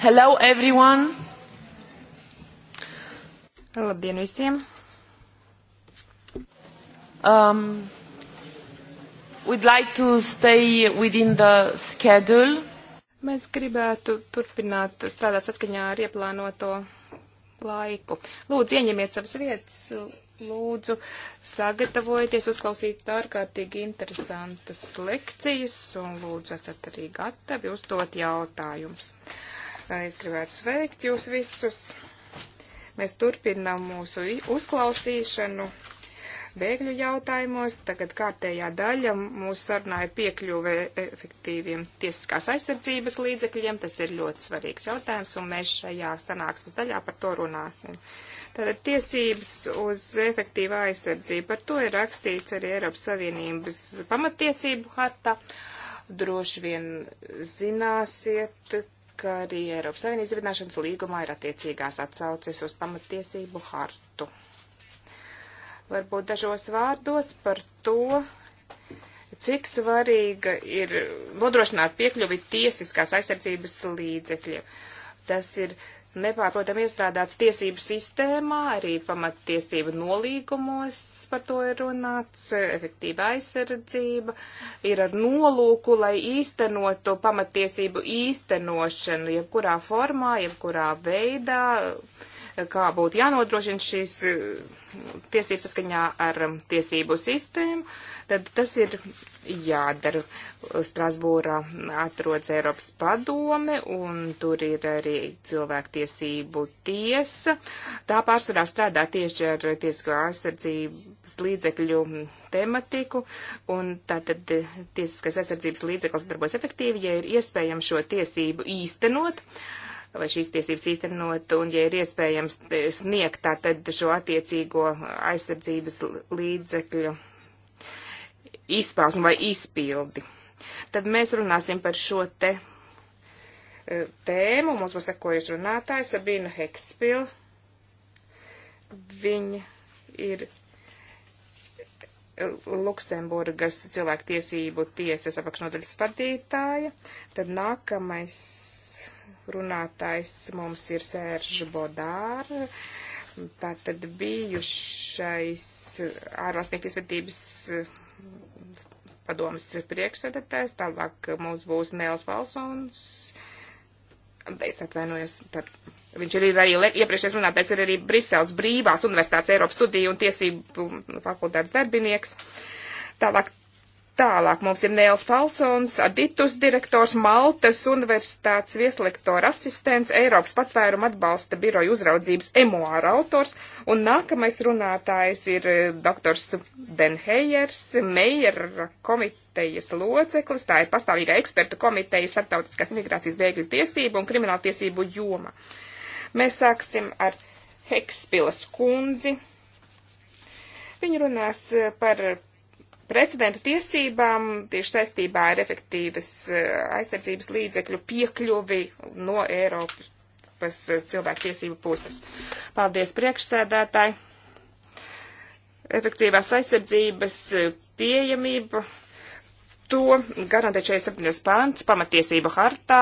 Hello everyone! Labdien visiem! Um, we'd like to stay within the schedule. Mēs gribētu turpināt strādāt saskaņā ar ieplānoto laiku. Lūdzu, ieņemiet savas vietas, lūdzu, sagatavojieties uzklausīt ārkārtīgi interesantas lekcijas un lūdzu, esat arī gatavi uzdot jautājumus. Uh, Es gribētu sveikt jūs visus. Mēs turpinām mūsu uzklausīšanu bēgļu jautājumos. Tagad kārtējā daļa mūsu sarunāja piekļuve efektīviem tiesiskās aizsardzības līdzekļiem. Tas ir ļoti svarīgs jautājums, un mēs šajā sanāksmes daļā par to runāsim. Tātad tiesības uz efektīvu aizsardzību. Par to ir rakstīts arī Eiropas Savienības pamatiesību harta. Droši vien zināsiet, ka arī Eiropas Savienības dibināšanas līgumā ir attiecīgās atsauces uz pamatiesību hartu. Varbūt dažos vārdos par to, cik svarīga ir nodrošināt piekļuvi tiesiskās aizsardzības līdzekļiem. Tas ir nepārprotam iestrādāts tiesību sistēmā, arī pamattiesību nolīgumos, par to ir runāts, efektīva aizsardzība ir ar nolūku, lai īstenotu pamatiesību īstenošanu, jebkurā formā, jebkurā veidā, kā būtu jānodrošina šīs uh, tiesības saskaņā ar um, tiesību sistēmu, tad tas ir jādara. Strasbūrā atrodas Eiropas padome, un tur ir arī cilvēktiesību tiesa. Tā pārsvarā strādā tieši ar tiesisko aizsardzības līdzekļu tematiku, un tātad tiesiskais aizsardzības līdzeklis darbojas efektīvi, ja ir iespējams šo tiesību īstenot vai šīs tiesības īstenot, un, ja ir iespējams sniegt tātad šo attiecīgo aizsardzības līdzekļu izpausmu vai izpildi. Tad mēs runāsim par šo te e, tēmu. Mums būs sekojuši runātāja Sabīna Hekspil. Viņa ir Luksemburgas cilvēktiesību tiesas apakšnodaļas vadītāja. Tad nākamais runātājs mums ir Sēržs Bodāra. Tātad bijušais ārvalstnieku tiesvedības padomas priekšsēdētājs, tālāk mums būs Nēls Valsons. Es atvainojos, tad viņš ir arī, iepriekšējais runātais ir arī Briseles brīvās universitātes Eiropas studiju un tiesību fakultātes darbinieks. Tālāk Tālāk mums ir Nēls Falcons, aditus direktors, Maltas universitātes vieslektora asistents, Eiropas patvērumu atbalsta biroja uzraudzības emuāra autors, un nākamais runātājs ir eh, doktors Denhejers, Meijera komitejas loceklis, tā ir pastāvīgā ekspertu komiteja starptautiskās migrācijas bēgļu tiesību un kriminālu tiesību joma. Mēs sāksim ar Hekspilas kundzi. Viņa runās eh, par precedentu tiesībām tieši saistībā ar efektīvas eh, aizsardzības līdzekļu piekļuvi no Eiropas eh, cilvēku tiesību puses. Paldies priekšsēdētāji. Efektīvās aizsardzības eh, pieejamība to garantē 47. pants pamatiesību hartā.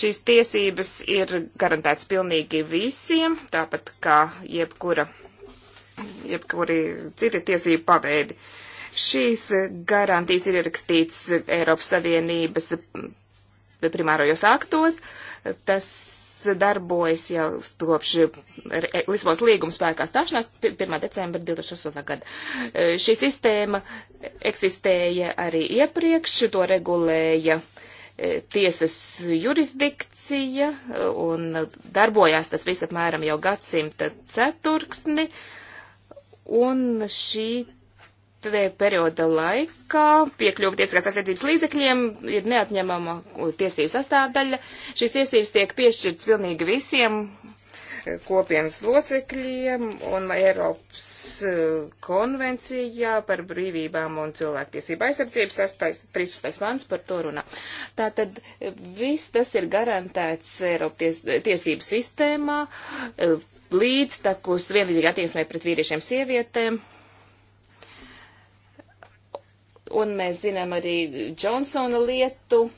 Šīs tiesības ir garantētas pilnīgi visiem, tāpat kā jebkura, jebkuri citi tiesību paveidi. Uh, Šīs garantijas ir ierakstīts Eiropas Savienības primārojos aktos. Tas darbojas jau kopš Lisbonas līguma spēkā stāšanās 1. decembra 2008. gada. E, šī sistēma eksistēja arī iepriekš, to regulēja e, tiesas jurisdikcija e, un darbojās tas viss apmēram jau gadsimta ceturksni. Un šī Tādēļ eh, perioda laikā piekļuva tiesiskās aizsardzības līdzekļiem ir neatņemama tiesību sastāvdaļa. Šīs tiesības tiek piešķirtas pilnīgi visiem eh, kopienas locekļiem un Eiropas eh, konvencijā par brīvībām un cilvēktiesību aizsardzību 13. pants par to runā. Tātad viss tas ir garantēts Eiropas ties, tiesību sistēmā līdz takus vienlīdzīgi attieksmē pret vīriešiem sievietēm un mēs zinām arī Džonsona lietu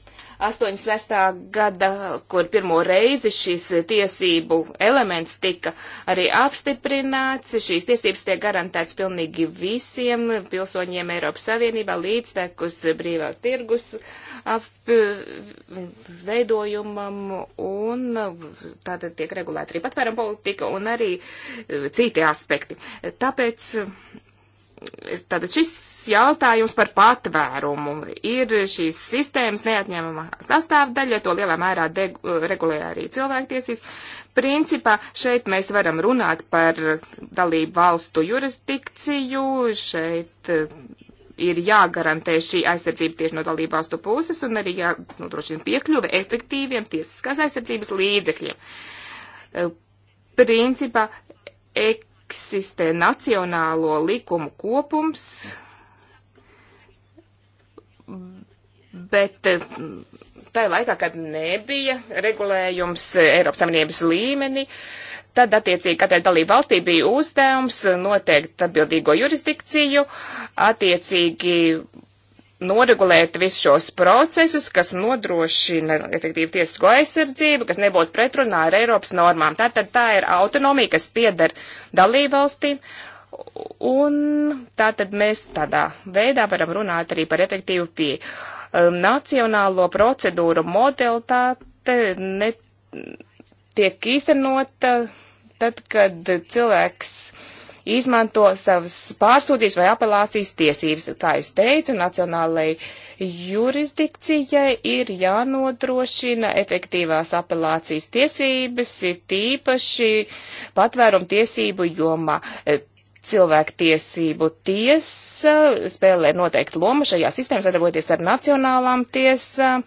86. gada, kur pirmo reizi šis tiesību elements tika arī apstiprināts. Šīs tiesības tiek garantēts pilnīgi visiem pilsoņiem Eiropas Savienībā līdztekus brīvā tirgus ap, veidojumam un tātad tiek regulēta arī patvērum politika un arī citi aspekti. Tāpēc tātad šis jautājums par patvērumu ir šīs sistēmas neatņemama sastāvdaļa, to lielā mērā regulē arī cilvēktiesības. Principā šeit mēs varam runāt par dalību valstu jurisdikciju, šeit eh, ir jāgarantē šī aizsardzība tieši no dalību valstu puses un arī jānodrošina nu, piekļuve efektīviem tiesiskās aizsardzības līdzekļiem. Eh, principā eksistē nacionālo likumu kopums, Bet eh, tajā laikā, kad nebija regulējums Eiropas Savienības līmenī, tad attiecīgi katrai dalību valstī bija uzdevums noteikt atbildīgo jurisdikciju, attiecīgi noregulēt visus šos procesus, kas nodrošina efektīvu tiesisko aizsardzību, kas nebūtu pretrunā ar Eiropas normām. Tātad tā ir autonomija, kas pieder dalībvalstīm, Un tā tad mēs tādā veidā varam runāt arī par efektīvu pieeju. Um, nacionālo procedūru modelitāte netiek īstenota tad, kad cilvēks izmanto savas pārsūdzības vai apelācijas tiesības. Kā es teicu, nacionālajai jurisdikcijai ir jānodrošina efektīvās apelācijas tiesības, tīpaši patvērum tiesību jomā. Cilvēktiesību tiesa spēlē noteikti lomu šajā sistēmā, sadarbojoties ar nacionālām tiesām.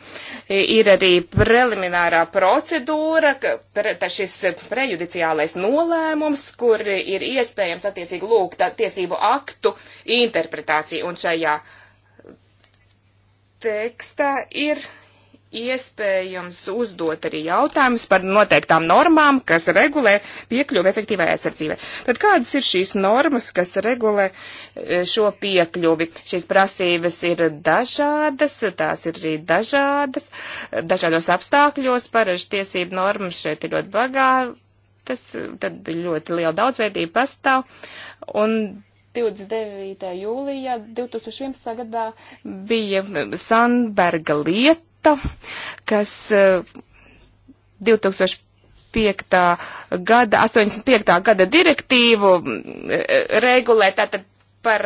Ir arī preliminārā procedūra, ka šis prejudiciālais nolēmums, kur ir iespējams attiecīgi lūgt tiesību aktu interpretāciju. Un šajā tekstā ir iespējams uzdot arī jautājumus par noteiktām normām, kas regulē piekļuvi efektīvai aizsardzībai. Tad kādas ir šīs normas, kas regulē e, šo piekļuvi? Šīs prasības ir dažādas, tās ir arī dažādas, dažādos apstākļos, parasti tiesību normas šeit ir ļoti bagātas, tad ļoti liela daudzveidība pastāv. Un 29. jūlijā 2011. gadā bija Sandberga lieta akta, kas 2005. Eh, gada, 85. gada direktīvu eh, regulē tātad par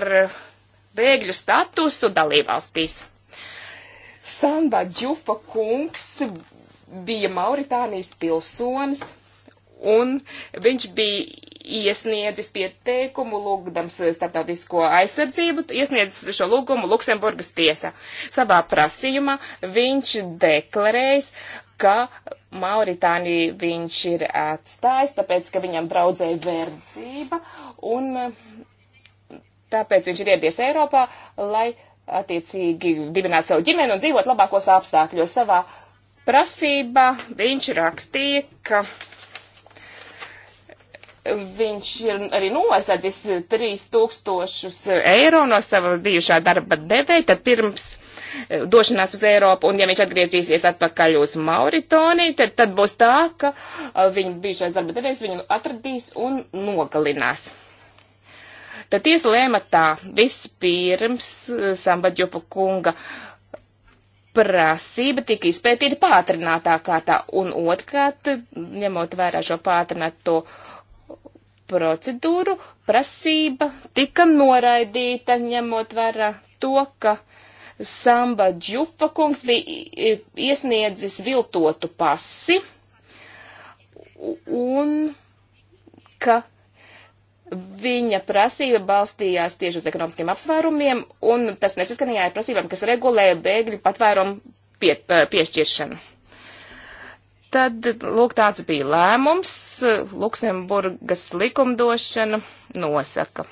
bēgļu statusu dalībvalstīs. Samba Džufa kungs bija Mauritānijas pilsonis, un viņš bija iesniedzis pieteikumu lūgdams eh, starptautisko aizsardzību, iesniedzis šo lūgumu Luksemburgas tiesā. Savā prasījumā viņš deklarējis, ka Mauritāniju viņš ir atstājis, tāpēc, ka viņam draudzēja verdzība, un eh, tāpēc viņš ir ieradies Eiropā, lai attiecīgi dibinātu savu ģimeni un dzīvot labākos apstākļos. Savā prasībā viņš rakstīja, ka viņš ir arī nosadzis 3000 eiro no sava bijušā darba devēja, tad pirms e, došanās uz Eiropu, un ja viņš atgriezīsies atpakaļ uz Mauritoniju, tad, tad būs tā, ka e, viņa bijušais darba devējs viņu atradīs un nogalinās. Tad tiesa lēma tā, vispirms e, Sambadžofa kunga prasība tika izpētīta pātrinātā kārtā, un otrkārt, ņemot vērā šo pātrināto uh, procedūru prasība tika noraidīta, ņemot vērā to, ka Samba Džufa kungs bija iesniedzis viltotu pasi un ka viņa prasība balstījās tieši uz ekonomiskiem apsvērumiem un tas nesaskanījā ar prasībām, kas regulē bēgļu patvērumu pie, piešķiršanu. Tad, lūk, tāds bija lēmums, Luksemburgas likumdošana nosaka,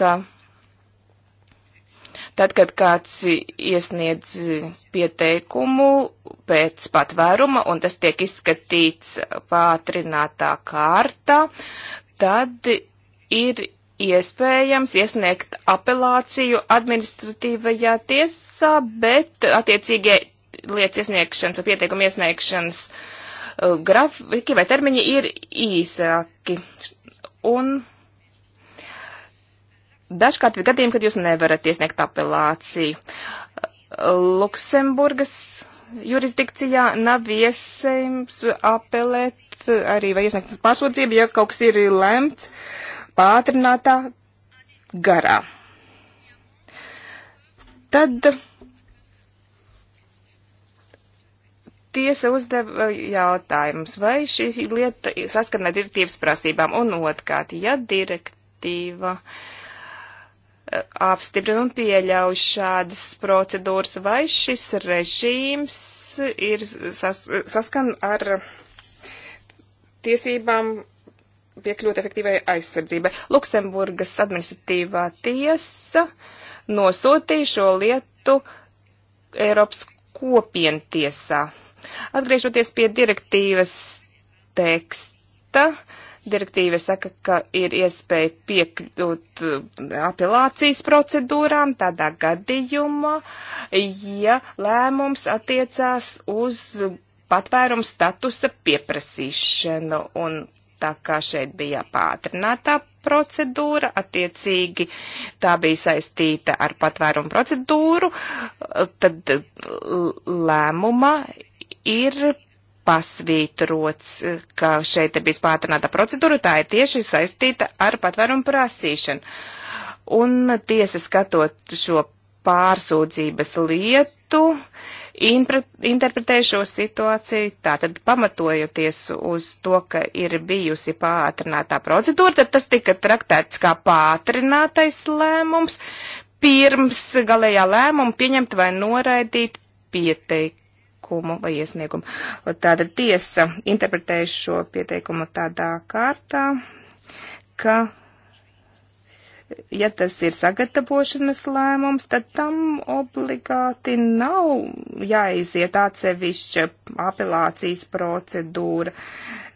ka tad, kad kāds iesniedz pieteikumu pēc patvēruma un tas tiek izskatīts pātrinātā kārtā, tad ir iespējams iesniegt apelāciju administratīvajā tiesā, bet attiecīgie lietas iesniegšanas un pieteikuma iesniegšanas uh, grafiki vai termiņi ir īsāki. Un dažkārt ir gadījumi, kad jūs nevarat iesniegt apelāciju. Luksemburgas jurisdikcijā nav iespējams apelēt arī vai iesniegt pārsūdzību, ja kaut kas ir lemts pātrinātā garā. Tad tiesa uzdeva eh, jautājumus, vai šī lieta saskana direktīvas prasībām, un otrkārt, ja direktīva eh, apstiprina un pieļauj šādas procedūras, vai šis režīms ir sas, saskan ar tiesībām piekļūt efektīvai aizsardzībai. Luksemburgas administratīvā tiesa nosūtīja šo lietu Eiropas kopientiesā. Atgriežoties pie direktīvas teksta, direktīva saka, ka ir iespēja piekļūt uh, apelācijas procedūrām tādā gadījumā, ja lēmums attiecās uz patvērumu statusa pieprasīšanu. Un tā kā šeit bija pātrinātā procedūra, attiecīgi tā bija saistīta ar patvērumu procedūru, tad uh, lēmuma ir pasvītrots, ka šeit ir bijis pātrināta procedūra, tā ir tieši saistīta ar patvērumu prasīšanu. Un tiesa skatot šo pārsūdzības lietu, interpretē šo situāciju, tātad pamatojoties uz to, ka ir bijusi pātrinātā procedūra, tad tas tika traktēts kā pātrinātais lēmums, pirms galējā lēmuma pieņemt vai noraidīt pieteikumu pieteikumu vai iesniegumu. Tātad tiesa interpretē šo pieteikumu tādā kārtā, ka ja tas ir sagatavošanas lēmums, tad tam obligāti nav jāiziet atsevišķa apelācijas procedūra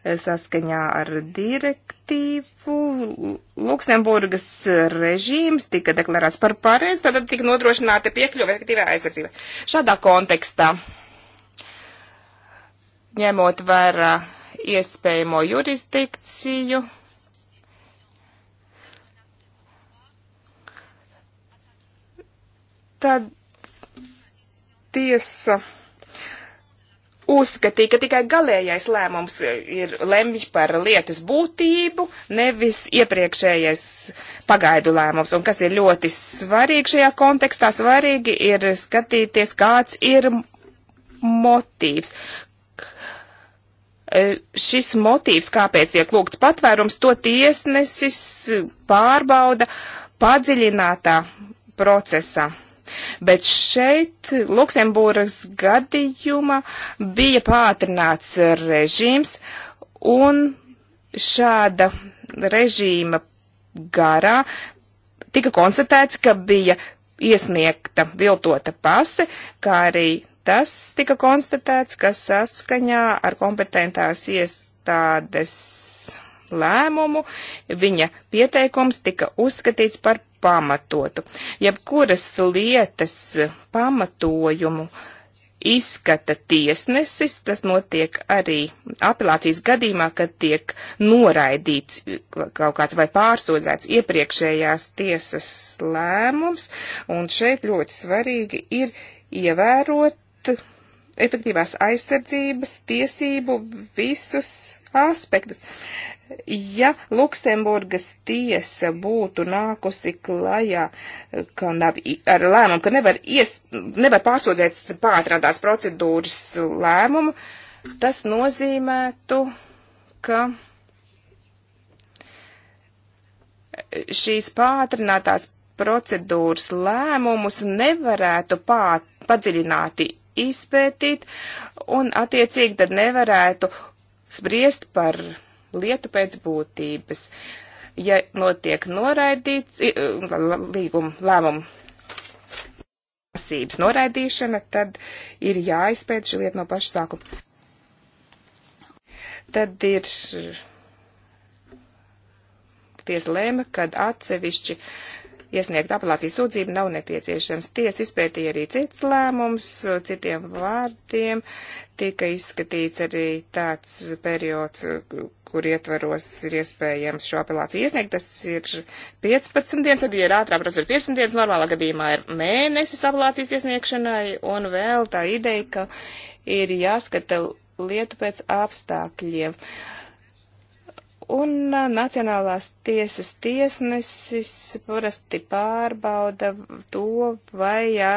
saskaņā ar direktīvu. Luksemburgas režīms tika deklarēts par pareizi, tad tika nodrošināta piekļuva efektīvai aizsardzībai. Šādā kontekstā ņemot vērā iespējamo jurisdikciju. Tad tiesa uzskatīja, ka tikai galējais lēmums ir lemj par lietas būtību, nevis iepriekšējais pagaidu lēmums. Un kas ir ļoti svarīgi šajā kontekstā, svarīgi ir skatīties, kāds ir motīvs, E, šis motīvs, kāpēc tiek lūgts patvērums, to tiesnesis pārbauda padziļinātā procesā. Bet šeit Luksemburgas gadījumā bija pātrināts režīms, un šāda režīma garā tika konstatēts, ka bija iesniegta viltota pase, kā arī tas tika konstatēts, ka saskaņā ar kompetentās iestādes lēmumu viņa pieteikums tika uzskatīts par pamatotu. Jebkuras lietas pamatojumu izskata tiesnesis, tas notiek arī apelācijas gadījumā, kad tiek noraidīts kaut kāds vai pārsūdzēts iepriekšējās tiesas lēmums, un šeit ļoti svarīgi ir ievērot efektīvās aizsardzības tiesību visus aspektus. Ja Luksemburgas tiesa būtu nākusi klajā, ka nav, ar lēmumu, ka nevar, ies, nevar pārsūdzēt pātrādās procedūras lēmumu, tas nozīmētu, ka šīs pātrinātās procedūras lēmumus nevarētu pā, padziļināti izpētīt, un attiecīgi tad nevarētu spriest par lietu pēc būtības. Ja notiek noraidīts līguma lēmuma prasības noraidīšana, tad ir jāizpēta šī lieta no paša sākuma. Tad ir tiesa lēma, kad atsevišķi uh, iesniegt apelācijas sūdzību nav nepieciešams. Tiesa izpētīja arī cits lēmums, citiem vārdiem tika izskatīts arī tāds periods, kur ietvaros ir iespējams šo apelāciju iesniegt. Tas ir 15 dienas, tad, ja ir ātrā procesa 15 dienas, normālā gadījumā ir mēnesis apelācijas iesniegšanai, un vēl tā ideja, ka ir jāskata lietu pēc apstākļiem. Uh, Un uh, Nacionālās tiesas tiesnesis parasti pārbauda to, vai ja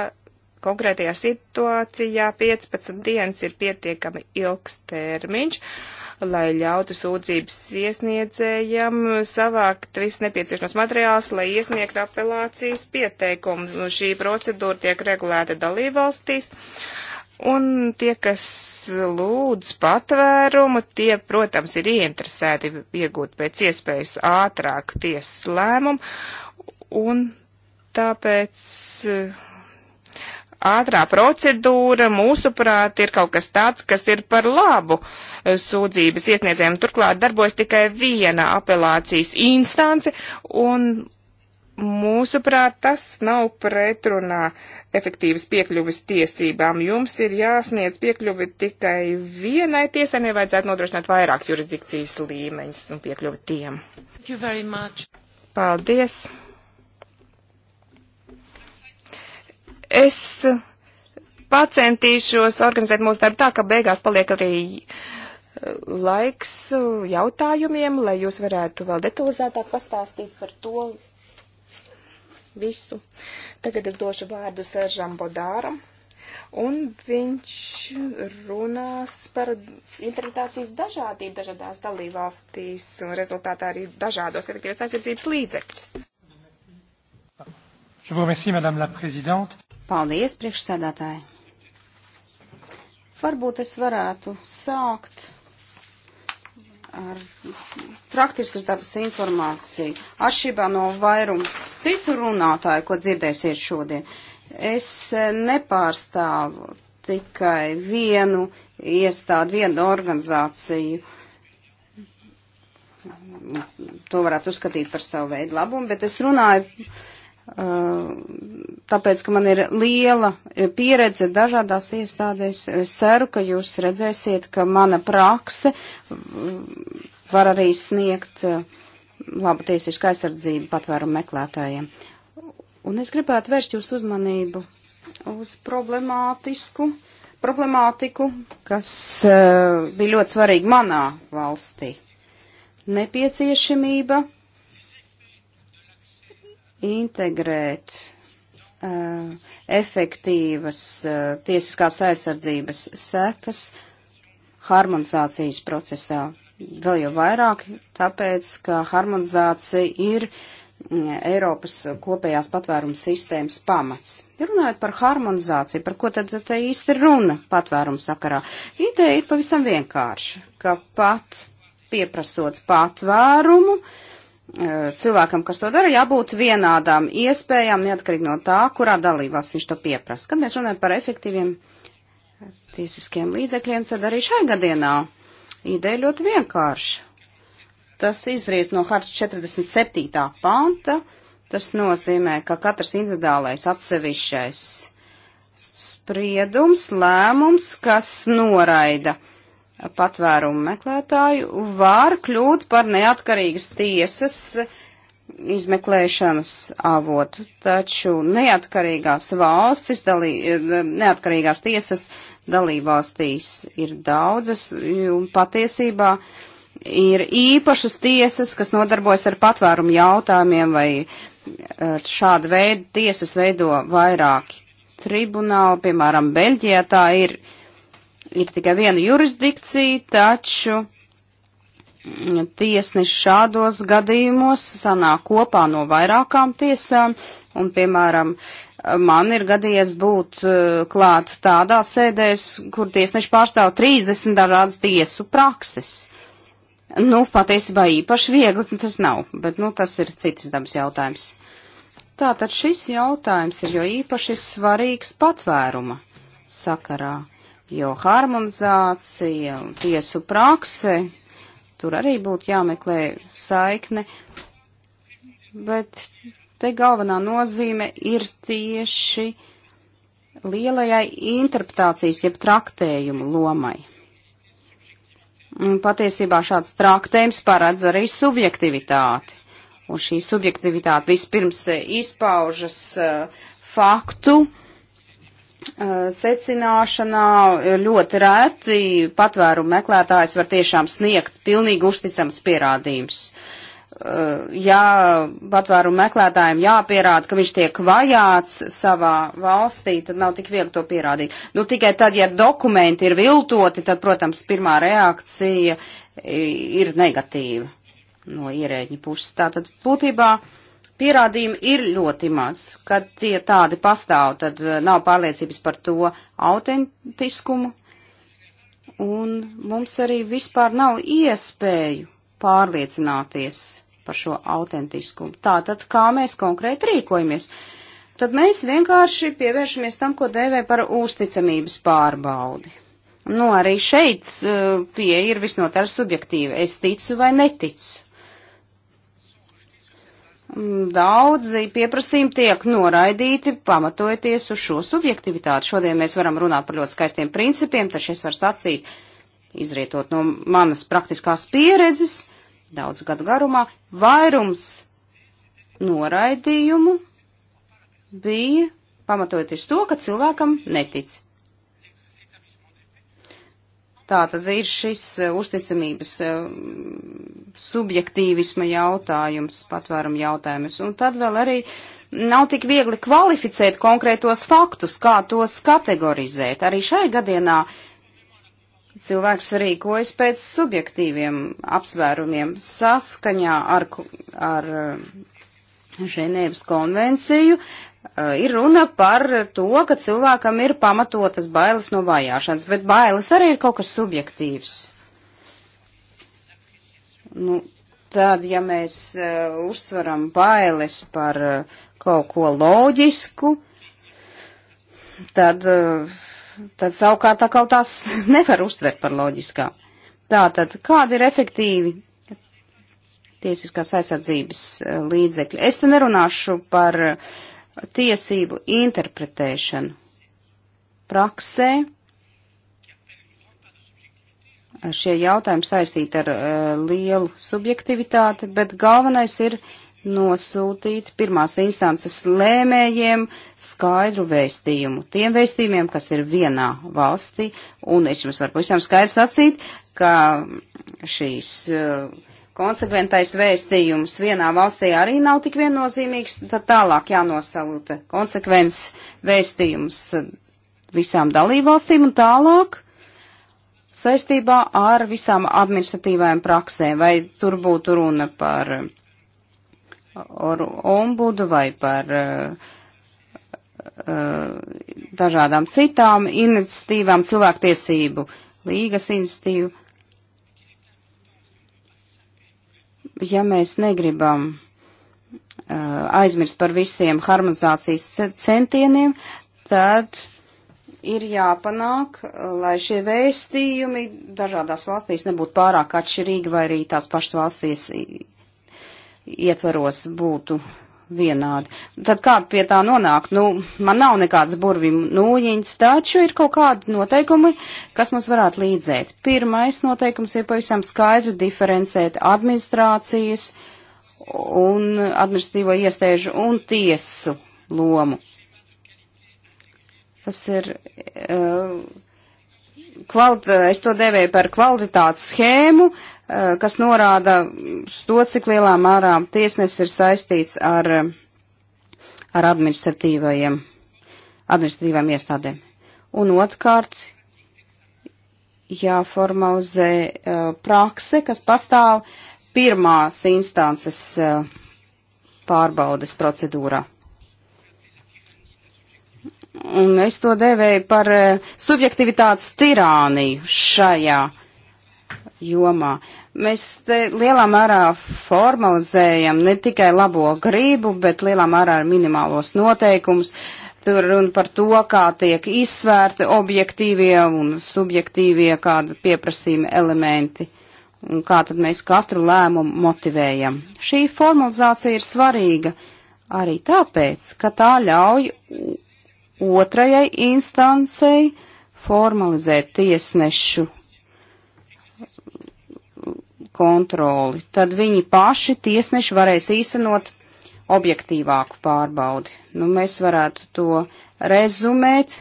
konkrētajā situācijā 15 dienas ir pietiekami ilgs termiņš, lai ļautu sūdzības iesniedzējam savākt viss nepieciešamos materiālus, lai iesniegtu apelācijas pieteikumu. Šī procedūra tiek regulēta dalībvalstīs. valstīs Un tie, kas lūdz patvērumu, tie, protams, ir ieinteresēti iegūt pēc iespējas ātrāk tiesas lēmumu, un tāpēc eh, ātrā procedūra, mūsuprāt, ir kaut kas tāds, kas ir par labu sūdzības iesniedzējiem. Turklāt darbojas tikai viena apelācijas instance, un Mūsuprāt, tas nav pretrunā efektīvas piekļuvis tiesībām. Jums ir jāsniedz piekļuvi tikai vienai tiesai, nevajadzētu nodrošināt vairākas jurisdikcijas līmeņus un piekļuvi tiem. Paldies! Es pacentīšos organizēt mūsu darbu tā, ka beigās paliek arī eh, laiks jautājumiem, lai jūs varētu vēl detalizētāk pastāstīt par to, visu. Tagad es došu vārdu Seržam Bodāram, un viņš runās par interpretācijas dažādību dažādās dalībvalstīs, un rezultātā arī dažādos efektīvas aizsardzības līdzekļus. Paldies, priekšsēdētāji! Varbūt es varētu sākt ar praktiskas dabas informāciju. Atšķirībā no vairums citu runātāju, ko dzirdēsiet šodien, es e, nepārstāvu tikai vienu iestādi, vienu organizāciju. To varētu uzskatīt par savu veidu labumu, bet es runāju tāpēc, ka man ir liela e, pieredze dažādās iestādēs, es ceru, ka jūs redzēsiet, ka mana prakse var arī sniegt e, labu tiesisku aizsardzību patvērumu meklētājiem. Un es gribētu vērst jūsu uzmanību uz problemātisku, problemātiku, kas uh, bija ļoti svarīga manā valstī. Nepieciešamība integrēt uh, efektīvas uh, tiesiskās aizsardzības sekas harmonizācijas procesā. Vēl jau vairāk, tāpēc, ka harmonizācija ir Eiropas kopējās patvērums sistēmas pamats. Runājot par harmonizāciju, par ko tad te īsti runa patvērums sakarā? Ideja ir pavisam vienkārša, ka pat pieprasot patvērumu, uh, Eh, cilvēkam, kas to dara, jābūt vienādām iespējām, neatkarīgi no tā, kurā dalībās viņš to pieprasa. Kad mēs runājam par efektīviem tiesiskiem līdzekļiem, tad arī šai gadienā ideja ļoti vienkārša. Tas izriest no hartas 47. panta, tas nozīmē, ka katrs individuālais atsevišķais spriedums, lēmums, kas noraida patvērumu meklētāju var kļūt par neatkarīgas tiesas izmeklēšanas avotu, taču neatkarīgās valstis, dalī, neatkarīgās tiesas dalībvalstīs ir daudzas un patiesībā ir īpašas tiesas, kas nodarbojas ar patvērumu jautājumiem vai šāda veida tiesas veido vairāki tribunāli, piemēram, Beļģijā tā ir ir tikai viena jurisdikcija, taču tiesneši šādos gadījumos sanāk kopā no vairākām tiesām, un, piemēram, man ir gadījies būt eh, klāt tādā sēdēs, kur tiesneši pārstāv 30 dažādas tiesu prakses. Nu, patiesībā īpaši viegli tas nav, bet, nu, tas ir citas dabas jautājums. Tātad šis jautājums ir jo īpaši svarīgs patvēruma sakarā jo harmonizācija un tiesu prakse, tur arī būtu jāmeklē saikne, bet te galvenā nozīme ir tieši lielajai interpretācijas jeb traktējumu lomai. Un patiesībā šāds traktējums paredz arī subjektivitāti. Un šī subjektivitāte vispirms izpaužas uh, faktu uh, secināšanā ļoti rēti patvērumu meklētājs var tiešām sniegt pilnīgi uzticams pierādījums. Ja patvērumu meklētājiem jāpierāda, ka viņš tiek vajāts savā valstī, tad nav tik viegli to pierādīt. Nu, tikai tad, ja dokumenti ir viltoti, tad, protams, pirmā reakcija ir negatīva no ierēģiņa puses. Tātad būtībā. Uh, Pierādījumi ir ļoti maz. Kad tie tādi pastāv, tad eh, nav pārliecības par to autentiskumu, un mums arī vispār nav iespēju pārliecināties par šo autentiskumu. Tātad, kā mēs konkrēti rīkojamies? Tad mēs vienkārši pievēršamies tam, ko dēvē par uzticamības pārbaudi. Nu, arī šeit uh, tie ir visnotaļ subjektīvi. Es ticu vai neticu. Mm, daudzi pieprasījumi tiek noraidīti, pamatojoties uz šo subjektivitāti. Šodien mēs varam runāt par ļoti skaistiem principiem, taču es varu sacīt, izrietot no manas praktiskās pieredzes, daudz gadu garumā, vairums noraidījumu bija pamatojoties to, ka cilvēkam netic. Tā tad ir šis eh, uzticamības eh, subjektīvisma jautājums, patvērumu jautājums. Un tad vēl arī nav tik viegli kvalificēt konkrētos faktus, kā tos kategorizēt. Arī šai gadienā cilvēks rīkojas pēc subjektīviem apsvērumiem saskaņā ar, ar eh, Ženēvas konvenciju. Eh, ir runa par to, ka cilvēkam ir pamatotas bailes no vajāšanas, bet bailes arī ir kaut kas subjektīvs. Nu, tad, ja mēs uh, uztveram bailes par uh, kaut ko loģisku, tad, uh, tad savukārt tā kaut tās nevar uztvert par loģiskā. Tātad, kādi ir efektīvi tiesiskās aizsardzības uh, līdzekļi? Es te nerunāšu par uh, tiesību interpretēšanu praksē. Šie jautājumi saistīti ar uh, lielu subjektivitāti, bet galvenais ir nosūtīt pirmās instances lēmējiem skaidru vēstījumu. Tiem vēstījumiem, kas ir vienā valstī, un es jums varu pavisam skaidri sacīt, ka šīs uh, konsekventais vēstījums vienā valstī arī nav tik viennozīmīgs, tad tālāk jānosauta konsekvents vēstījums visām dalībvalstīm un tālāk saistībā ar visām administratīvajām praksēm, vai tur būtu runa par ombudu vai par eh, eh, dažādām citām iniciatīvām, cilvēktiesību līgas iniciatīvu ja mēs negribam uh, aizmirst par visiem harmonizācijas centieniem, tad ir jāpanāk, lai šie vēstījumi dažādās valstīs nebūtu pārāk atšķirīgi vai arī tās pašas valstīs ietvaros būtu vienādi. Tad kā pie tā nonāk? Nu, man nav nekāds burvim nūjiņas, taču ir kaut kādi noteikumi, kas mums varētu līdzēt. Pirmais noteikums ir pavisam skaidri diferencēt administrācijas un administratīvo iestēžu un tiesu lomu. Tas ir. Uh, Kvalit, es to devēju par kvalitātes schēmu, Eh, kas norāda to, cik lielā mērā tiesnesis ir saistīts ar, ar administratīvajiem, administratīvajiem iestādēm. Un otrkārt, jāformalizē eh, prakse, kas pastāv pirmās instances eh, pārbaudes procedūrā. Un es to devēju par subjektivitātes tirāniju šajā uh, jomā. Mēs te lielā mērā formalizējam ne tikai labo gribu, bet lielā mērā ar minimālos noteikumus. Tur runa par to, kā tiek izsvērti objektīvie un subjektīvie kāda pieprasījuma elementi un kā tad mēs katru lēmumu motivējam. Šī formalizācija ir svarīga arī tāpēc, ka tā ļauj otrajai instancei formalizēt tiesnešu kontroli, tad viņi paši tiesneši varēs īstenot objektīvāku pārbaudi. Nu, mēs varētu to rezumēt,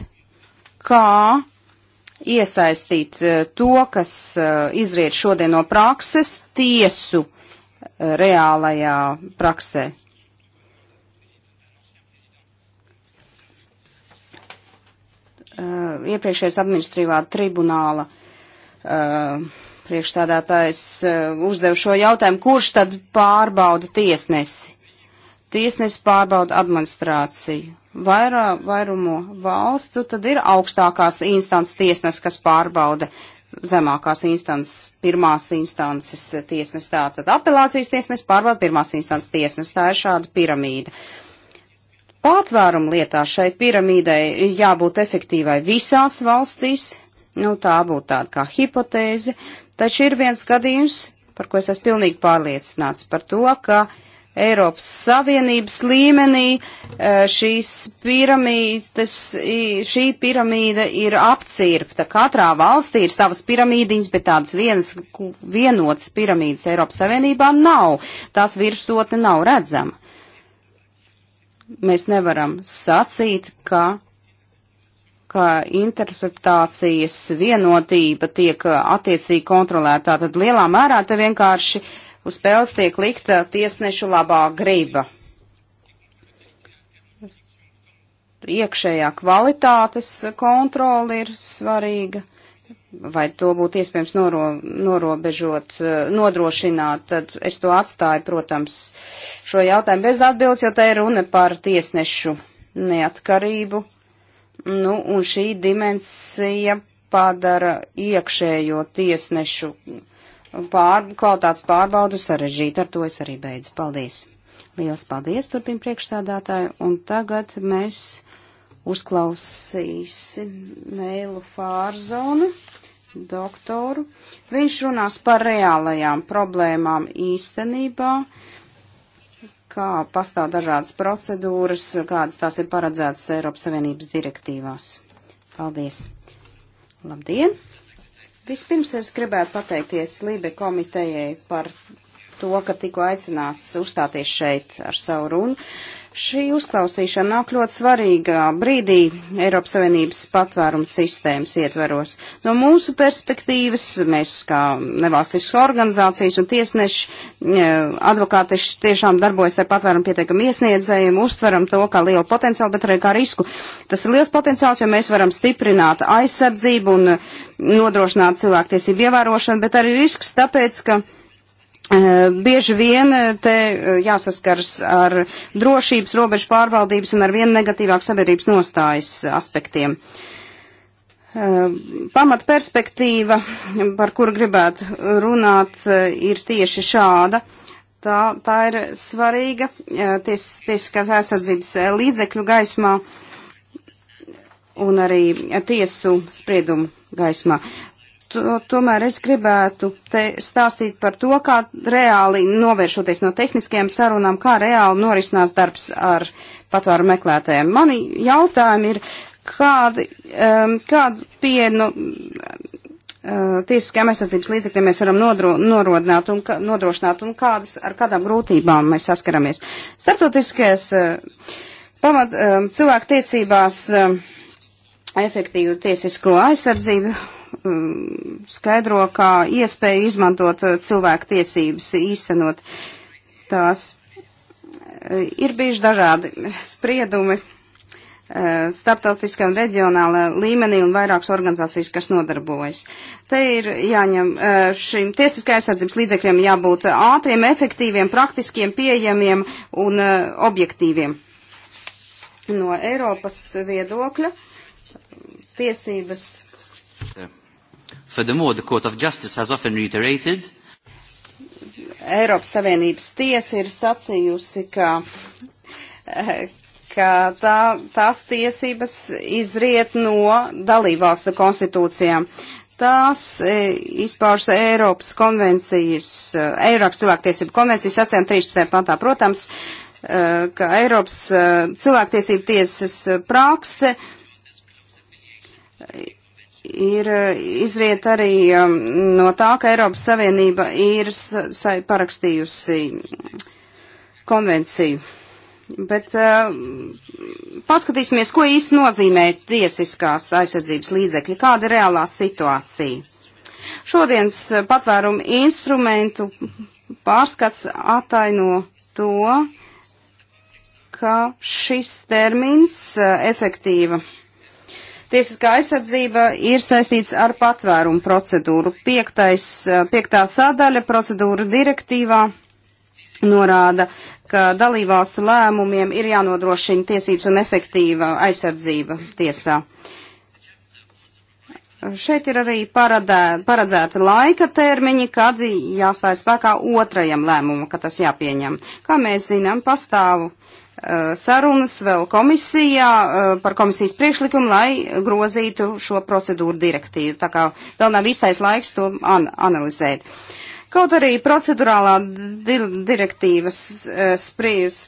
kā iesaistīt eh, to, kas eh, izriet šodien no prakses, tiesu eh, reālajā praksē. Iepriekšējais administrīvā tribunāla uh, Priekšstādātājs eh, uzdev šo jautājumu, kurš tad pārbauda tiesnesi? Tiesnesi pārbauda administrāciju. Vairā, vairumu valstu tad ir augstākās instances tiesnes, kas pārbauda zemākās instances, pirmās instances tiesnes, tātad apelācijas tiesnes pārbauda pirmās instances tiesnes. Tā ir šāda piramīda. Pātvērumu lietā šai piramīdai ir jābūt efektīvai visās valstīs. Nu, tā būtu tāda kā hipotēze, Taču ir viens gadījums, par ko es esmu pilnīgi pārliecināts, par to, ka Eiropas Savienības līmenī e, šīs piramīdas, šī piramīda ir apcirpta. Katrā valstī ir savas piramīdiņas, bet tādas vienas vienotas piramīdas Eiropas Savienībā nav. Tās virsotne nav redzama. Mēs nevaram sacīt, ka ka interpretācijas vienotība tiek uh, attiecīgi kontrolēta. Tātad lielā mērā te vienkārši uz spēles tiek likta tiesnešu labā griba. Iekšējā kvalitātes kontrola ir svarīga. Vai to būtu iespējams noro, norobežot, uh, nodrošināt, tad es to atstāju, protams, šo jautājumu bez atbildes, jo te ir runa par tiesnešu neatkarību Nu, un šī dimensija padara iekšējo tiesnešu pār, kvalitātes pārbaudu sarežģītu. Ar to es arī beidzu. Paldies! Liels paldies, turpina priekšsādātāju, un tagad mēs uzklausīsim Neilu Fārzonu, doktoru. Viņš runās par reālajām problēmām īstenībā kā pastāv dažādas procedūras, kādas tās ir paredzētas Eiropas Savienības direktīvās. Paldies! Labdien! Vispirms es gribētu pateikties Lībe komitejai par to, ka tiku aicināts uzstāties šeit ar savu runu. Šī uzklausīšana nāk ļoti svarīgā brīdī Eiropas Savienības patvērums sistēmas ietveros. No mūsu perspektīvas mēs kā nevalstiskas organizācijas un tiesneši, eh, advokāti tiešām darbojas ar patvērumu pieteikumu iesniedzējiem, uztveram to kā lielu potenciālu, bet arī kā risku. Tas ir liels potenciāls, jo mēs varam stiprināt aizsardzību un eh, nodrošināt cilvēktiesību ievērošanu, bet arī risks tāpēc, ka Eh, bieži vien eh, te eh, jāsaskars ar drošības, robežu pārvaldības un ar vien negatīvāk sabiedrības nostājas aspektiem. Pamat perspektīva, par kuru gribētu runāt, ir tieši šāda. Tā, tā ir svarīga ties, tiesiskās aizsardzības līdzekļu gaismā un arī tiesu spriedumu gaismā to, tomēr es gribētu te stāstīt par to, kā reāli novēršoties no tehniskajām sarunām, kā reāli norisinās darbs ar patvaru meklētājiem. Mani jautājumi ir, kādi, um, kādu pie nu, uh, tiesiskajām aizsardzības līdzekļiem mēs varam nodro, norodināt un ka, nodrošināt un kādas, ar kādām grūtībām mēs saskaramies. Starptautiskajās uh, pamat uh, um, cilvēku tiesībās. Uh, um, efektīvu tiesisko aizsardzību Mm, skaidro kā iespēju izmantot uh, cilvēku tiesības, īstenot tās. Uh, ir bijuši dažādi spriedumi uh, starptautiskā un reģionālā līmenī un vairākas organizācijas, kas nodarbojas. Te ir jāņem šim tiesiskai aizsardzības līdzekļiem jābūt ātriem, efektīviem, praktiskiem, pieejamiem un objektīviem. No Eiropas viedokļa tiesības Furthermore, the Court of Justice has often reiterated Eiropas Savienības tiesa ir sacījusi, ka, eh, ka tā, tās tiesības izriet no dalībvalstu konstitūcijām. Tās e, izpaužas Eiropas konvencijas, eh, Eiropas cilvēktiesību konvencijas 8.13. pantā, protams, e, ka Eiropas cilvēktiesību tiesas prakse ir eh, izriet arī um, no tā, ka Eiropas Savienība ir parakstījusi konvenciju. Bet uh, paskatīsimies, ko īsti nozīmē tiesiskās aizsardzības līdzekļi, kāda ir reālā situācija. Šodienas eh, patvērumu instrumentu pārskats ataino to, ka šis termins uh, efektīva Tiesiskā aizsardzība ir saistīts ar patvērumu procedūru. Piektais, eh, piektā sadaļa procedūra direktīvā norāda, ka dalībvalstu lēmumiem ir jānodrošina tiesības un efektīva aizsardzība tiesā. Šeit ir arī paradē, paredzēti laika termiņi, kad jāstājas spēkā otrajam lēmumam, ka tas jāpieņem. Kā mēs zinām, pastāvu Eh, sarunas vēl komisijā eh, par komisijas priekšlikumu, lai grozītu šo procedūru direktīvu. Tā kā vēl nav īstais laiks to an analizēt. Kaut arī procedurālā di direktīvas eh, spriež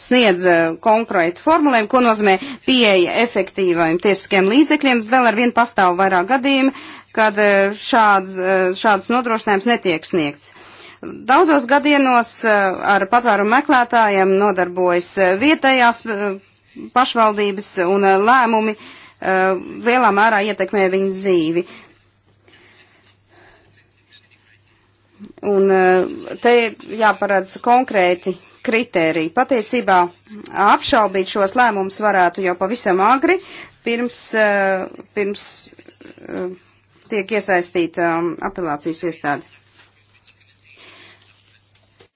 sniedz konkrētu formulējumu, ko nozīmē pieeja efektīviem tiesiskiem līdzekļiem. Vēl ar vienu pastāv vairāk gadījumu, kad šāds, šāds nodrošinājums netiek sniegts. Uh, Daudzos gadienos eh, ar patvērumu meklētājiem nodarbojas eh, vietējās eh, pašvaldības un lēmumi lielā mērā ietekmē viņu dzīvi. Un te jāparedz konkrēti kritēriji. Patiesībā apšaubīt šos lēmumus varētu jau pavisam agri, pirms, pirms tiek iesaistīta um, apelācijas iestāde.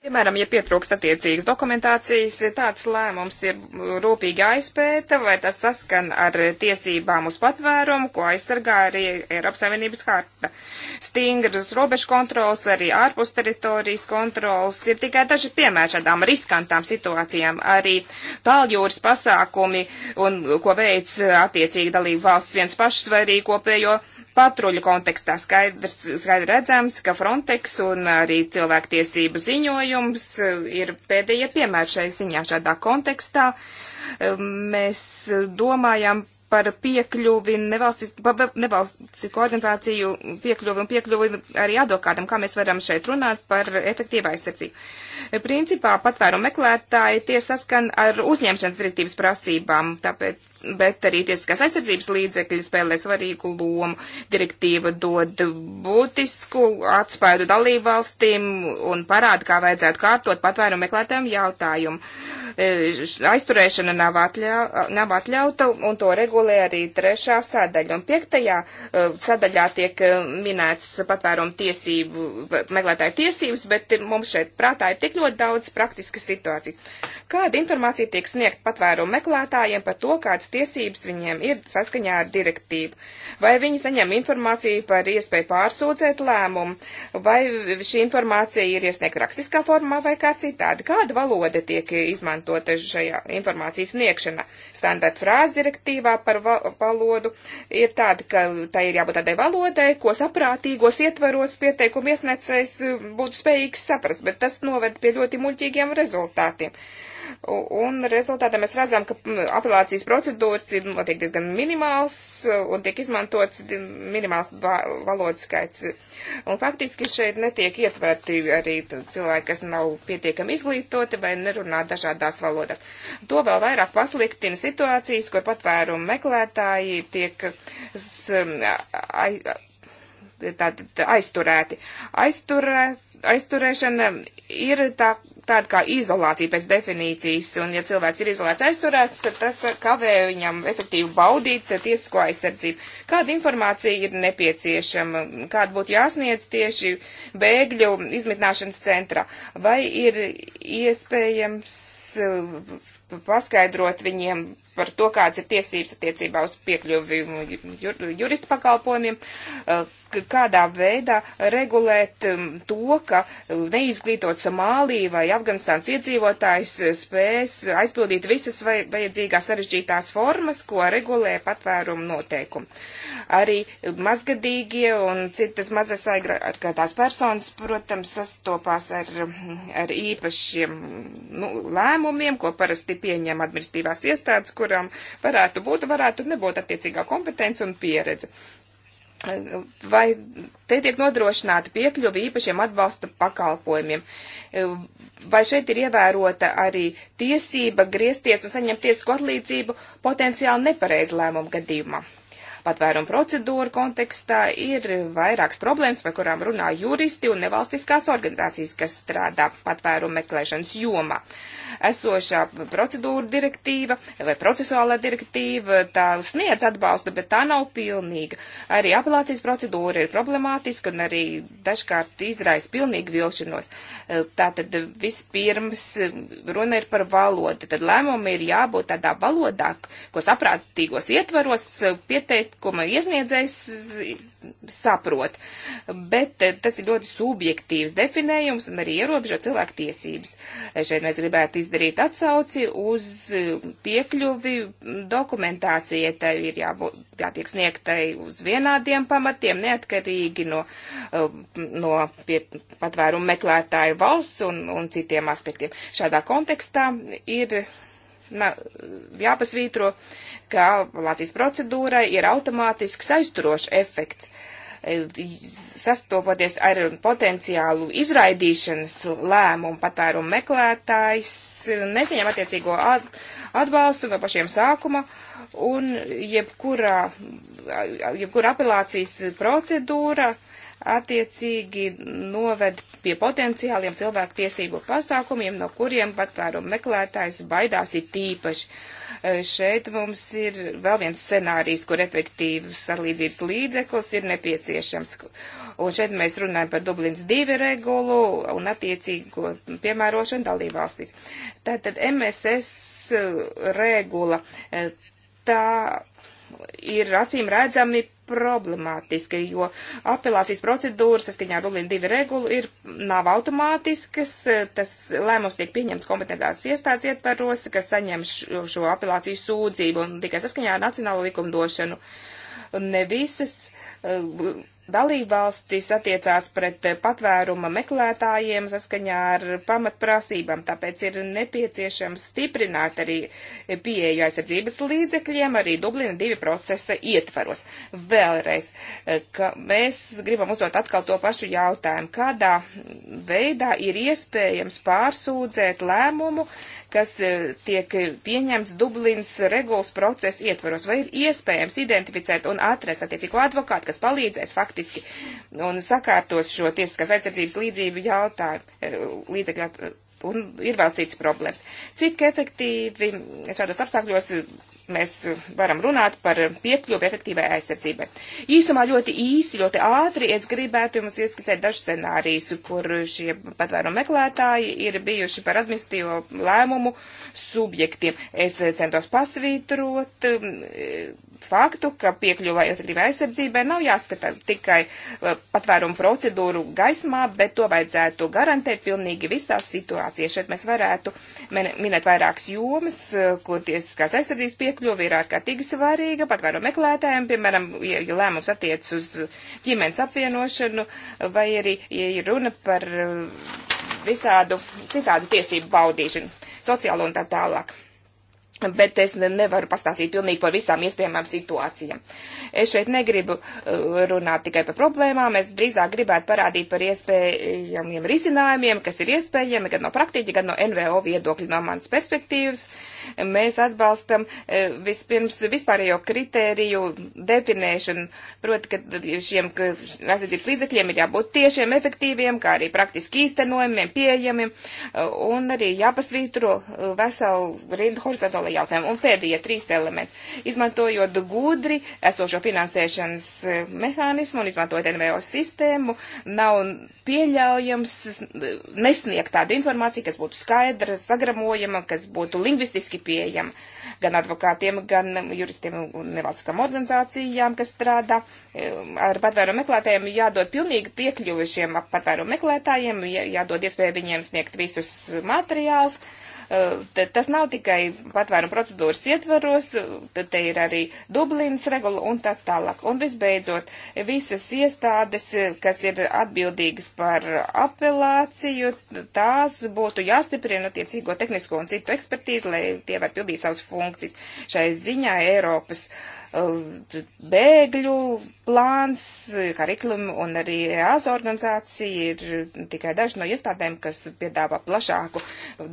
Piemēram, ja pietrūkst attiecīgas dokumentācijas, tāds lēmums ir rūpīgi aizpēta, vai tas saskan ar tiesībām uz patvērumu, ko aizsargā arī Eiropas Savienības harta. Stingras robežu kontrols, arī ārpus teritorijas kontrols ir tikai daži piemēri šādām riskantām situācijām. Arī tāljūras pasākumi, un, ko veic attiecīgi dalību valsts viens pašs vai arī kopējo patruļu kontekstā skaidrs, skaidri redzams, ka Frontex un arī cilvēktiesību ziņojums eh, ir pēdējie piemēri šai ziņā šādā kontekstā. Eh, mēs domājam par piekļuvi nevalstisku organizāciju piekļuvi un piekļuvi arī advokātam, kā mēs varam šeit runāt par efektīvu aizsardzību. Eh, principā patvērumu meklētāji tie saskan ar uzņemšanas direktīvas prasībām, tāpēc bet arī tiesiskās aizsardzības līdzekļi spēlē svarīgu lomu. Direktīva dod būtisku atspēdu dalībvalstīm un parāda, kā vajadzētu kārtot patvērumu meklētājiem jautājumu. E, aizturēšana nav, atļau, nav atļauta un to regulē arī trešā sadaļa. Un piektajā e, sadaļā tiek e, minēts patvērumu tiesību, meklētāju tiesības, bet mums šeit prātā ir tik ļoti daudz praktiskas situācijas. Kāda informācija tiek sniegt patvērumu meklētājiem par to, kādas tiesības viņiem ir saskaņā ar direktīvu, vai viņi saņem informāciju par iespēju pārsūdzēt lēmumu, vai šī informācija ir iesniegta rakstiskā formā vai kā citādi, kāda valoda tiek izmantota šajā informācijas sniegšanā. Standarta frāze direktīvā par valodu ir tāda, ka tai ir jābūt tādai valodai, ko saprātīgos ietvaros pieteikumu iesniedzējs eh, būtu spējīgs saprast, bet tas noved pie ļoti muļķīgiem rezultātiem. Uh, Un rezultātā mēs redzam, ka apelācijas procedūras ir notiek nu, diezgan minimāls un tiek izmantots minimāls valodas skaits. Un faktiski šeit netiek ietverti arī cilvēki, kas nav pietiekami izglītoti vai nerunā dažādās valodās. To vēl vairāk pasliktina situācijas, kur patvērumu meklētāji tiek aizturēti. Aizturē, aizturēšana ir tā tāda kā izolācija pēc definīcijas, un ja cilvēks ir izolēts aizturēts, tad tas kavē viņam efektīvi baudīt tiesisko aizsardzību. Kāda informācija ir nepieciešama, kāda būtu jāsniedz tieši bēgļu izmitināšanas centrā, vai ir iespējams uh, paskaidrot viņiem par to, kādas ir tiesības attiecībā uz piekļuvi jur, juristu pakalpojumiem, uh, kādā veidā regulēt um, to, ka neizglītots Somālija vai Afganistāns iedzīvotājs uh, spēs aizpildīt visas vajadzīgās sarežģītās formas, ko regulē patvērumu noteikumi. Arī mazgadīgie un citas mazas aizgādās personas, protams, sastopās ar, ar īpašiem nu, lēmumiem, ko parasti pieņem administratīvās iestādes, kuram varētu būt, varētu nebūt attiecīgā kompetence un pieredze. Vai te tiek nodrošināta piekļuvi īpašiem atbalsta pakalpojumiem? Vai šeit ir ievērota arī tiesība griezties un saņemt tiesisko atlīdzību potenciāli nepareizu lēmumu gadījumā? patvērumu procedūru kontekstā ir vairākas problēmas, par kurām runā juristi un nevalstiskās organizācijas, kas strādā patvērumu meklēšanas jomā. Uh, esošā procedūra direktīva vai procesuālā direktīva, tā sniedz atbalstu, bet tā nav pilnīga. Arī apelācijas procedūra ir problemātiska un arī dažkārt izraisa pilnīgu vilšanos. Eh, tātad vispirms eh, runa ir par valodu, tad lēmumi ir jābūt tādā valodā, ko saprātīgos ietvaros eh, pieteikuma iesniedzējs saprot. Bet eh, tas ir ļoti subjektīvs definējums un arī ierobežo cilvēku tiesības. Eh, šeit mēs gribētu izdarīt atsauci uz eh, piekļuvi mm, dokumentācijai. Tā ir jābūt, jātiek sniegtai uz vienādiem pamatiem, neatkarīgi no, no patvērumu meklētāju valsts un, un citiem aspektiem. Šādā kontekstā ir na, jāpasvītro, ka apelācijas procedūrai ir automātisks aizturošs efekts e, sastopoties ar potenciālu izraidīšanas lēmumu patērumu meklētājs, nesaņem attiecīgo atbalstu no pašiem sākuma, un jebkura, jebkura apelācijas procedūra uh, attiecīgi noved pie potenciāliem cilvēku tiesību pasākumiem, no kuriem patvērumu meklētājs baidās ir tīpaši. E, šeit mums ir vēl viens scenārijs, kur efektīvs sarlīdzības līdzeklis ir nepieciešams. Un šeit mēs runājam par Dublins 2 regulu un attiecīgo piemērošanu dalībvalstīs. Tātad MSS regula, e, tā ir acīm redzami problemātiska, jo apelācijas procedūras, saskaņā ar Dublin 2 regulu, ir, nav automātiskas, tas lēmums tiek pieņemts kompetentās iestādes ietvaros, kas saņem šo, šo apelācijas sūdzību un tikai saskaņā ar nacionālo likumdošanu. Ne visas uh, dalībvalstis attiecās pret eh, patvēruma meklētājiem saskaņā ar pamatprasībām, tāpēc ir nepieciešams stiprināt arī eh, pieeju aizsardzības līdzekļiem, arī Dublina divi procesa ietvaros. Vēlreiz, eh, ka mēs gribam uzdot atkal to pašu jautājumu, kādā veidā ir iespējams pārsūdzēt lēmumu, kas e, tiek pieņemts Dublins regulas procesa ietvaros, vai ir iespējams identificēt un atrast attiecīgo advokātu, kas palīdzēs faktiski un sakārtos šo tiesiskās aizsardzības līdzību jautājumu, e, līdzekļu un ir vēl citas problēmas. Cik efektīvi šādos apstākļos mēs varam runāt par piekļuvi efektīvai aizsardzībai. Īsumā ļoti īsi, ļoti ātri es gribētu jums ieskicēt dažus scenārijus, kur šie patvērumu meklētāji ir bijuši par administīvo lēmumu subjektiem. Es centos pasvītrot faktu, ka piekļuvai efektīvai aizsardzībai nav jāskata tikai eh, patvērumu procedūru gaismā, bet to vajadzētu garantēt pilnīgi visās situācijās. Šeit mēs varētu minēt vairākas jomas, eh, kur tiesiskās aizsardzības piekļuva ir ārkārtīgi svarīga patvērumu meklētājiem, piemēram, ja, ja lēmums attiec uz ģimenes apvienošanu vai arī, ja ir runa par eh, visādu citādu tiesību baudīšanu, sociālo un tā tālāk bet es nevaru pastāstīt pilnīgi par visām iespējamām situācijām. Es šeit negribu uh, runāt tikai par problēmām, es drīzāk gribētu parādīt par iespējamiem risinājumiem, kas ir iespējami gan no praktiķa, gan no NVO viedokļa, no manas perspektīvas. Mēs atbalstam uh, vispirms vispārējo kritēriju definēšanu, proti, ka šiem aizsardzības līdzekļiem ir jābūt tiešiem, efektīviem, kā arī praktiski īstenojumiem, pieejamiem, uh, un arī jāpasvītro veselu rindu horizontālajiem jautājumu. Un pēdējie trīs elementi. Izmantojot gudri esošo finansēšanas eh, mehānismu un izmantojot NVO sistēmu, nav pieļaujams nesniegt tādu informāciju, kas būtu skaidra, sagramojama, kas būtu lingvistiski pieejama gan advokātiem, gan juristiem un nevalstiskām organizācijām, kas strādā eh, ar patvērumu meklētājiem, jādod pilnīgi piekļuvi šiem patvērumu meklētājiem, jādod iespēju viņiem sniegt visus materiālus, Tas nav tikai patvērumu procedūras ietvaros, tad te ir arī Dublīnas regula un tā tālāk. Un visbeidzot, visas iestādes, kas ir atbildīgas par apelāciju, tās būtu jāstiprina attiecīgo tehnisko un citu ekspertīzi, lai tie var pildīt savas funkcijas. Šai ziņā Eiropas. Uh, bēgļu plāns, kariklum un arī EASO organizācija ir tikai daži no iestādēm, kas piedāvā plašāku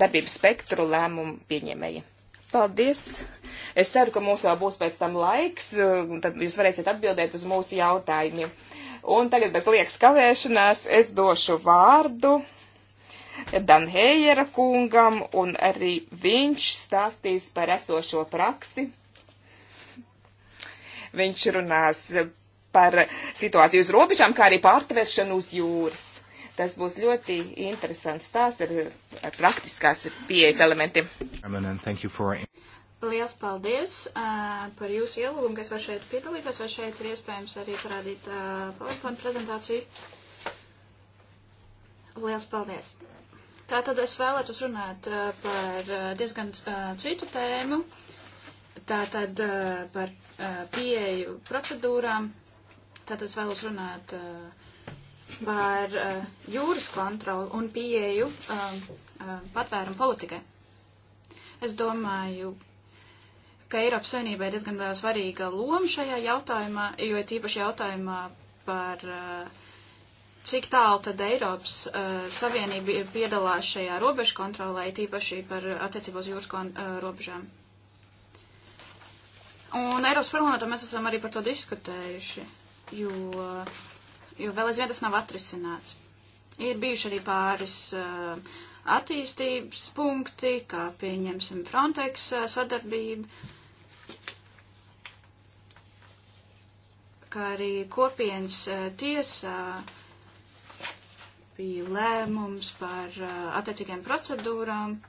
darbības spektru lēmumu pieņēmēji. Paldies! Es ceru, ka mums vēl būs pēc tam laiks, tad jūs varēsiet atbildēt uz mūsu jautājumiem. Un tagad bez liekas kavēšanās es došu vārdu Danhējera kungam, un arī viņš stāstīs par esošo praksi Viņš runās par situāciju uz robežām, kā arī pārtveršanu uz jūras. Tas būs ļoti interesants stāsts ar, ar praktiskās pieejas elementiem. Liels paldies uh, par jūsu ielūgumu, kas var šeit piedalīties, vai šeit ir iespējams arī parādīt uh, PowerPoint prezentāciju. Liels paldies! Tātad es vēlētos runāt uh, par uh, diezgan uh, citu tēmu. Tātad uh, par Uh, pieeju procedūrām. Tātad es vēlos runāt uh, par uh, jūras kontroli un pieeju um, patvērumu politikai. Es domāju, ka Eiropas Savienībai ir diezgan svarīga loma šajā jautājumā, jo ir tīpaši jautājumā par cik tālu tad Eiropas uh, Savienība piedalās šajā robežu kontrolē, tīpaši par attiecībos jūras kon, uh, robežām. Un Eiropas parlamentā mēs esam arī par to diskutējuši, jo, jo vēl aizvien tas nav atrisināts. Ir bijuši arī pāris uh, attīstības punkti, kā pieņemsim Frontex uh, sadarbību, kā arī kopienas uh, tiesā bija lēmums par attiecīgiem procedūrām,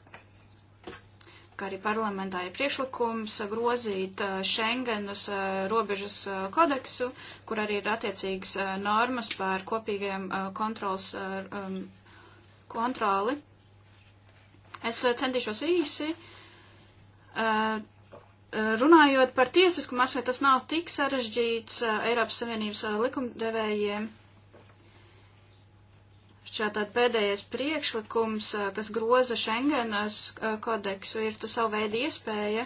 ka arī parlamentā ir priekšlikums grozīt uh, Schengenas uh, robežas uh, kodeksu, kur arī ir attiecīgas normas par kopīgiem kontrols, um, kontroli. Es centīšos īsi. Runājot par tiesiskumu, asmē tas nav tik sarežģīts Eiropas Savienības likumdevējiem Šķiet, tad pēdējais priekšlikums, kas groza Schengenas kodeksu, ir tas savu veidu iespēja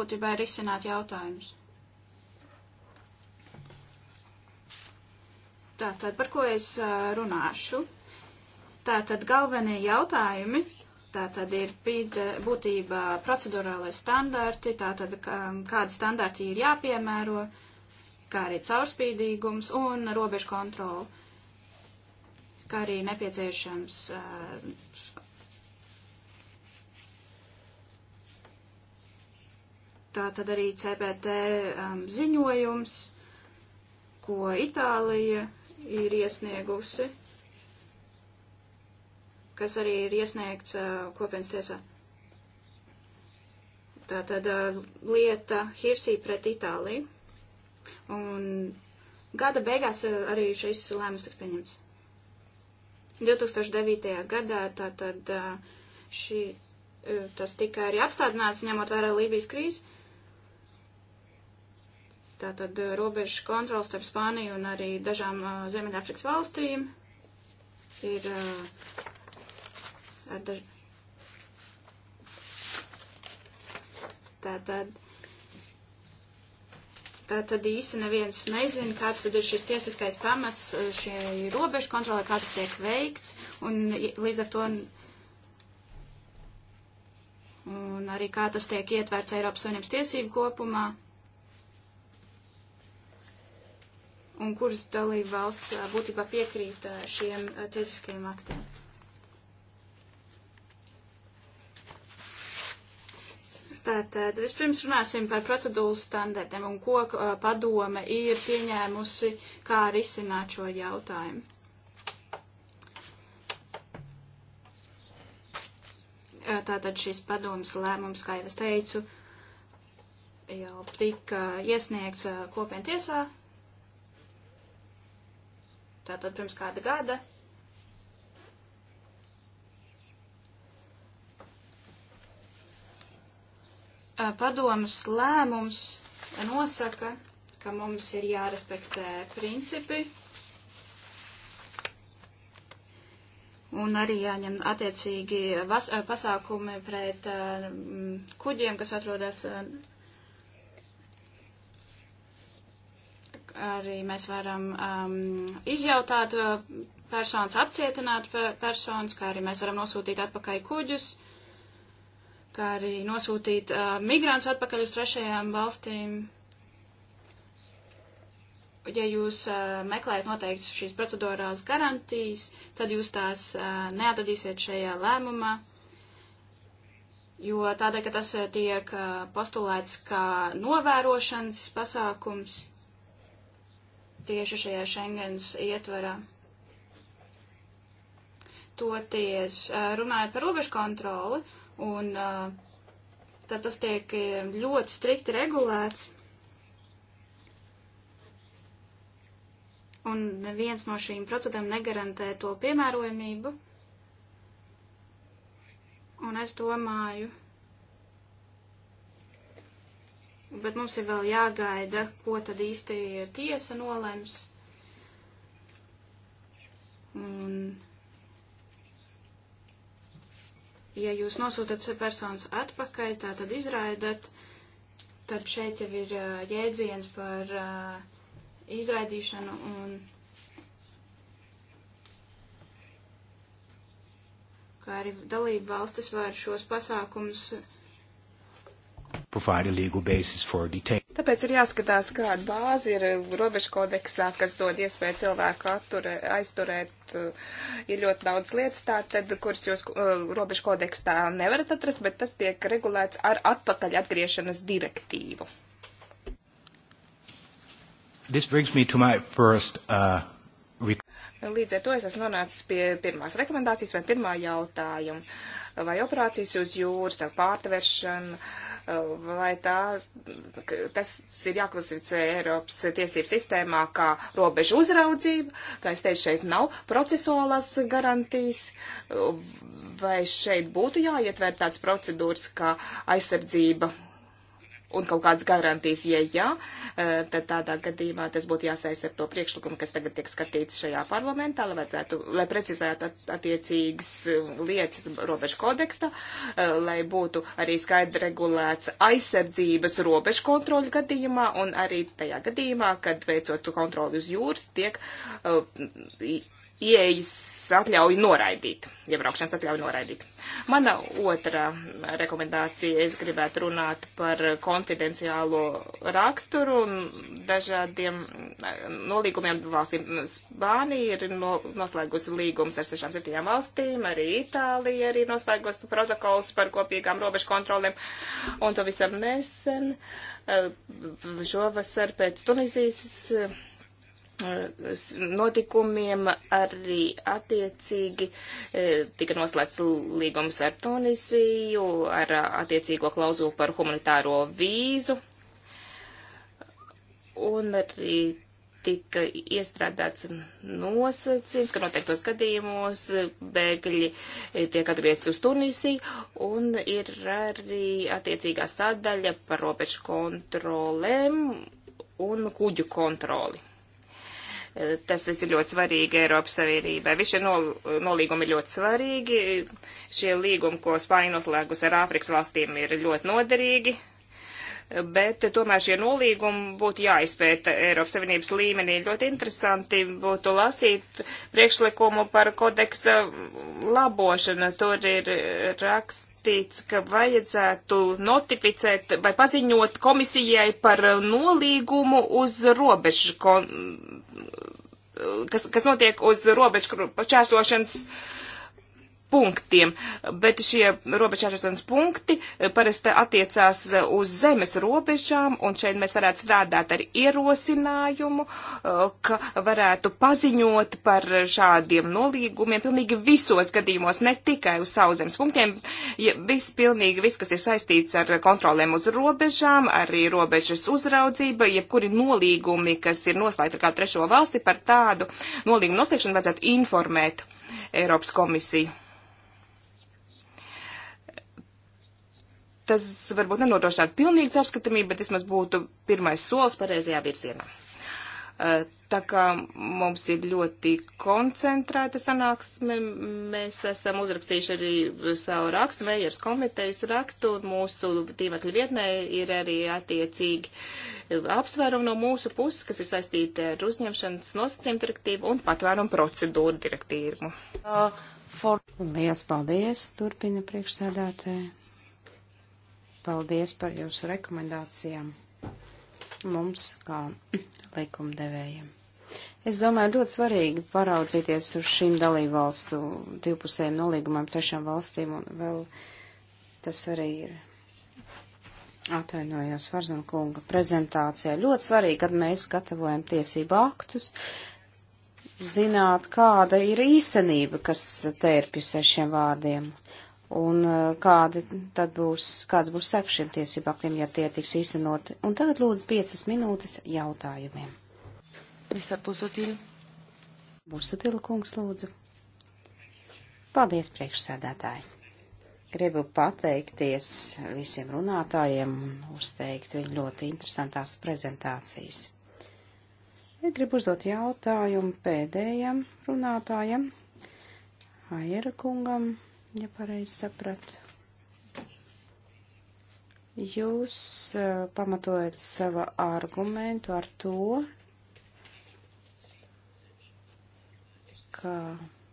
būtībā ir izsināt jautājumus. Tātad, par ko es runāšu? Tātad galvenie jautājumi, tātad ir būtībā procedurālais standarti, tātad kādi standarti ir jāpiemēro, kā arī caurspīdīgums un robežu kontroli kā arī nepieciešams tā tad arī CBT ziņojums, ko Itālija ir iesniegusi, kas arī ir iesniegts kopienas tiesā. Tā tad lieta Hirsī pret Itāliju. Un gada beigās arī šis lēmums tiks pieņemts. 2009. gadā tātad šī, tas tika arī apstādināts, ņemot vērā Lībijas krīzi. Tātad robežu kontrols starp Spāniju un arī dažām Ziemeļāfrikas valstīm ir ar dažu. Tātad Eh, tad īsti neviens nezina, kāds tad ir šis tiesiskais pamats eh, šie robežu kontrolē, kā tas tiek veikts, un līdz ar to, un arī kā tas tiek ietverts Eiropas Savienības tiesību kopumā, un kuras dalība valsts eh, būtībā piekrīt šiem tiesiskajiem aktiem. Tātad vispirms runāsim par procedūru standartiem un ko uh, padome ir pieņēmusi, kā risināt šo jautājumu. Uh, tātad šis padomas lēmums, kā jau es teicu, jau tika iesniegts uh, kopientiesā. Tātad pirms kāda gada Eh, padomas lēmums nosaka, ka mums ir jārespektē principi un arī jāņem attiecīgi vas, eh, pasākumi pret eh, kuģiem, kas atrodas. Arī mēs varam um, izjautāt personas, apcietināt personas, kā arī mēs varam nosūtīt atpakaļ kuģus. Uh, kā arī nosūtīt uh, migrantus atpakaļ uz trešajām valstīm. Ja jūs uh, meklējat noteikti šīs procedūrās garantijas, tad jūs tās uh, neatradīsiet šajā lēmumā, jo tādēļ, ka tas tiek uh, postulēts kā novērošanas pasākums tieši šajā Schengens ietvarā. Toties, uh, runājot par robežu kontroli, uh, Un uh, tad tas tiek um, ļoti strikti regulēts. Un neviens no šīm procedēm negarantē to piemērojamību. Un es domāju, bet mums ir vēl jāgaida, ko tad īsti tiesa nolems. Un Ja jūs nosūtat personas atpakaļ, tā tad izraidat, tad šeit jau ir jēdziens par izraidīšanu un kā arī dalība valstis var šos pasākums provide a legal basis for detention. Tāpēc ir jāskatās, kāda bāze ir eh, robežu kodeksā, kas dod iespēju cilvēku atturē, aizturēt. Eh, ir ļoti daudz lietas, tātad, kuras jūs eh, robežu kodeksā nevarat atrast, bet tas tiek regulēts ar atpakaļ atgriešanas direktīvu. This brings me to my first uh, Līdz ar to es esmu nonācis pie pirmās rekomendācijas vai pirmā jautājuma. Vai operācijas uz jūras, tā pārtveršana, uh, vai tā, tas ir jāklasificē Eiropas tiesību sistēmā kā robežu uzraudzība, kā es teicu, šeit nav procesuālās garantijas, vai šeit būtu jāietver tāds procedūras kā aizsardzība un kaut kādas garantijas, ja jā, e, tad tādā gadījumā tas būtu jāsaist ar to priekšlikumu, kas tagad tiek skatīts šajā parlamentā, lai, vajadzētu, lai precizētu at, attiecīgas e, lietas robežu kodeksta, e, lai būtu arī skaidri regulēts aizsardzības robežu kontroļu gadījumā un arī tajā gadījumā, kad veicot kontroli uz jūras, tiek uh, ieejas atļauju noraidīt, iebraukšanas atļauju noraidīt. Mana otra rekomendācija, es gribētu runāt par konfidenciālo raksturu un dažādiem eh, nolīgumiem valstīm. Spānija ir no, noslēgusi līgumus ar sešām septiņām valstīm, arī Itālija arī noslēgusi protokols par kopīgām robežu kontrolēm, un to visam nesen eh, šovasar pēc Tunizijas notikumiem arī attiecīgi e, tika noslēgts līgums ar Tunisiju ar attiecīgo klauzulu par humanitāro vīzu. Un arī tika iestrādāts nosacījums, ka noteiktos gadījumos bēgļi e, tiek atgriezti uz Tunisiju, un ir arī attiecīgā sadaļa par robežu kontrolēm un kuģu kontroli. Tas viss ir ļoti svarīgi Eiropas Savienībai. Visi šie nol, nolīgumi ir ļoti svarīgi. Šie līgumi, ko Spānija noslēgus ar Āfrikas valstīm, ir ļoti noderīgi. Bet tomēr šie nolīgumi būtu jāizpēta Eiropas Savienības līmenī. Ļoti interesanti būtu lasīt priekšlikumu par kodeksa labošanu. Tur ir raksts rakstīts, ka vajadzētu notificēt vai paziņot komisijai par nolīgumu uz robežu, kon... kas, kas notiek uz robežu čēsošanas uh, punktiem, bet šie robežšķērsošanas punkti eh, parasti attiecās eh, uz zemes robežām, un šeit mēs varētu strādāt ar ierosinājumu, eh, ka varētu paziņot par šādiem nolīgumiem pilnīgi visos gadījumos, ne tikai uz sauszemes punktiem. Ja viss pilnīgi, viss, kas ir saistīts ar kontrolēm uz robežām, arī robežas uzraudzība, jebkuri nolīgumi, kas ir noslēgti ar kādu trešo valsti, par tādu nolīgumu noslēgšanu vajadzētu informēt Eiropas komisiju. tas varbūt nenodrošinātu pilnīgu caurskatāmību, bet vismaz būtu pirmais solis pareizajā virzienā. Eh, tā kā mums ir ļoti koncentrēta sanāksme, mēs esam uzrakstījuši arī savu rakstu, Meijers komitejas rakstu, un mūsu tīmekļa vietnē ir arī attiecīgi apsvērumi no mūsu puses, kas ir saistīti ar uzņemšanas nosacījumu direktīvu un patvērumu procedūru direktīvu. Uh, for... Lielas paldies, turpina priekšsēdētāji. Paldies par jūsu rekomendācijām mums, kā likumdevējiem. Es domāju, ļoti svarīgi paraudzīties uz šīm dalībvalstu divpusējiem nolīgumiem trešām valstīm, un vēl tas arī ir atvainojos Varzana kunga prezentācijā. Ļoti svarīgi, kad mēs gatavojam tiesību aktus, zināt, kāda ir īstenība, kas tērpjas ar šiem vārdiem un uh, kādi tad būs, kāds būs seks šiem tiesību aktiem, ja tie tiks īstenoti. Un tagad lūdzu piecas minūtes jautājumiem. Mr. Pusutil. Pusutila kungs lūdzu. Paldies, priekšsēdētāji. Gribu pateikties visiem runātājiem un uzteikt viņu ļoti interesantās prezentācijas. Es gribu uzdot jautājumu pēdējam runātājam, Aira kungam ja pareizi sapratu. Jūs uh, pamatojat savu argumentu ar to, ka,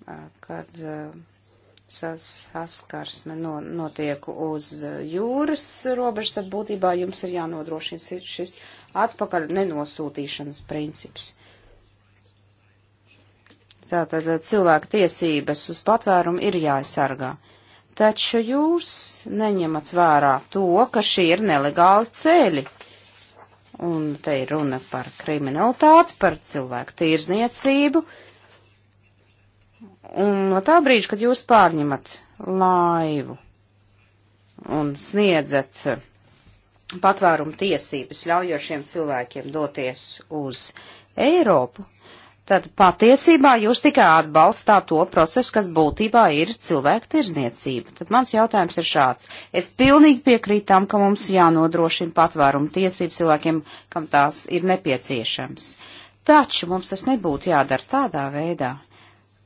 uh, kad uh, saskarsme no, notiek uz jūras robežas, tad būtībā jums ir jānodrošina šis atpakaļ nenosūtīšanas princips. Tātad eh, cilvēku tiesības uz patvērumu ir jāaizsargā. Taču jūs neņemat vērā to, ka šie ir nelegāli ceļi. Un te ir runa par kriminalitāti, par cilvēku tirzniecību. Un no tā brīža, kad jūs pārņemat laivu un sniedzat eh, patvērumu tiesības ļaujošiem cilvēkiem doties uz Eiropu, Tad patiesībā jūs tikai atbalstāt to procesu, kas būtībā ir cilvēku tirzniecība. Tad mans jautājums ir šāds. Es pilnīgi piekrītu tam, ka mums jānodrošina patvērumu tiesības cilvēkiem, kam tās ir nepieciešams. Taču mums tas nebūtu jādara tādā veidā,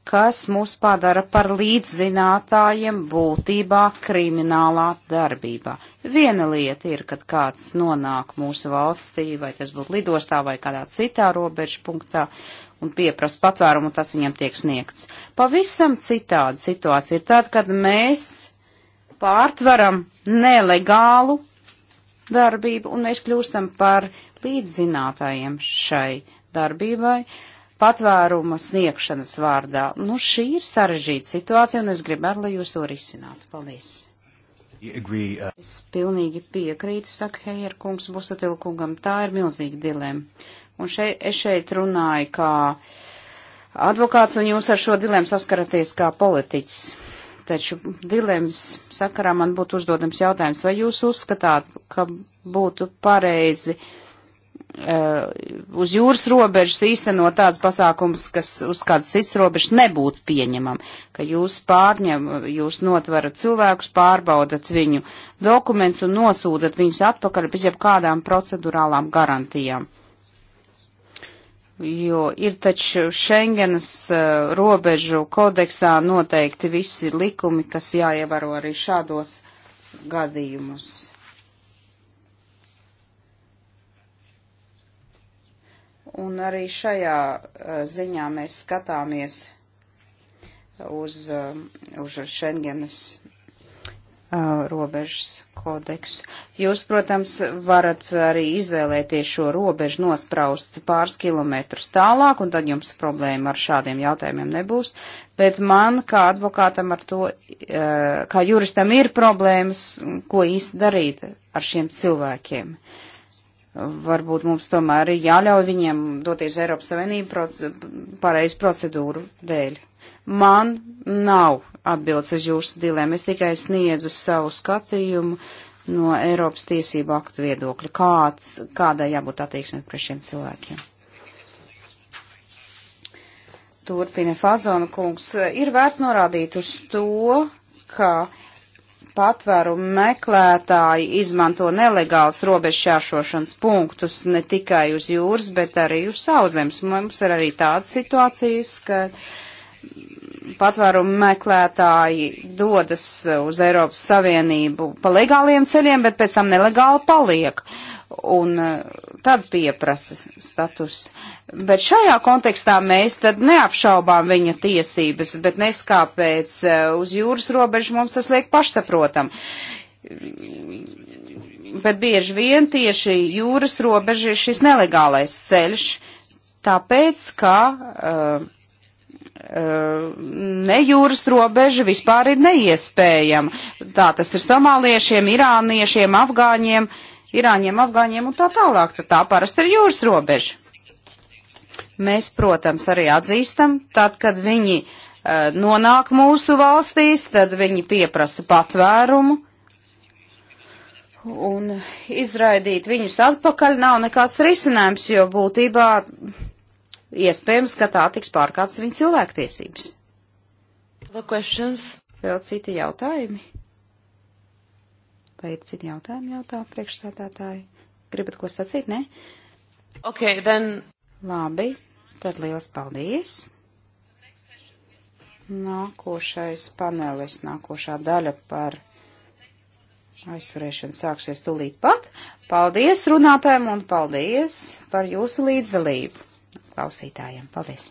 kas mūs padara par līdzzinātājiem būtībā kriminālā darbībā. Viena lieta ir, kad kāds nonāk mūsu valstī, vai tas būtu lidostā vai kādā citā robežu punktā. Uh, un pieprasa patvērumu, tas viņam tiek sniegts. Pavisam citāda situācija ir tad, kad mēs pārtveram nelegālu darbību un mēs kļūstam par līdzzinātājiem šai darbībai patvēruma sniegšanas vārdā. Nu, šī ir sarežģīta situācija, un es gribētu, lai jūs to risinātu. Paldies! Agree, uh... Es pilnīgi piekrītu, saka Heier kungs, Busatil kungam, tā ir milzīga dilēma. Un šeit, es šeit runāju kā advokāts, un jūs ar šo dilēmu saskaraties kā politiķis. Taču dilēmas sakarā man būtu uzdodams jautājums, vai jūs uzskatāt, ka būtu pareizi uh, uz jūras robežas īstenot tāds pasākums, kas uz kādas cits robežas nebūtu pieņemam, ka jūs pārņem, jūs notverat cilvēkus, pārbaudat viņu dokumentus un nosūdat viņus atpakaļ bez jebkādām procedurālām garantijām jo ir taču Schengenas eh, robežu kodeksā noteikti visi likumi, kas jāievaro arī šādos gadījumus. Un arī šajā eh, ziņā mēs skatāmies uz, eh, uz Schengenas robežas kodeks. Jūs, protams, varat arī izvēlēties šo robežu nospraust pāris kilometrus tālāk, un tad jums problēma ar šādiem jautājumiem nebūs. Bet man, kā advokātam ar to, kā juristam ir problēmas, ko īsti darīt ar šiem cilvēkiem. Varbūt mums tomēr ir jāļauj viņiem doties Eiropas Savienību pareizu procedūru dēļ. Man nav atbildes uz jūsu dilēmu. Es tikai sniedzu savu skatījumu no Eiropas tiesību aktu viedokļa. Kāds, kādai jābūt attieksmē pret šiem cilvēkiem? Turpina Fazona kungs. Ir vērts norādīt uz to, ka patvērumu meklētāji izmanto nelegāls robežšķēršošanas punktus ne tikai uz jūras, bet arī uz sauszemes. Mums ir arī tādas situācijas, ka uh, patvērumu meklētāji dodas uz Eiropas Savienību pa legāliem ceļiem, bet pēc tam nelegāli paliek un eh, tad pieprasa status. Bet šajā kontekstā mēs tad neapšaubām viņa tiesības, bet neskāpēc eh, uz jūras robežu mums tas liek pašsaprotam bet bieži vien tieši jūras robeža ir šis nelegālais ceļš, tāpēc, ka uh, Uh, ne jūras robeža vispār ir neiespējama. Tā tas ir somāliešiem, irāniešiem, afgāņiem, irāņiem, afgāņiem un tā tālāk. Tā parasti ir jūras robeža. Mēs, protams, arī atzīstam, tad, kad viņi uh, nonāk mūsu valstīs, tad viņi pieprasa patvērumu. Un izraidīt viņus atpakaļ nav nekāds risinājums, jo būtībā iespējams, ka tā tiks pārkāptas viņa cilvēktiesības. Vēl citi jautājumi? Vai ir citi jautājumi jautā priekšstādātāji? Gribat ko sacīt, ne? Ok, then. Labi, tad liels paldies. Nākošais panelis, nākošā daļa par aizturēšanu sāksies tūlīt pat. Paldies runātājiem un paldies par jūsu līdzdalību klausītājiem. Paldies!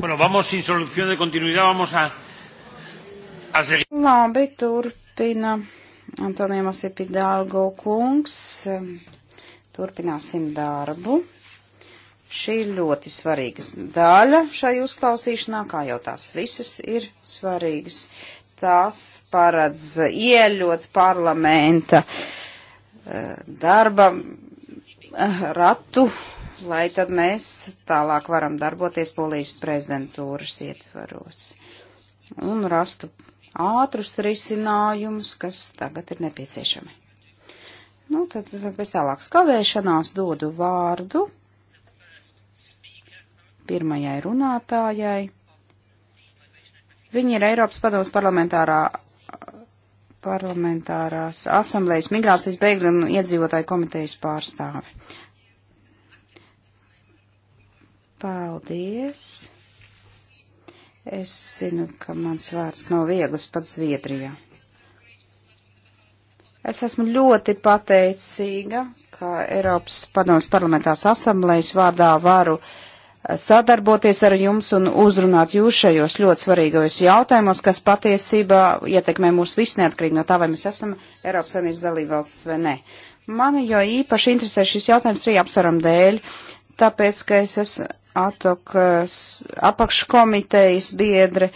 Bueno, vamos sin solución de continuidad, vamos a, a seguir. Labi, turpina Antonijamas Epidālgo kungs. Turpināsim darbu. Šī ir ļoti svarīga daļa šai uzklausīšanā, kā jau tās visas ir svarīgas. Tās paredz ieļot parlamenta eh, darba eh, ratu lai tad mēs tālāk varam darboties polijas prezidentūras ietvaros un rastu ātrus risinājumus, kas tagad ir nepieciešami. Nu, tad bez tālākas kavēšanās dodu vārdu pirmajai runātājai. Viņa ir Eiropas padomus parlamentārā parlamentārās asamblējas migrācijas bēgļu un iedzīvotāju komitejas pārstāve. Paldies! Es zinu, ka mans vārds nav viegls pat Zviedrijā. Es esmu ļoti pateicīga, ka Eiropas padomas parlamentās asamblējas vārdā varu eh, sadarboties ar jums un uzrunāt jūs šajos ļoti svarīgajos jautājumos, kas patiesībā ietekmē mūs visus neatkarīgi no tā, vai mēs esam Eiropas Savienības dalībvalsts vai nē. Mani jau īpaši interesē šis jautājums trīs apsvaram dēļ, tāpēc, ka es esmu atokas apakškomitejas biedri.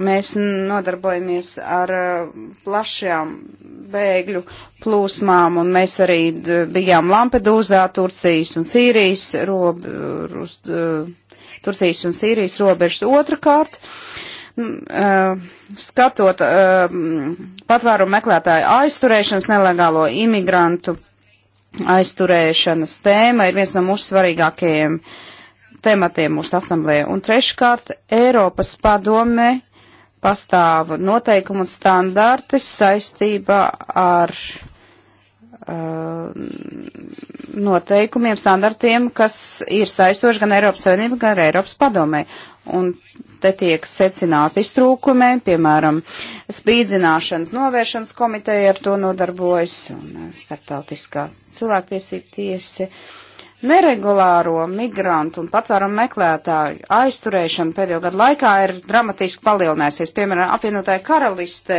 Mēs nodarbojamies ar uh, plašajām bēgļu plūsmām, un mēs arī bijām Lampedūzā, Turcijas un Sīrijas, rob, uz, Turcijas un Sīrijas robežas otrkārt. Uh, skatot um, patvērumu meklētāju aizturēšanas, nelegālo imigrantu aizturēšanas tēma ir viens no mūsu svarīgākajiem uh, tematiem mūsu asamblē. Un treškārt, Eiropas padome pastāv noteikumu un standarti saistībā ar uh, noteikumiem, standartiem, kas ir saistoši gan Eiropas Savienībai, gan Eiropas padomē. Un te tiek secināti iztrūkumi, piemēram, spīdzināšanas novēršanas komiteja ar to nodarbojas un uh, starptautiskā cilvēktiesība tiesa. Uh, Neregulāro migrantu un patvērumu meklētāju aizturēšana pēdējo gadu laikā ir dramatiski palielinājusies. Piemēram, apvienotāja karalistē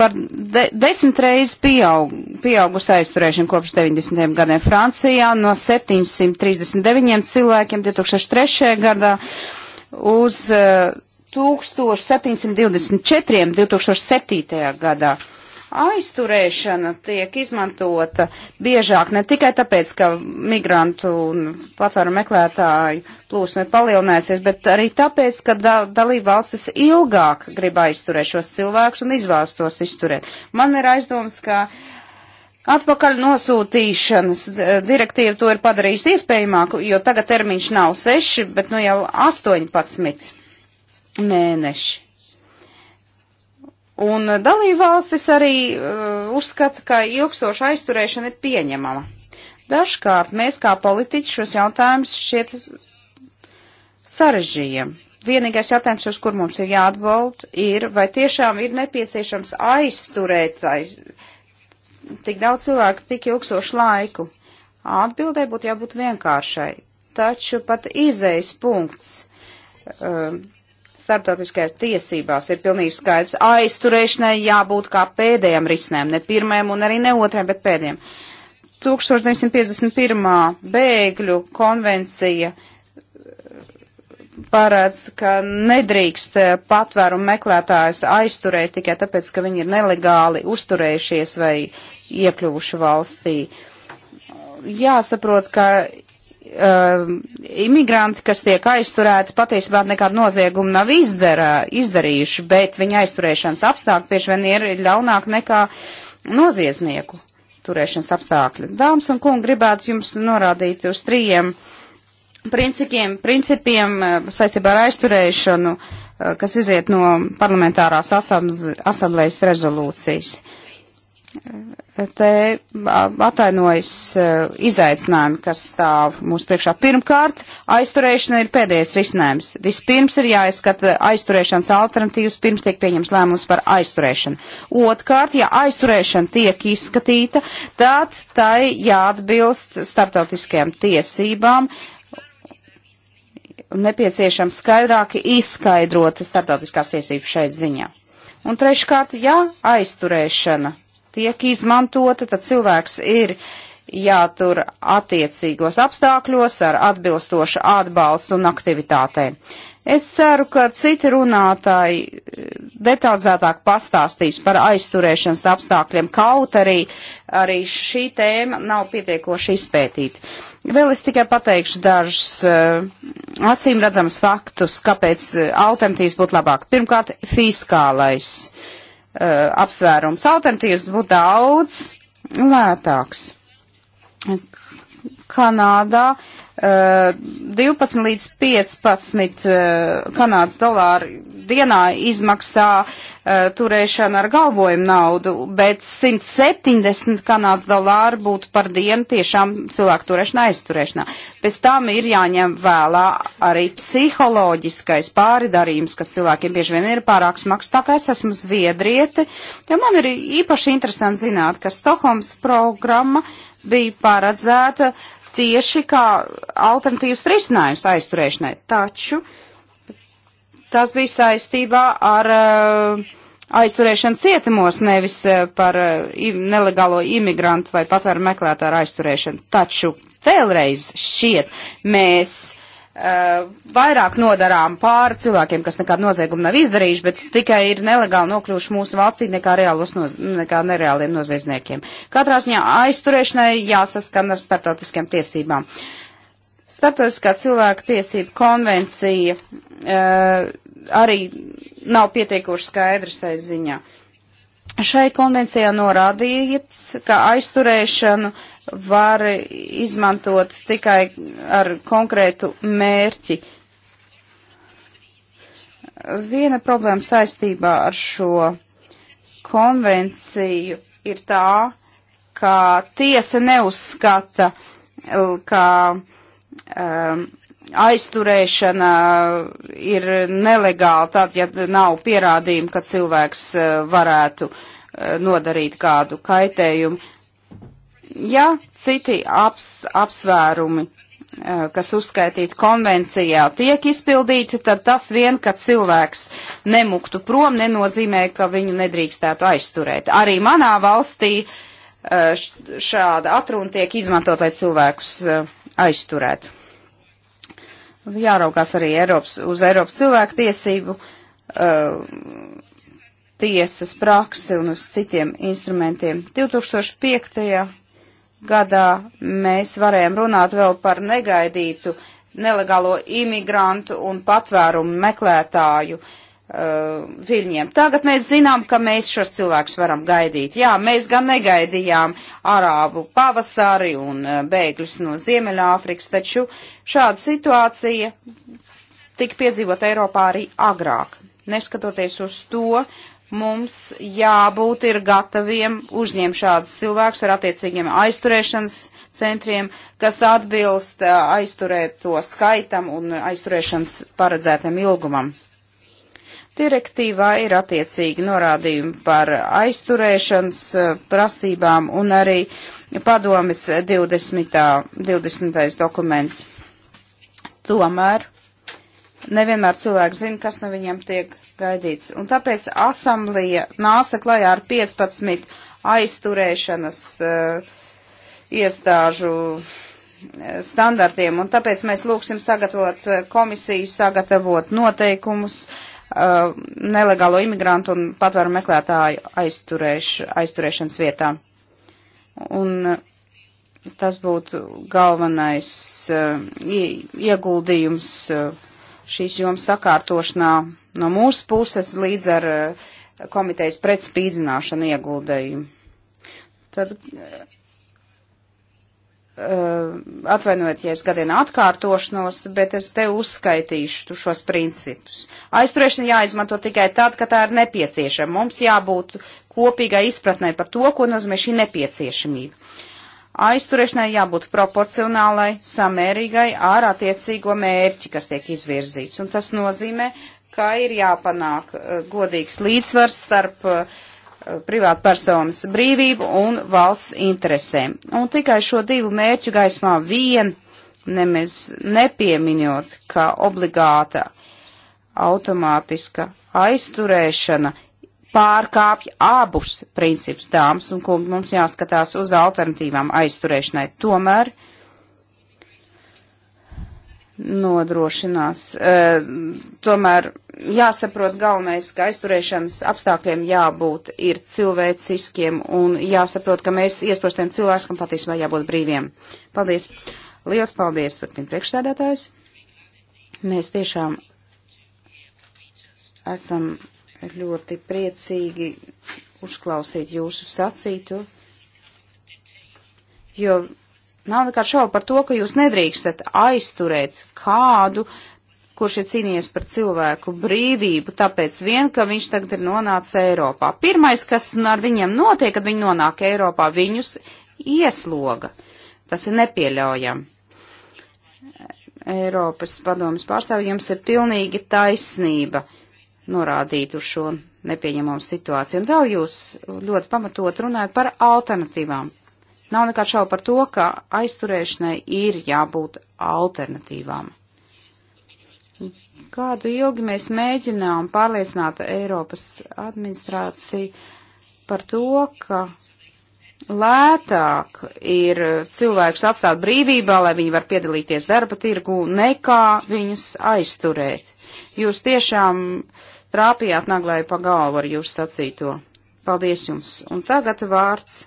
par de desmit reizes pieaug, pieaugusi aizturēšana kopš 90. gadiem Francijā no 739 cilvēkiem 2003. gadā uz uh, 1724. 2007. gadā aizturēšana tiek izmantota biežāk ne tikai tāpēc, ka migrantu un patvēru meklētāju plūsma ir palielinājusies, bet arī tāpēc, ka da dalība valstis ilgāk grib aizturēt šos cilvēkus un izvēlas tos izturēt. Man ir aizdoms, ka atpakaļ nosūtīšanas direktīva to ir padarījusi iespējamāku, jo tagad termiņš nav seši, bet nu jau 18 mēneši Un dalībvalstis arī uh, uzskata, ka ilgstoša aizturēšana ir pieņemama. Dažkārt mēs kā politiķi šos jautājumus šķiet sarežģījam. Vienīgais jautājums, uz kur mums ir jāatbild, ir, vai tiešām ir nepieciešams aizturēt aiz, tik daudz cilvēku tik ilgstošu laiku. Atbildē būtu jābūt vienkāršai, taču pat izējas punkts. Um, uh, starptautiskajās tiesībās ir pilnīgi skaidrs. Aizturēšanai jābūt kā pēdējam risinājumam, ne pirmajam un arī ne otrajam, bet pēdējam. 1951. bēgļu konvencija parāds, ka nedrīkst patvērumu meklētājus aizturēt tikai tāpēc, ka viņi ir nelegāli uzturējušies vai iekļuvuši valstī. Jāsaprot, ka uh, imigranti, kas tiek aizturēti, patiesībā nekādu noziegumu nav izdarā, izdarījuši, bet viņa aizturēšanas apstākļi bieži vien ir ļaunāk nekā noziedznieku turēšanas apstākļi. Dāmas un kungi, gribētu jums norādīt uz trījiem principiem, principiem uh, saistībā ar aizturēšanu, uh, kas iziet no parlamentārās asamblējas rezolūcijas te atainojas e, izaicinājumi, kas stāv mūsu priekšā. Pirmkārt, aizturēšana ir pēdējais risinājums. Vispirms ir jāizskata aizturēšanas alternatīvas, pirms tiek pieņems lēmums par aizturēšanu. Otkārt, ja aizturēšana tiek izskatīta, tad tai jāatbilst starptautiskajām tiesībām. Nepieciešams skaidrāk izskaidrot starptautiskās tiesības šeit ziņā. Un treškārt, ja aizturēšana tiek izmantota, tad cilvēks ir jātur attiecīgos apstākļos ar atbilstošu atbalstu un aktivitātēm. Es ceru, ka citi runātāji eh, detalizētāk pastāstīs par aizturēšanas apstākļiem, kaut arī, arī šī tēma nav pietiekoši izpētīta. Vēl es tikai pateikšu dažus uh, eh, acīm redzamus faktus, kāpēc uh, alternatīvas būtu labāk. Pirmkārt, fiskālais. Uh, Uh, apsvērums. Alternatīvas būtu daudz lētāks. Kanādā uh, 12 eh, līdz 15 eh, kanādas dolāru dienā izmaksā eh, turēšana ar galvojumu naudu, bet 170 kanādas dolāru būtu par dienu tiešām cilvēku turēšana aizturēšanā. Pēc tam ir jāņem vēlā arī psiholoģiskais pāridarījums, kas cilvēkiem bieži vien ir pārāk smags. Tā kā es esmu zviedrieti, ja man ir īpaši interesanti zināt, ka Stokholmas programma bija paredzēta uh, tieši kā alternatīvas risinājums aizturēšanai. Taču tas bija saistībā ar eh, aizturēšanu cietumos, nevis eh, par eh, nelegālo imigrantu vai patvēru meklētāju aizturēšanu. Taču vēlreiz šķiet mēs Eh, vairāk nodarām pāri cilvēkiem, kas nekādu noziegumu nav izdarījuši, bet tikai ir nelegāli nokļuvuši mūsu valstī nekā, reālos, noz... nekā nereāliem noziedzniekiem. Katrā ziņā aizturēšanai jāsaskan ar starptautiskiem tiesībām. Starptautiskā cilvēka tiesība konvencija uh, arī nav pietiekoši skaidra saiziņā. Uh, Šai konvencijā norādīts, ka aizturēšanu var izmantot tikai ar konkrētu mērķi. Viena problēma saistībā ar šo konvenciju ir tā, ka tiesa neuzskata, ka um, aizturēšana ir nelegāla tad, ja nav pierādījumi, ka cilvēks eh, varētu eh, nodarīt kādu kaitējumu. Ja citi aps, apsvērumi, eh, kas uzskaitīti konvencijā, tiek izpildīti, tad tas vien, ka cilvēks nemuktu prom, nenozīmē, ka viņu nedrīkstētu aizturēt. Arī manā valstī šāda atruna tiek izmantot, lai cilvēkus aizturētu jāraugās arī Eiropas, uz Eiropas cilvēku tiesību uh, tiesas praksi un uz citiem instrumentiem. 2005. gadā mēs varējām runāt vēl par negaidītu nelegālo imigrantu un patvērumu meklētāju uh, Uh, viļņiem. Tagad mēs zinām, ka mēs šos cilvēkus varam gaidīt. Jā, mēs gan negaidījām arābu pavasari un uh, bēgļus no Ziemeļāfrikas, taču šāda situācija tika piedzīvot Eiropā arī agrāk. Neskatoties uz to, mums jābūt ir gataviem uzņemt šādus cilvēkus ar attiecīgiem aizturēšanas centriem, kas atbilst uh, aizturēto skaitam un aizturēšanas paredzētam ilgumam. Direktīvā ir attiecīgi norādījumi par aizturēšanas eh, prasībām un arī padomis 20. 20. dokuments. Tomēr nevienmēr cilvēki zina, kas no viņiem tiek gaidīts. Un tāpēc asamblija nāca klajā ar 15 aizturēšanas uh, iestāžu eh, standartiem, un tāpēc mēs lūksim sagatavot komisiju, sagatavot noteikumus, uh, uh, nelegālo imigrantu un patvēru meklētāju aizturēš, aizturēšanas vietā. Un uh, tas būtu galvenais uh, ieguldījums uh, šīs jomas sakārtošanā no mūsu puses līdz ar uh, komitejas pretspīdzināšanu ieguldējumu. Tad uh, Eh, atvainojiet, ja es gadiem atkārtošanos, bet es te uzskaitīšu šos principus. Aizturēšana jāizmanto tikai tad, kad tā ir nepieciešama. Mums jābūt kopīgai izpratnē par to, ko nozīmē šī nepieciešamība. Aizturēšanai jābūt proporcionālai, samērīgai ar attiecīgo mērķi, kas tiek izvirzīts. Un tas nozīmē, ka ir jāpanāk eh, godīgs līdzsvars starp uh, privātpersonas brīvību un valsts interesēm. Un tikai šo divu mērķu gaismā vien nemaz nepieminot, ka obligāta automātiska aizturēšana pārkāpj abus principus dāmas un kungi mums jāskatās uz alternatīvām aizturēšanai. Tomēr nodrošinās. E, tomēr jāsaprot galvenais, ka aizturēšanas apstākļiem jābūt ir cilvēciskiem un jāsaprot, ka mēs iesprostiem cilvēkam patiesībā jābūt brīviem. Paldies! Liels paldies, turpin priekšsēdētājs! Mēs tiešām esam ļoti priecīgi uzklausīt jūsu sacītu, jo Nav nekāds šaubu par to, ka jūs nedrīkstat aizturēt kādu, kurš ir cīnījies par cilvēku brīvību, tāpēc vien, ka viņš tagad ir nonācis Eiropā. Pirmais, kas nu ar viņiem notiek, kad viņi nonāk Eiropā, viņus iesloga. Tas ir nepieļaujami. Eiropas padomas pārstāvji, jums ir pilnīgi taisnība norādīt uz šo nepieņemamu situāciju. Un vēl jūs ļoti pamatot runājat par alternatīvām. Nav nekā šaubu par to, ka aizturēšanai ir jābūt alternatīvām. Kādu ilgi mēs mēģinām pārliecināt Eiropas administrāciju par to, ka lētāk ir cilvēkus atstāt brīvībā, lai viņi var piedalīties darba tirgu, nekā viņus aizturēt. Jūs tiešām trāpījāt naglai pa galvu ar jūsu sacīto. Paldies jums. Un tagad vārds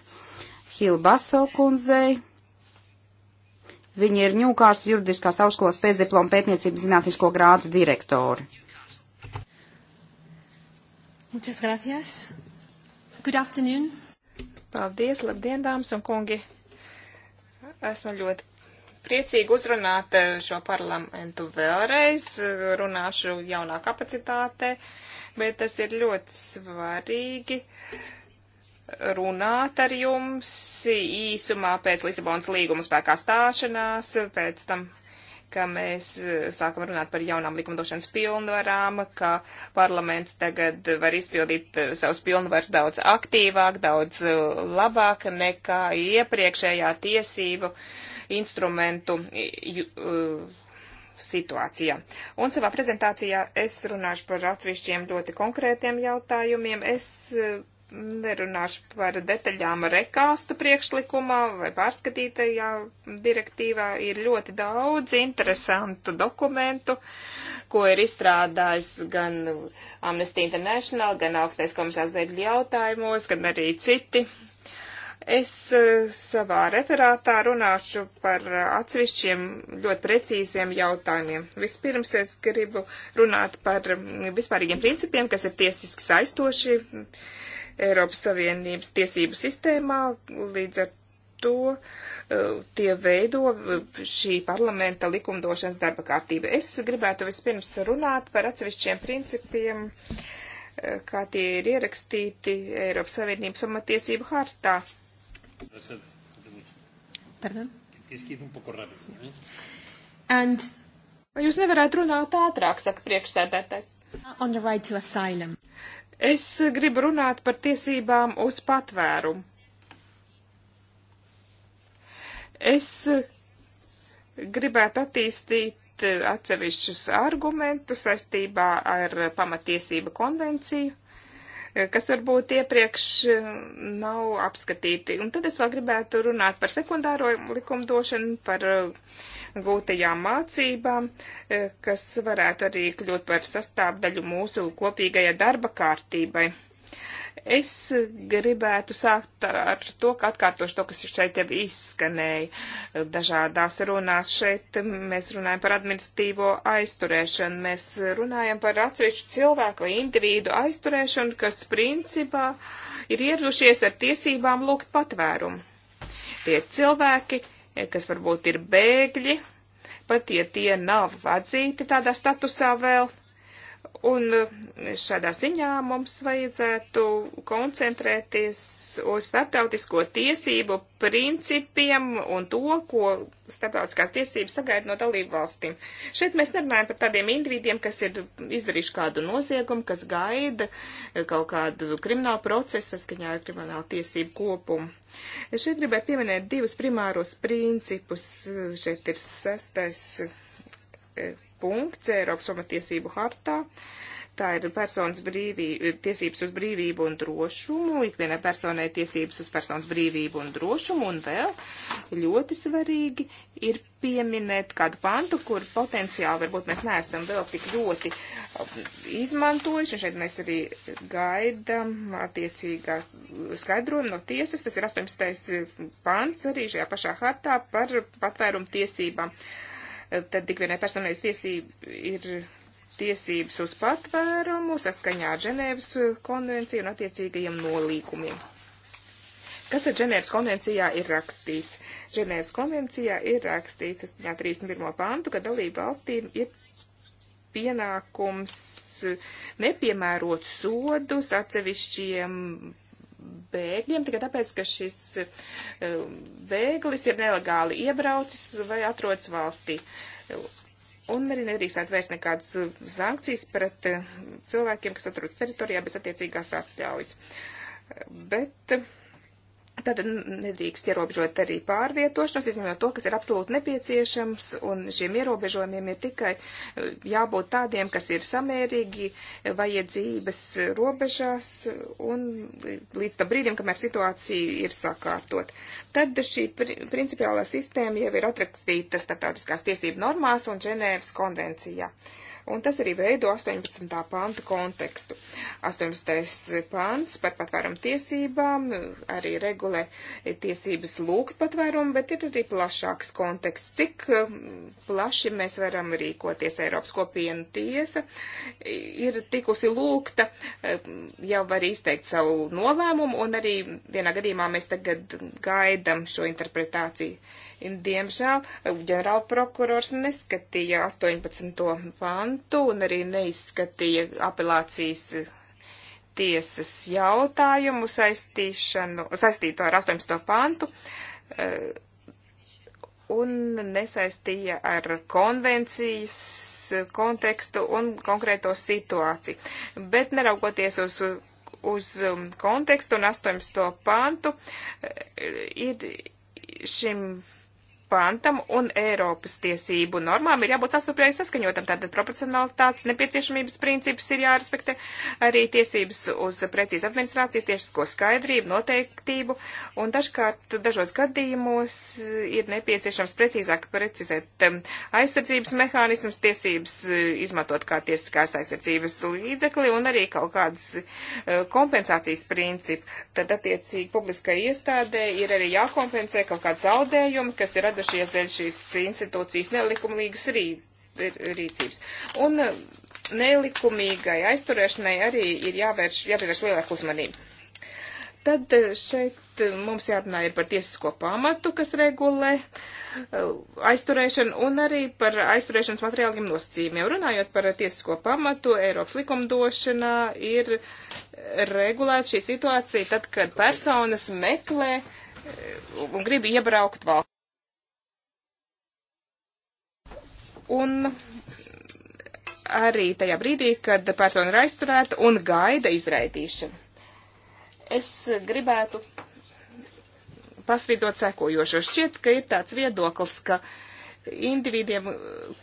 Hilbaso kundzei. Viņa ir Ņūkās juridiskās augstskolas pēcdiploma pētniecības zinātnisko grādu direktori. Muchas gracias. Good afternoon. Paldies, labdien, dāmas un kungi. Esmu ļoti priecīgi uzrunāt eh, šo parlamentu vēlreiz, runāšu jaunā kapacitātē, bet tas ir ļoti svarīgi. Uh, runāt ar jums īsumā pēc Lisabonas līguma spēkā stāšanās, pēc tam, ka mēs e, sākam runāt par jaunām likumdošanas pilnvarām, ka parlaments tagad var izpildīt e, savus pilnvars daudz aktīvāk, daudz e, labāk nekā iepriekšējā tiesību instrumentu situācijā. Un savā prezentācijā es runāšu par atsevišķiem ļoti konkrētiem jautājumiem. Es nerunāšu par detaļām rekāsta priekšlikumā vai pārskatītajā direktīvā. Ir ļoti daudz interesantu dokumentu, ko ir izstrādājis gan Amnesty International, gan augstais komisārs bēgļu jautājumos, gan arī citi. Es eh, savā referātā runāšu par atsevišķiem ļoti precīziem jautājumiem. Vispirms es gribu runāt par vispārīgiem principiem, kas ir tiesiski saistoši. Uh, Eiropas Savienības tiesību sistēmā, līdz ar to e, tie veido e, šī parlamenta likumdošanas darba kārtība. Es gribētu vispirms runāt par atsevišķiem principiem, e, kā tie ir ierakstīti Eiropas Savienības pamatiesību hartā. Pardon? And Vai jūs nevarētu runāt ātrāk, saka priekšsēdētājs? On the right to asylum. Es gribu runāt par tiesībām uz patvērumu. Es gribētu attīstīt atsevišķus argumentus saistībā ar pamatiesību konvenciju, kas varbūt iepriekš nav apskatīti. Un tad es vēl gribētu runāt par sekundāro likumdošanu, par uh, gūtajām mācībām, e, kas varētu arī kļūt par sastāvdaļu mūsu kopīgajai darba kārtībai. Es gribētu sākt ar to, ka atkārtošu to, kas šeit jau izskanēja dažādās runās. Šeit mēs runājam par administratīvo aizturēšanu, mēs runājam par atsevišķu cilvēku vai individu aizturēšanu, kas principā ir ieradušies ar tiesībām lūgt patvērumu. Tie cilvēki E, kas varbūt ir bēgļi, pat ja tie nav atzīti tādā statusā vēl, Un eh, šādā ziņā mums vajadzētu koncentrēties uz starptautisko tiesību principiem un to, ko starptautiskās tiesības sagaida no dalību valstīm. Šeit mēs nerunājam par tādiem individiem, kas ir izdarījuši kādu noziegumu, kas gaida eh, kaut kādu kriminālu procesu saskaņā ar kriminālu tiesību kopumu. Es šeit gribētu pieminēt divus primāros principus. Šeit ir sastais eh, punkts Eiropas pamatiesību hartā. Tā ir personas brīvība, tiesības uz brīvību un drošumu, ikvienai personai tiesības uz personas brīvību un drošumu, un vēl ļoti svarīgi ir pieminēt kādu pantu, kur potenciāli varbūt mēs neesam vēl tik ļoti um, izmantojuši, un šeit mēs arī gaidam attiecīgās skaidrojumu no tiesas, tas ir 18. pants arī šajā pašā hartā par patvērumu tiesībām. Uh, tad tik vienai personai tiesība ir tiesības uz patvērumu saskaņā ar Ženēvas uh, konvenciju un attiecīgajiem nolīkumiem. Kas ir Ženēvas konvencijā ir rakstīts? Ženēvas konvencijā ir rakstīts, es jā, 31. pantu, ka dalība valstīm ir pienākums uh, nepiemērot sodus atsevišķiem bēgļiem tikai tāpēc, ka šis e, bēglis ir nelegāli iebraucis vai atrodas valstī. Un arī nedrīkstētu vērst nekādas sankcijas pret e, cilvēkiem, kas atrodas teritorijā bez attiecīgās atļaujas. E, bet Tad nedrīkst ierobežot arī pārvietošanos, izņemot to, kas ir absolūti nepieciešams, un šiem ierobežojumiem ir tikai eh, jābūt tādiem, kas ir samērīgi eh, vajadzības robežās, un līdz tam brīdim, kamēr situācija ir sakārtot. Tad šī pri principiālā sistēma jau ir atrakstīta starptautiskās tiesību normās un Ženēvas konvencijā. Uh, un tas arī veido 18. panta kontekstu. 18. pants par patvērumu tiesībām arī regulē tiesības lūgt patvērumu, bet ir arī plašāks konteksts, cik um, plaši mēs varam rīkoties. Eiropas kopiena tiesa ir tikusi lūgta um, jau var izteikt savu nolēmumu, un arī vienā gadījumā mēs tagad gaidam šo interpretāciju. Diemžēl ģenerālprokurors neskatīja 18. pānu pantu un arī neizskatīja apelācijas tiesas jautājumu saistītu ar 18. pantu eh, un nesaistīja ar konvencijas kontekstu un konkrēto situāciju. Bet neraugoties uz, uz um, kontekstu un 18. pantu, eh, ir šim pantam un Eiropas tiesību normām ir jābūt sastarpēji saskaņotam. Tātad proporcionalitātes nepieciešamības princips ir jārespektē arī tiesības uz precīzu administrācijas, tiesisko skaidrību, noteiktību. Un dažkārt dažos gadījumos ir nepieciešams precīzāk precizēt um, aizsardzības mehānismus, tiesības uh, izmantot kā tiesiskās aizsardzības līdzekli un arī kaut kādas uh, kompensācijas principu. Tad attiecīgi publiskai iestādē ir arī jākompensē kaut kāds zaudējumi, kas ir radīts cietušies dēļ šīs institūcijas nelikumīgas rī, rīcības. Un eh, nelikumīgai aizturēšanai arī ir jāvērš, jāpievērš lielāku uzmanību. Tad eh, šeit eh, mums jārunā ir par tiesisko pamatu, kas regulē aizturēšanu un arī par aizturēšanas materiāliem nosacījumiem. Runājot par tiesisko pamatu, Eiropas likumdošanā ir regulēta šī situācija tad, kad personas meklē un grib iebraukt valsts. Un arī tajā brīdī, kad persona ir aizturēta un gaida izraidīšana. Es gribētu pasvītot sekojošo. Šķiet, ka ir tāds viedoklis, ka uh, individiem,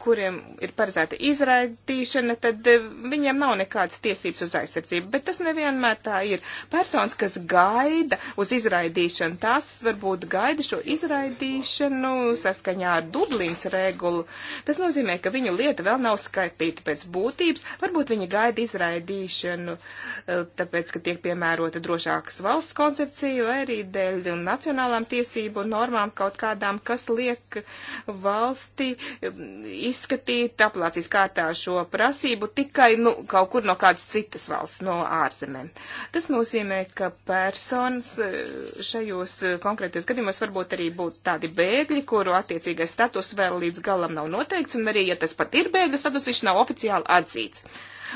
kuriem ir paredzēta izraidīšana, tad eh, viņiem nav nekādas tiesības uz aizsardzību. Bet tas nevienmēr tā ir. Personas, kas gaida uz izraidīšanu, tās varbūt gaida šo izraidīšanu saskaņā ar Dublīns regulu. Tas nozīmē, ka viņu lieta vēl nav skaitīta pēc būtības. Varbūt viņi gaida izraidīšanu, eh, tāpēc, ka tiek piemērota drošākas valsts koncepcija vai arī dēļ nacionālām tiesību normām kaut kādām, kas liek valsts valsti izskatīt apelācijas kārtā šo prasību tikai nu, kaut kur no kādas citas valsts, no ārzemēm. Tas nozīmē, ka personas e, šajos e, konkrētajos gadījumos varbūt arī būtu tādi bēgļi, kuru attiecīgais status vēl līdz galam nav noteikts, un arī, ja tas pat ir bēgļa status, viņš nav oficiāli atzīts.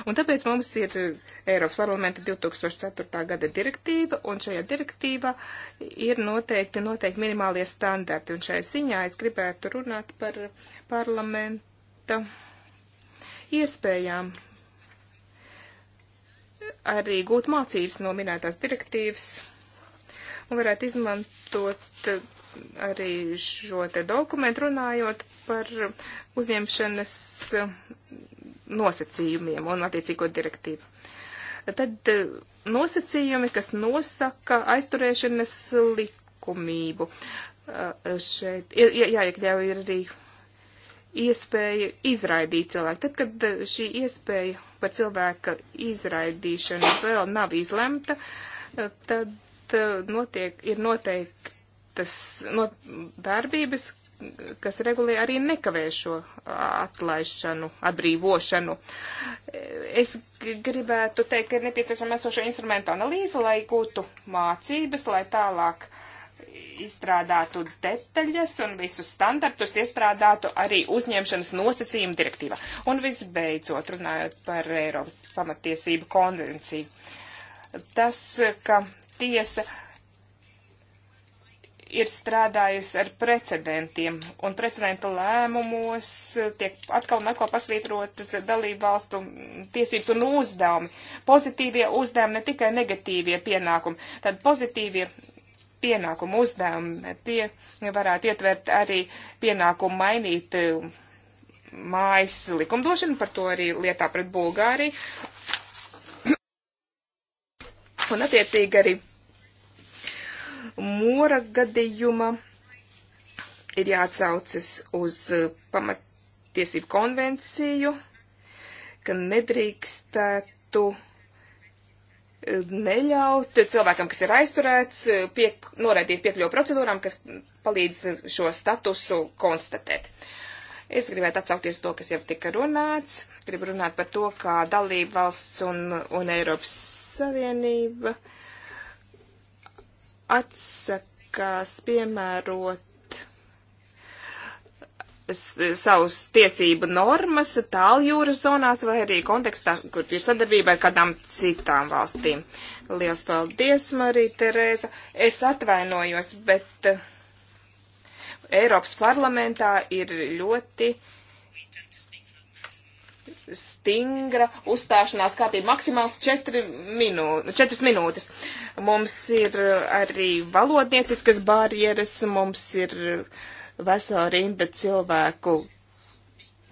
Un tāpēc mums ir eh, Eiropas parlamenta 2004. gada direktīva, un šajā direktīvā ir noteikti, noteikti minimālie standarti. Un šajā ziņā es gribētu runāt par parlamenta iespējām arī gūt mācības no minētās direktīvas un varētu izmantot eh, arī šo te dokumentu runājot par uzņemšanas nosacījumiem un attiecīgo direktīvu. Tad e, nosacījumi, kas nosaka aizturēšanas likumību. E, šeit jāiekļauj ir arī iespēja izraidīt cilvēku. Tad, kad e, šī iespēja par cilvēka izraidīšanu vēl nav izlemta, tad notiek, ir noteiktas no, darbības, kas regulē arī nekavēšo atlaišanu, atbrīvošanu. Es gribētu teikt, ka ir nepieciešama esošo instrumentu analīze, lai gūtu mācības, lai tālāk izstrādātu detaļas un visus standartus iestrādātu arī uzņemšanas nosacījumu direktīvā. Un visbeidzot, runājot par Eiropas pamatiesību konvenciju. Tas, ka tiesa ir strādājusi ar precedentiem, un precedentu lēmumos tiek atkal un atkal pasvītrotas dalību valstu tiesības un uzdevumi. Pozitīvie uzdevumi, ne tikai negatīvie pienākumi. Tad pozitīvie pienākumu uzdevumi, tie varētu ietvert arī pienākumu mainīt eh, mājas likumdošanu, par to arī lietā pret Bulgāriju. Un attiecīgi arī mūra gadījuma ir jāatsaucas uz uh, pamatiesību konvenciju, ka nedrīkstētu uh, neļaut cilvēkam, kas ir aizturēts, uh, piek, noraidīt piekļuvu procedūrām, kas palīdz šo statusu konstatēt. Es gribētu atsaukties to, kas jau tika runāts. Gribu runāt par to, kā dalība valsts un, un Eiropas Savienība uh, atsakās piemērot savus tiesību normas tāljūras zonās vai arī kontekstā, kur ir sadarbība ar kādām citām valstīm. Liels paldies, Marija Terēza. Es atvainojos, bet eh, Eiropas parlamentā ir ļoti uh, stingra uzstāšanās kārtība maksimāls 4, minū, 4 minūtes. Mums ir arī valodnieciskas barjeras, mums ir vesela rinda cilvēku,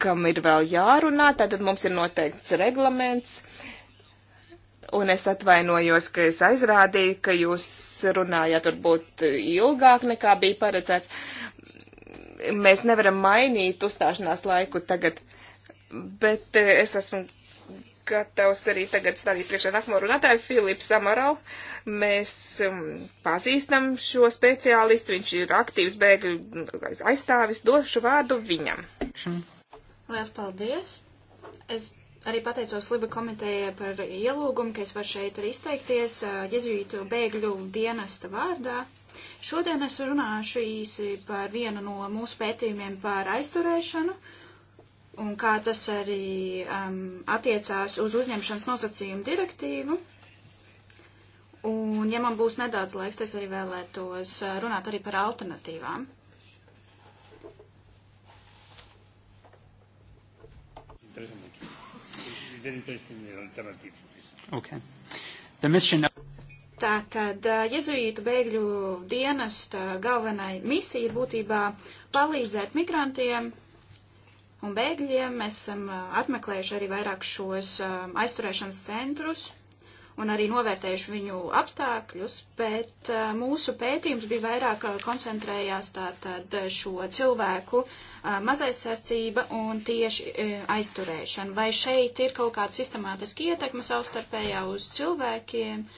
kam ir vēl jārunā, tātad mums ir noteikts reglaments. Un es atvainojos, ka es aizrādīju, ka jūs runājāt varbūt ilgāk nekā bija paredzēts. Mēs nevaram mainīt uzstāšanās laiku tagad bet eh, es esmu gatavs arī tagad stādīt priekšā nākamo runātāju, Filips Samarau. Mēs um, pazīstam šo speciālistu, viņš ir aktīvs bēgļu aizstāvis, došu vārdu viņam. Lielas paldies! Es arī pateicos Liba komitejai par ielūgumu, ka es varu šeit arī izteikties uh, jezuītu bēgļu dienesta vārdā. Šodien es runāšu īsi par vienu no mūsu pētījumiem par aizturēšanu. Uh, un kā tas arī um, attiecās uz uzņemšanas nosacījumu direktīvu. Un, ja man būs nedaudz laiks, es arī vēlētos uh, runāt arī par alternatīvām. Okay. Mission... Tātad uh, jezuītu bēgļu dienesta galvenai misija būtībā palīdzēt migrantiem un bēgļiem. Mēs esam apmeklējuši arī vairāk šos aizturēšanas centrus un arī novērtējuši viņu apstākļus, bet mūsu pētījums bija vairāk koncentrējās tātad šo cilvēku mazaisardzība un tieši aizturēšana. Vai šeit ir kaut kāda sistemātiska ietekme savstarpējā uz cilvēkiem,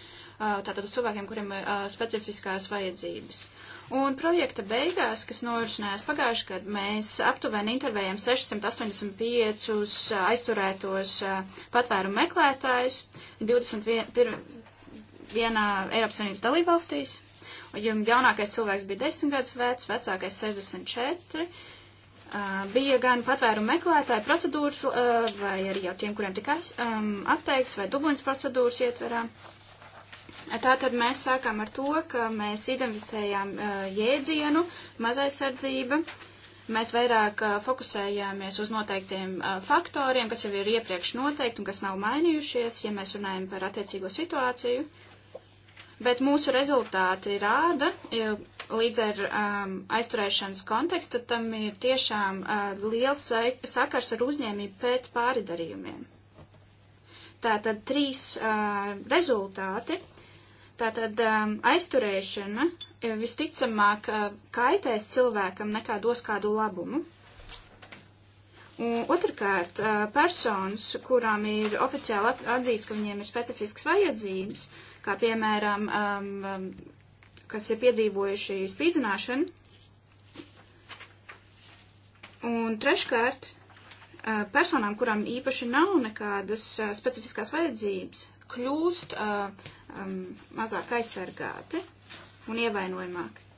tātad uz cilvēkiem, kuriem ir specifiskās vajadzības? Un projekta beigās, kas norisinājās pagājuši, kad mēs aptuveni intervējam 685 uh, aizturētos uh, patvērumu meklētājus 21. vienā Eiropas Savienības dalībvalstīs. Jaunākais cilvēks bija 10 gadus vecs, vecākais 64 uh, bija gan patvērumu meklētāju procedūras, vai arī jau tiem, kuriem tika um, atteikts, vai Dublinas procedūras ietverā. Tātad mēs sākām ar to, ka mēs identificējām eh, jēdzienu mazaisardzība. Mēs vairāk eh, fokusējāmies uz noteiktiem eh, faktoriem, kas jau ir iepriekš noteikti un kas nav mainījušies, ja mēs runājam par attiecīgo situāciju. Bet mūsu rezultāti rāda, līdz ar um, aizturēšanas kontekstu, tam ir tiešām uh, liels sakars ar uzņēmību pēc pāridarījumiem. Tātad trīs uh, rezultāti Tātad um, aizturēšana e, visticamāk e, kaitēs cilvēkam nekā dos kādu labumu. Un otrkārt, e, personas, kurām ir oficiāli atzīts, ka viņiem ir specifisks vajadzības, kā piemēram, um, um, kas ir piedzīvojuši spīdzināšanu. Un treškārt, personām, kurām īpaši nav nekādas specifiskās vajadzības, kļūst uh, um, mazāk aizsargāti un ievainojamāki.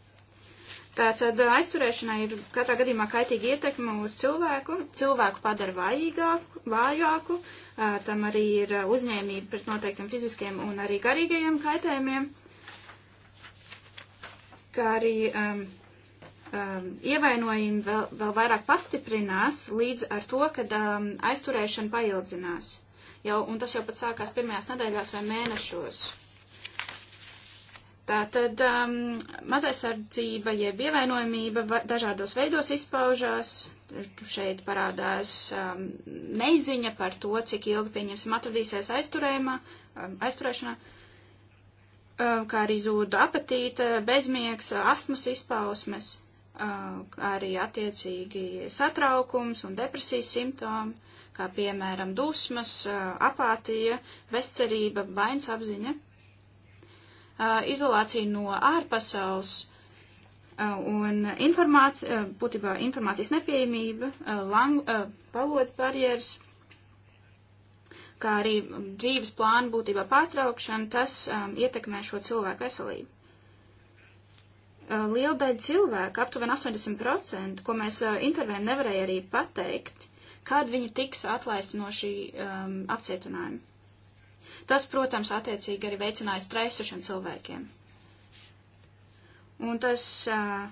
Tātad uh, aizturēšanai ir katrā gadījumā kaitīga ietekme uz cilvēku, cilvēku padara vājīgāku, vājāku, uh, tam arī ir uh, uzņēmība pret noteiktiem fiziskiem un arī garīgajiem kaitējumiem, kā arī um, um, ievainojumi vēl, vēl vairāk pastiprinās līdz ar to, kad um, aizturēšana paildzinās jau, un tas jau pat sākās pirmajās nedēļās vai mēnešos. Tātad um, mazaisardzība jeb ievainojamība va, dažādos veidos izpaužās. Šeit parādās um, neziņa par to, cik ilgi, pieņemsim, atradīsies aizturējumā, um, aizturēšanā, um, kā arī zūda apetīta, bezmiegs, astmas izpausmes, um, kā arī attiecīgi satraukums un depresijas simptomi kā piemēram dusmas, apātija, bezcerība, vainas apziņa, izolācija no ārpasaules un informācija, būtībā informācijas nepieejamība, valodas barjeras, kā arī dzīves plāna būtībā pārtraukšana, tas um, ietekmē šo cilvēku veselību. Liela daļa cilvēku, aptuveni 80%, ko mēs intervēm nevarēja arī pateikt, kad viņi tiks atlaisti no šī um, apcietinājuma. Tas, protams, attiecīgi arī veicināja stresu šiem cilvēkiem. Un tas, uh,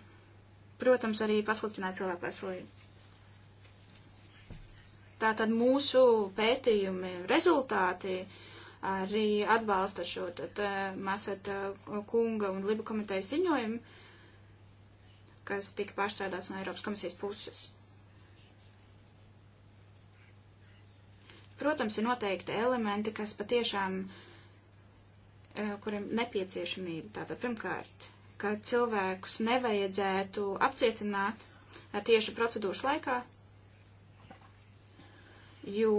protams, arī pasliktināja cilvēku veselību. Tātad mūsu pētījumi rezultāti arī atbalsta šo tad, Maseta uh, kunga un Liba komitejas ziņojumu, kas tika pārstrādāts no Eiropas komisijas puses. Protams, ir noteikti elementi, kas patiešām, eh, kuriem nepieciešamība. Tātad, pirmkārt, ka cilvēkus nevajadzētu apcietināt eh, tieši procedūras laikā, jo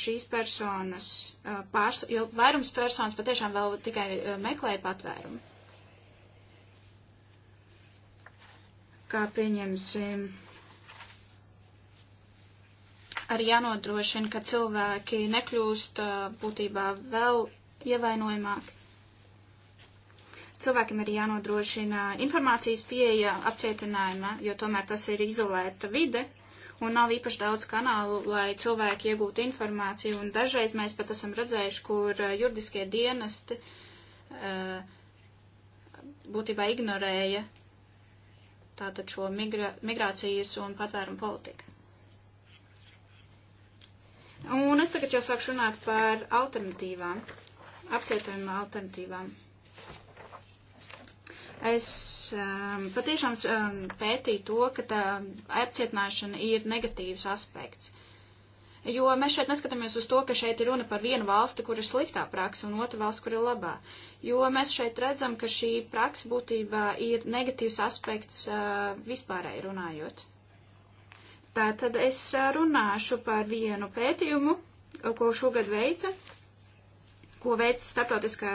šīs personas, eh, pārs, jo vairums personas patiešām vēl tikai meklēja patvērumu. Kā pieņemsim arī jānodrošina, ka cilvēki nekļūst būtībā vēl ievainojamāki. Cilvēkiem ir jānodrošina informācijas pieeja apcietinājuma, jo tomēr tas ir izolēta vide un nav īpaši daudz kanālu, lai cilvēki iegūtu informāciju. Un dažreiz mēs pat esam redzējuši, kur juridiskie dienesti būtībā ignorēja tātad šo migra migrācijas un patvērumu politiku. Un es tagad jau sāku runāt par alternatīvām, apcietojuma alternatīvām. Es um, patiešām um, pētīju to, ka tā apcietināšana ir negatīvs aspekts. Jo mēs šeit neskatāmies uz to, ka šeit ir runa par vienu valsti, kur ir sliktā praksa, un otru valsti, kur ir labā. Jo mēs šeit redzam, ka šī praksa būtībā ir negatīvs aspekts uh, vispārēji runājot. Tātad es runāšu par vienu pētījumu, ko šogad veica, ko veica Startautiskā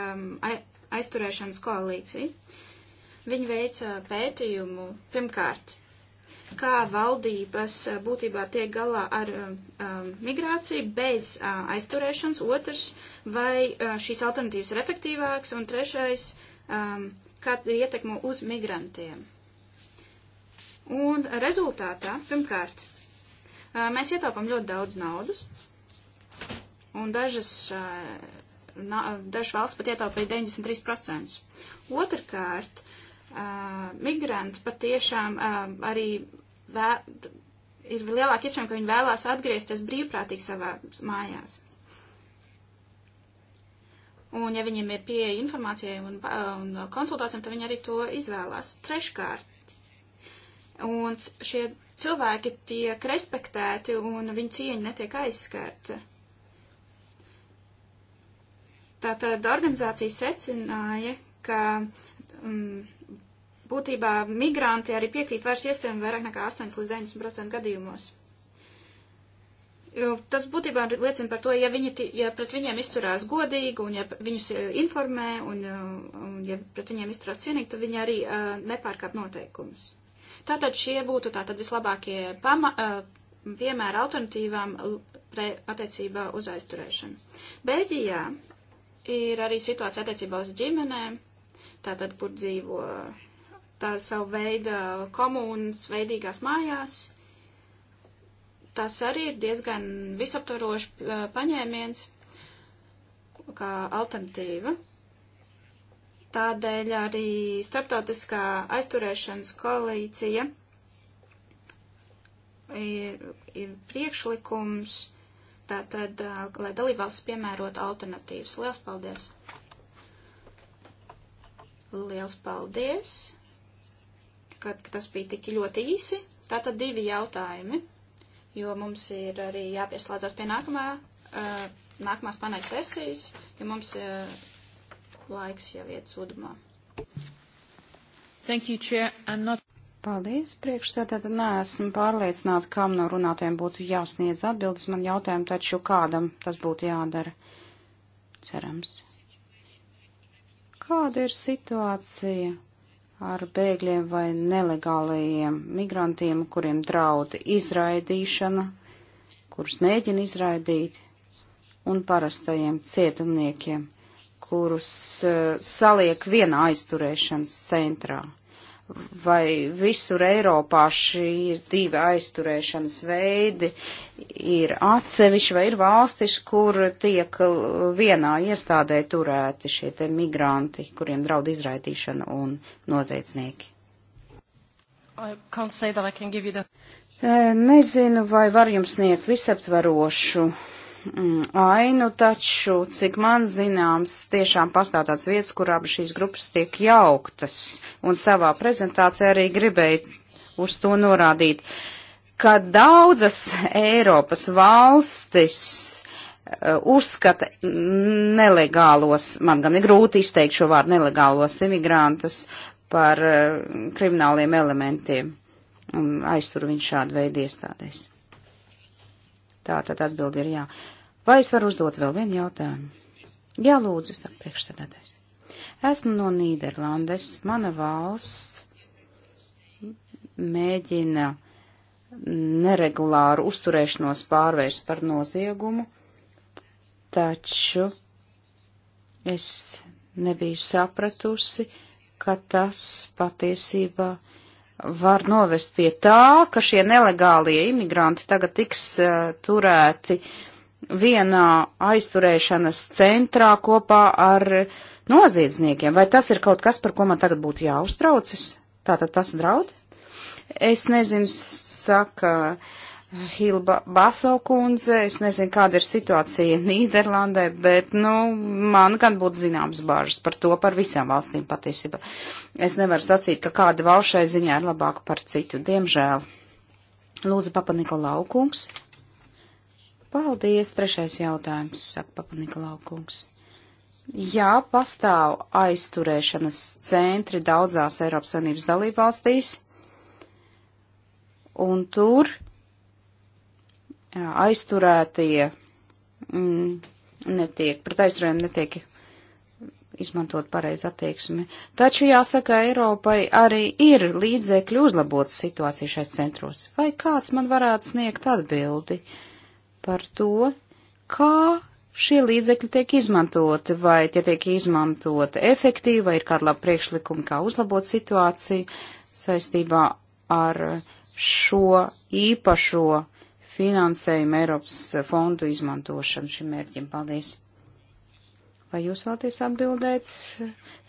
aizturēšanas koalīcija. Viņi veica pētījumu pirmkārt, kā valdības būtībā tiek galā ar um, migrāciju bez uh, aizturēšanas, otrs, vai uh, šīs alternatīvas ir efektīvāks, un trešais, um, kāda ir ietekma uz migrantiem. Un rezultātā, pirmkārt, mēs ietaupam ļoti daudz naudas, un dažas, dažas valsts pat ietaupīja 93%. Otrkārt, migranti patiešām arī vē, ir lielāka iespēja, ka viņi vēlās atgriezties brīvprātīgi savā mājās. Un ja viņiem ir pieeja informācijai un, un konsultācijām, tad viņi arī to izvēlās. Treškārt, un šie cilvēki tiek respektēti un viņu cieņa netiek aizskārta. Tātad organizācija secināja, ka um, būtībā migranti arī piekrīt vairs iestādēm vairāk nekā 8 līdz 90% gadījumos. Jo tas būtībā liecina par to, ja, viņi, ja pret viņiem izturās godīgi un ja viņus eh, informē un, eh, un ja pret viņiem izturās cienīgi, tad viņi arī uh, nepārkāp noteikumus. Tātad šie būtu tātad vislabākie pama, piemēri alternatīvām pre, attiecībā uz aizturēšanu. Beļģijā ir arī situācija attiecībā uz ģimenēm, tātad, kur dzīvo tā savu veidu komunas veidīgās mājās. Tas arī ir diezgan visaptvarošs paņēmiens kā alternatīva. Tādēļ arī starptautiskā aizturēšanas koalīcija ir, ir priekšlikums, tātad, lai dalībvalsts piemērot alternatīvas. Liels paldies! Liels paldies, kad tas bija tik ļoti īsi. Tātad divi jautājumi, jo mums ir arī jāpieslēdzās pie nākamā, nākamās paneļa sesijas, jo mums laiks jau iet zudumā. Thank you, Chair. I'm not... Paldies, priekšstādātā. Nē, esmu pārliecināta, kam no runātiem būtu jāsniedz atbildes man jautājumu, taču kādam tas būtu jādara. Cerams. Kāda ir situācija ar bēgļiem vai nelegālajiem migrantiem, kuriem draudi izraidīšana, kurus mēģina izraidīt, un parastajiem cietumniekiem? kurus uh, saliek vienā aizturēšanas centrā. Vai visur Eiropā šī divi aizturēšanas veidi ir atsevišķi, vai ir valstis, kur tiek vienā iestādē turēti šie te migranti, kuriem draud izraidīšana un noziedznieki? Eh, nezinu, vai var jums sniegt visaptvarošu Mm, ainu, taču, cik man zināms, tiešām pastāv tāds vietas, kur abi šīs grupas tiek jauktas, un savā prezentācijā arī gribēju uz to norādīt, ka daudzas Eiropas valstis uh, uzskata nelegālos, man gan ir grūti izteikt šo vārdu nelegālos imigrantus par uh, krimināliem elementiem, un aiztur viņš šādu veidu iestādēs. Tā tad atbildi ir jā. Vai es varu uzdot vēl vienu jautājumu? Jā, lūdzu, saka priekšsēdētājs. Esmu no Nīderlandes. Mana valsts mēģina neregulāru uzturēšanos pārvērst par noziegumu, taču es nebiju sapratusi, ka tas patiesībā var novest pie tā, ka šie nelegālie imigranti tagad tiks uh, turēti uh, vienā aizturēšanas centrā kopā ar noziedzniekiem. Vai tas ir kaut kas, par ko man tagad būtu jāuztraucas? Tātad tas draud? Es nezinu, saka Hilba Bafo kundze, es nezinu, kāda ir situācija Nīderlandē, bet, nu, man gan būtu zināmas bāžas par to, par visām valstīm patiesībā. Es nevaru sacīt, ka kāda valsts šai ziņā ir labāka par citu, diemžēl. Lūdzu, Papa Nikolau kungs. Paldies. Trešais jautājums, saka Papanika laukums. Jā, pastāv aizturēšanas centri daudzās Eiropas Savienības dalībvalstīs, un tur jā, aizturētie mm, netiek, pret aizturējiem netiek izmantot pareizi attieksmi. Taču jāsaka, Eiropai arī ir līdzekļi uzlabot situāciju šais centros. Vai kāds man varētu sniegt atbildi? Uh, par to, kā šie līdzekļi tiek izmantoti, vai tie tiek izmantoti efektīvi, vai ir kāda laba priekšlikuma, kā uzlabot situāciju saistībā ar šo īpašo finansējumu Eiropas fondu izmantošanu šim mērķim. Paldies! Vai jūs vēlaties atbildēt,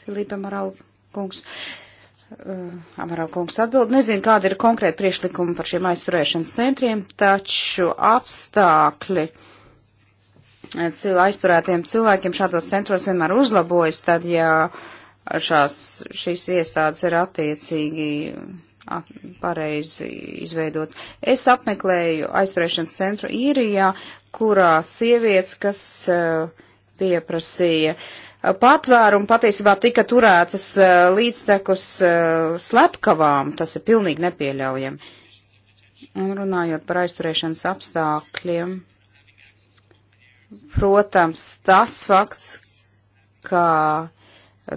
Filipa Morāla kungs? Uh, Uh, eh, Amarā kungs atbild, nezinu, kāda ir konkrēta priešlikuma par šiem aizturēšanas centriem, taču apstākļi eh, cil, aizturētiem cilvēkiem šādos centros vienmēr uzlabojas, tad, ja šās, šīs iestādes ir attiecīgi at, pareizi izveidots. Es apmeklēju aizturēšanas centru īrijā, kurā sievietes, kas uh, pieprasīja uh, patvērumu patiesībā tika turētas eh, līdztekus eh, slepkavām. Tas ir pilnīgi nepieļaujami. Un runājot par aizturēšanas apstākļiem, protams, tas fakts, ka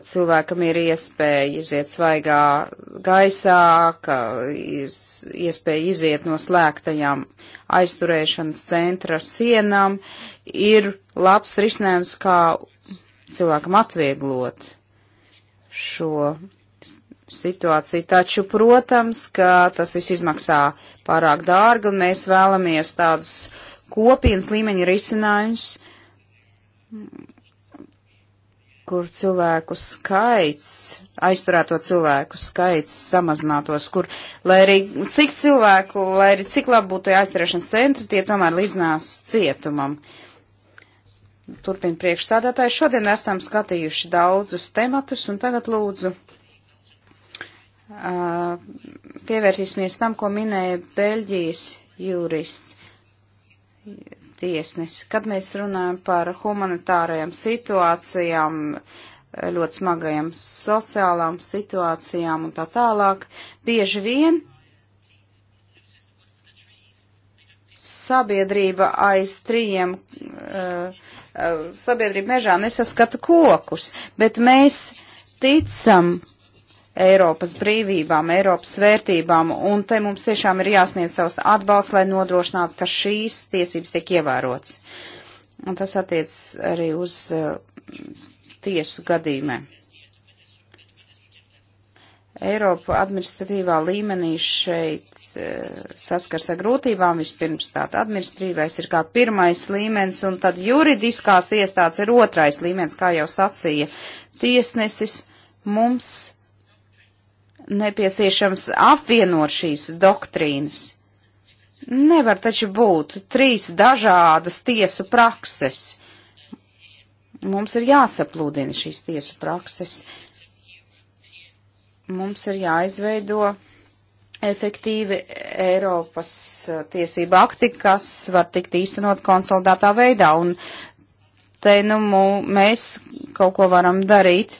cilvēkam ir iespēja iziet svaigā gaisā, ka ir iespēja iziet no slēgtajām aizturēšanas centra sienām, ir labs risinājums, kā cilvēkam atvieglot šo situāciju. Taču, protams, ka tas viss izmaksā pārāk dārgi, un mēs vēlamies tādus kopienas līmeņa risinājumus, kur cilvēku skaits, aizturēto cilvēku skaits samazinātos, kur, lai arī cik cilvēku, lai arī cik labi būtu aizturēšanas centri, tie tomēr līdzinās cietumam. Uh, Turpin priekšstādātāji, šodien esam skatījuši daudzus tematus un tagad lūdzu uh, pievērsīsimies tam, ko minēja Beļģijas jurists tiesnes. Kad mēs runājam par humanitārajām situācijām, ļoti smagajām sociālām situācijām un tā tālāk, bieži vien sabiedrība aiz trījiem, uh, uh, sabiedrība mežā nesaskata kokus, bet mēs ticam Eiropas brīvībām, Eiropas vērtībām, un te mums tiešām ir jāsniedz savs atbalsts, lai nodrošinātu, ka šīs tiesības tiek ievērotas. Un tas attiec arī uz uh, tiesu gadījumiem. Eiropa administratīvā līmenī šeit e, saskars ar grūtībām. Vispirms tāda administratīvais ir kā pirmais līmenis, un tad juridiskās iestādes ir otrais līmenis, kā jau sacīja tiesnesis. Mums nepieciešams apvienot šīs doktrīnas. Nevar taču būt trīs dažādas tiesu prakses. Mums ir jāsaplūdina šīs tiesu prakses. Uh, mums ir jāizveido efektīvi Eiropas eh, tiesība akti, kas var tikt īstenot konsolidētā veidā. Un te nu mēs kaut ko varam darīt.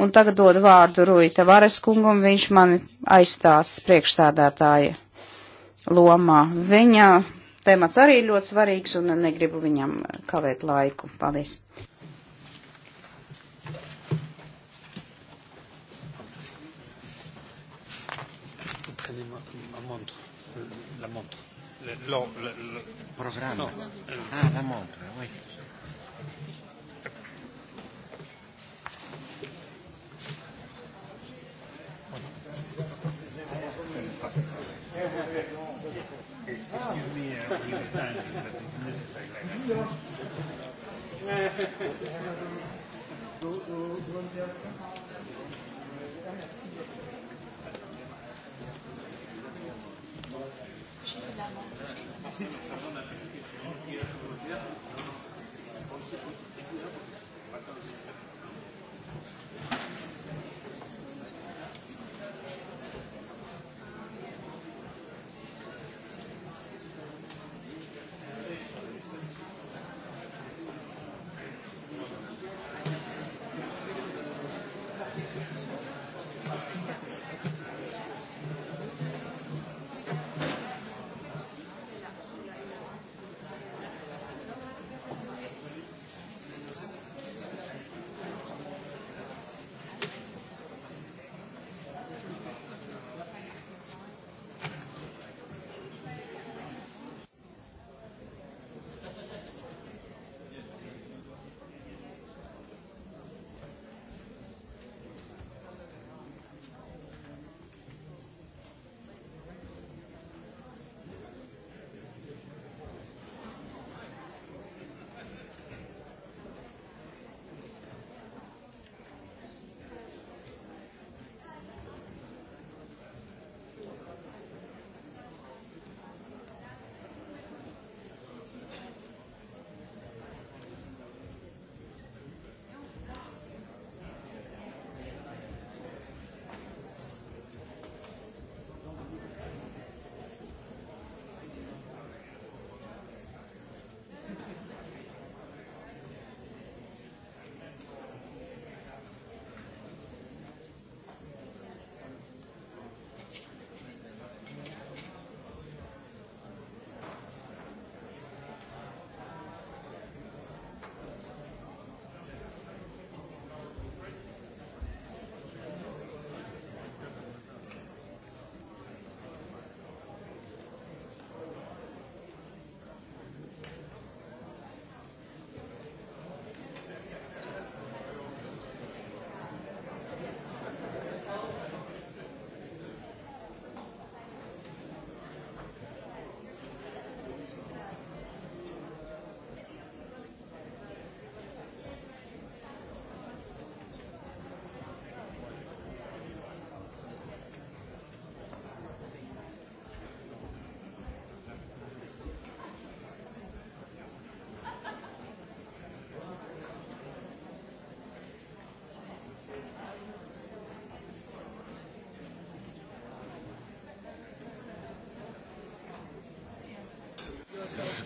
Un tagad dod vārdu Ruita Vares kungam, viņš mani aizstās priekšstādātāja lomā. Viņa temats arī ļoti svarīgs un negribu viņam kavēt laiku. Paldies! lo, lo, lo programma. No. Eh. Ah, la montra, oui. Excuse me, uh, eh, we understand that it's necessary like that. Do, do, do you want to Merci.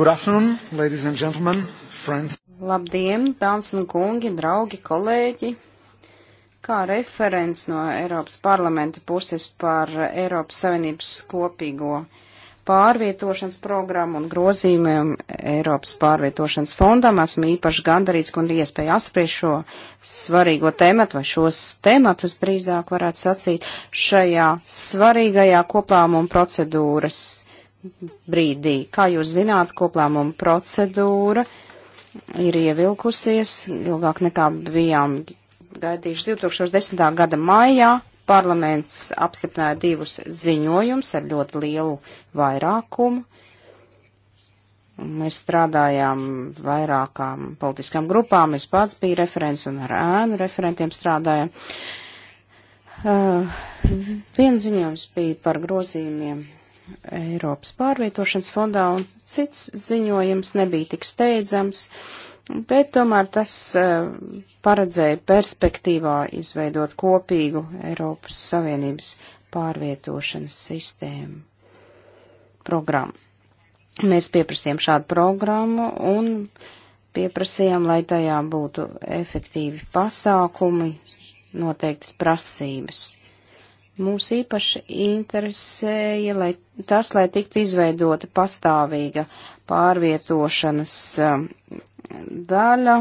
Good afternoon, ladies and gentlemen, friends. Labdien, dāmas un kungi, draugi, kolēģi! Kā referents no Eiropas parlamenta puses par Eiropas Savienības kopīgo pārvietošanas programmu un grozījumiem Eiropas pārvietošanas fondam esmu īpaši gandarīts, ka un iespēja apspriest šo svarīgo tēmatu vai šos tēmatus drīzāk varētu sacīt šajā svarīgajā koplāmuma procedūras brīdī. Kā jūs zināt, koplēmuma procedūra ir ievilkusies ilgāk nekā bijām gaidījuši 2010. gada maijā. Parlaments apstiprināja divus ziņojumus ar ļoti lielu vairākumu. Mēs strādājām vairākām politiskām grupām, es pats biju referents un ar ēnu referentiem strādājām. Uh, viens ziņojums bija par grozījumiem Eiropas pārvietošanas fondā, un cits ziņojums nebija tik steidzams, bet tomēr tas uh, paredzēja perspektīvā izveidot kopīgu Eiropas Savienības pārvietošanas sistēmu programmu. Mēs pieprasījām šādu programmu un pieprasījām, lai tajā būtu efektīvi pasākumi, noteiktas prasības. Mūs īpaši interesēja lai, tas, lai tiktu izveidota pastāvīga pārvietošanas um, daļa,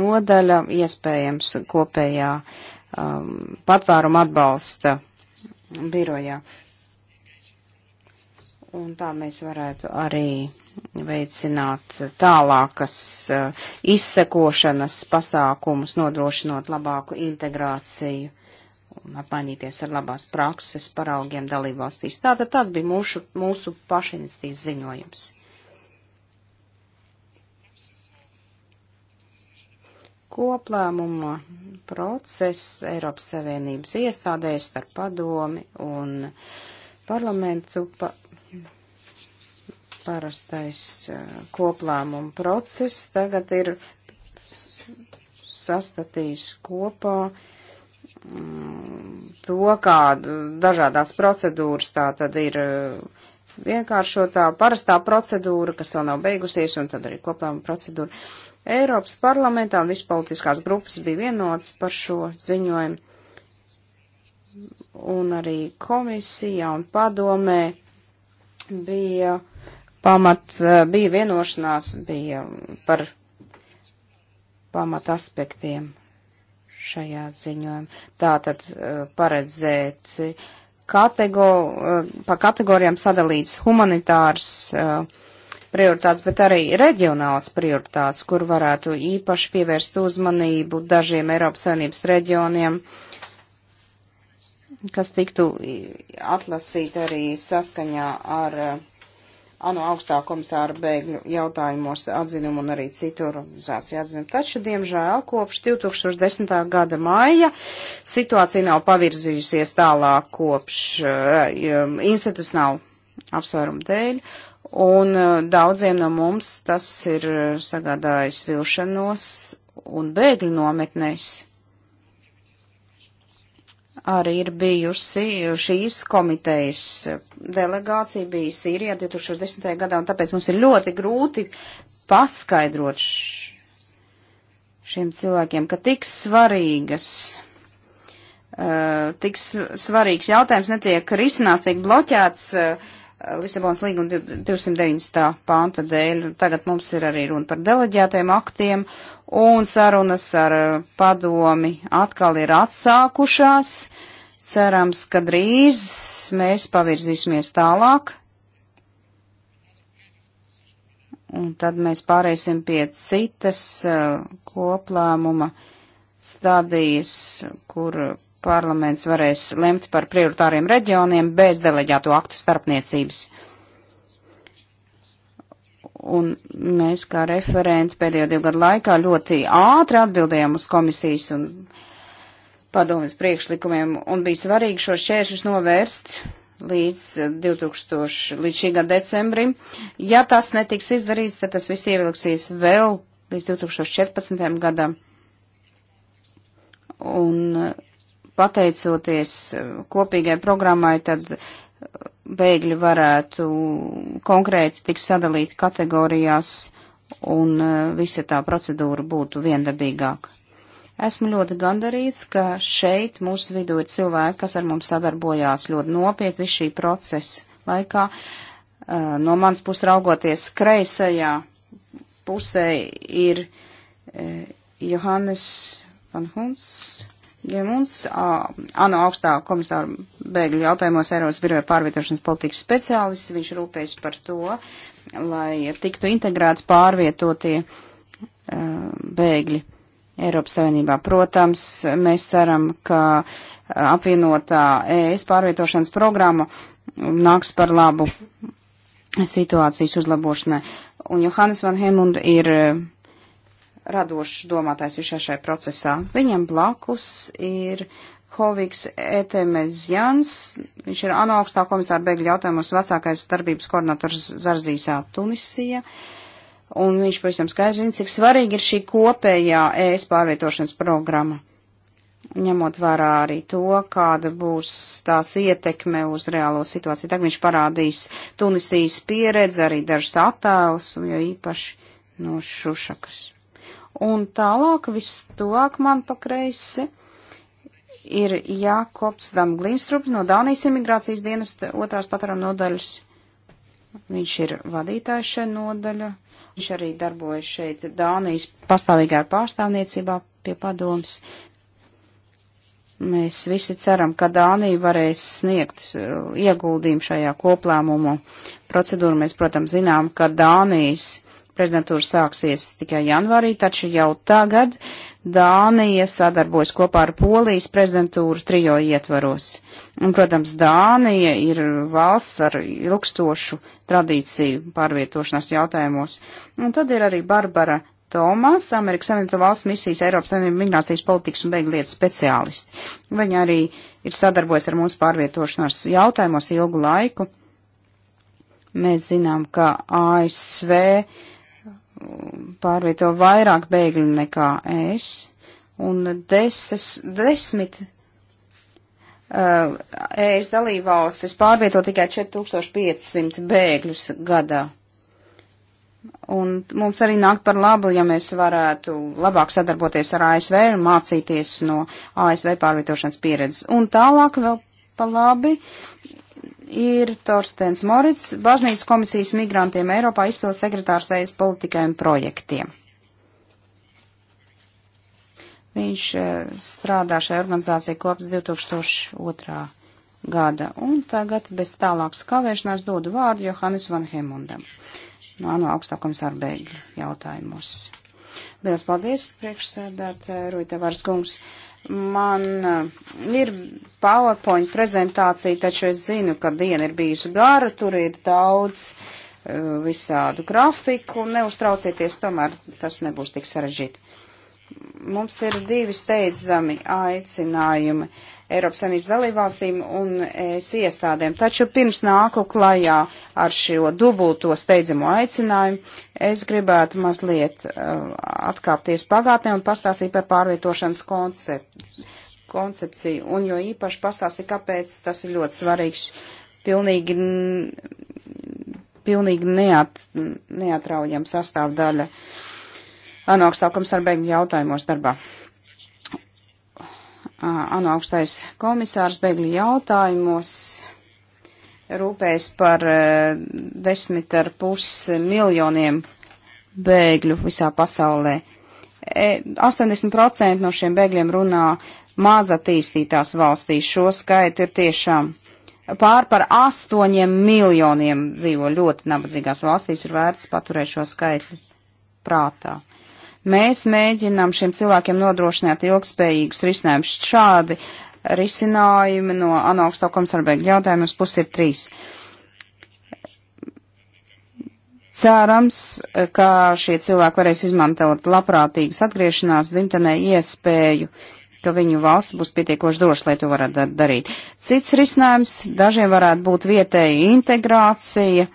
nodaļa, iespējams, kopējā um, patvāruma atbalsta birojā. Un tā mēs varētu arī veicināt tālākas uh, izsekošanas pasākumus, nodrošinot labāku integrāciju un apmainīties ar labās prakses paraugiem dalībvalstīs. Tātad tas bija mūsu, mūsu pašinstīvs ziņojums. Koplēmuma process Eiropas Savienības iestādēs starp padomi un parlamentu pa parastais uh, koplēmuma process tagad ir sastatījis kopā uh, to, kā dažādās procedūras tā tad ir eh, vienkāršotā, parastā procedūra, kas vēl nav beigusies, un tad arī koplāma procedūra. Eiropas parlamentā un vispolitiskās grupas bija vienotas par šo ziņojumu, un arī komisijā un padomē bija pamat, eh, bija vienošanās, bija par pamat aspektiem šajā ziņojumā. Tātad uh, paredzēt uh, katego, uh, pa kategorijām sadalīts humanitārs prioritātes, bet arī reģionāls prioritātes, kur varētu īpaši pievērst uzmanību dažiem Eiropas Savienības reģioniem, kas tiktu atlasīt arī saskaņā ar uh, ANO augstā komisāra bēgļu jautājumos atzinumu un arī citu organizāciju atzinumu. Taču, diemžēl, kopš 2010. gada māja situācija nav pavirzījusies tālāk kopš uh, institucionālu apsvērumu dēļ, un uh, daudziem no mums tas ir eh, sagādājis vilšanos un bēgļu nometnēs arī ir bijusi šīs komitejas delegācija, bija Sīrijā 2010. gadā, un tāpēc mums ir ļoti grūti paskaidrot šiem cilvēkiem, ka tik svarīgas. Uh, tik svarīgs jautājums netiek risināts, tiek bloķēts uh, Lisabonas līguma 209. panta dēļ. Tagad mums ir arī runa par deleģētajiem aktiem, un sarunas ar eh, padomi atkal ir atsākušās. Cerams, ka drīz mēs pavirzīsimies tālāk. Un tad mēs pārēsim pie citas eh, koplēmuma stadijas, kur parlaments varēs lemt par prioritāriem reģioniem bez deleģēto aktu starpniecības. Un mēs kā referenti pēdējo divu gadu laikā ļoti ātri atbildējām uz komisijas un uh, padomjas priekšlikumiem un bija svarīgi šos šķēršļus novērst līdz 2000, eh, līdz šī gada decembrim. Ja tas netiks izdarīts, tad tas viss ievilksies vēl līdz 2014. gadam. Un eh, pateicoties eh, kopīgai programmai, tad bēgļi varētu konkrēti tik sadalīt kategorijās un visa tā procedūra būtu viendabīgāka. Esmu ļoti gandarīts, ka šeit mūsu vidū ir cilvēki, kas ar mums sadarbojās ļoti nopietni visu šī procesa laikā. Uh, no mans puses raugoties kreisajā pusē ir uh, Johannes Van Huns, Gemuns, uh, ANO augstā komisāra bēgļu jautājumos Eiropas biroja pārvietošanas politikas speciālists. Viņš rūpējas par to, lai tiktu integrēti pārvietotie bēgļi. Eiropas Savienībā. Protams, mēs ceram, ka apvienotā ES pārvietošanas programma nāks par labu situācijas uzlabošanai. Un Johannes Van Hemund ir eh, radošs domātājs visā šajā procesā. Viņam blakus ir Hoviks Etemez Jans, viņš ir ANO augstā komisāra bēgļu jautājumos vecākais darbības koordinators Zarzīs Tunisija. Uh, un viņš, pavisam skaidrs, zina, cik svarīgi ir šī kopējā ēs pārvietošanas programma, ņemot vērā arī to, kāda būs tās ietekme uz reālo situāciju. Tagad viņš parādīs Tunisijas pieredzi, arī dažus attēlus, jo īpaši no šušakas. Un tālāk, viss tuvāk man pa kreisi ir Jākops Damglīnstrups no Dānijas imigrācijas dienas otrās patarām nodaļas. Viņš ir vadītājs šai nodaļa. Viņš arī darbojas šeit Dānijas pastāvīgā pārstāvniecībā pie padomas. Mēs visi ceram, ka Dānija varēs sniegt uh, ieguldījumu šajā koplēmumu procedūru. Mēs, protams, zinām, ka Dānijas Prezidentūra sāksies tikai janvārī, taču jau tagad Dānija sadarbojas kopā ar Polijas prezidentūru trijo ietvaros. Un, protams, Dānija ir valsts ar ilgstošu tradīciju pārvietošanās jautājumos. Un tad ir arī Barbara Tomas, Amerikas Savienoto Valstu misijas Eiropas Savienības migrācijas politikas un beigu lietu speciālisti. Viņa arī ir sadarbojas ar mūsu pārvietošanās jautājumos ilgu laiku. Mēs zinām, ka ASV pārvieto vairāk bēgļu nekā es, un deses, desmit uh, ES dalībvalstis pārvieto tikai 4500 bēgļus gadā. Un mums arī nāk par labu, ja mēs varētu labāk sadarboties ar ASV un mācīties no ASV pārvietošanas pieredzes. Un tālāk vēl pa labi ir Torstens Morits, Baznīcas komisijas migrantiem Eiropā izpildes sekretārs ejas politikai un projektiem. Viņš eh, strādā šajā organizācijā kopš 2002. gada, un tagad bez tālākas kavēšanās dodu vārdu Johannes Van Hemundam no ANO augstā komisāra bēgļu jautājumos. Lielas paldies, priekšsēdētāji Rūita Varas kungs. Uh, Man eh, ir PowerPoint prezentācija, taču es zinu, ka diena ir bijusi gara, tur ir daudz eh, visādu grafiku, neuztraucieties, tomēr tas nebūs tik sarežģīti. Mums ir divi steidzami aicinājumi. Uh, Eiropas Savienības dalībvalstīm un es iestādēm. Taču pirms nāku klajā ar šo dubulto steidzamo aicinājumu, es gribētu mazliet uh, atkāpties pagātnē un pastāstīt par pārvietošanas konceptu, koncepciju. Un jo īpaši pastāstīt, kāpēc tas ir ļoti svarīgs, pilnīgi, pilnīgi neat, neatraujama sastāvdaļa. Anokstākums ar bēgļu jautājumos darbā. ANO augstais komisārs bēgļu jautājumos rūpējas par desmit ar pus miljoniem bēgļu visā pasaulē. 80% e, no šiem bēgļiem runā maz attīstītās valstīs. Šo skaitu ir tiešām pār par astoņiem miljoniem dzīvo ļoti nabadzīgās valstīs, ir vērts paturēt šo skaitli prātā. Mēs mēģinām šiem cilvēkiem nodrošināt ilgspējīgus risinājumus. Šādi risinājumi no Anoksto komisarbēga jautājumus pus ir trīs. Cerams, ka šie cilvēki varēs izmantot labprātīgas atgriešanās dzimtenē iespēju, ka viņu valsts būs pietiekoši droša, lai to varētu darīt. Cits risinājums dažiem varētu būt vietēja integrācija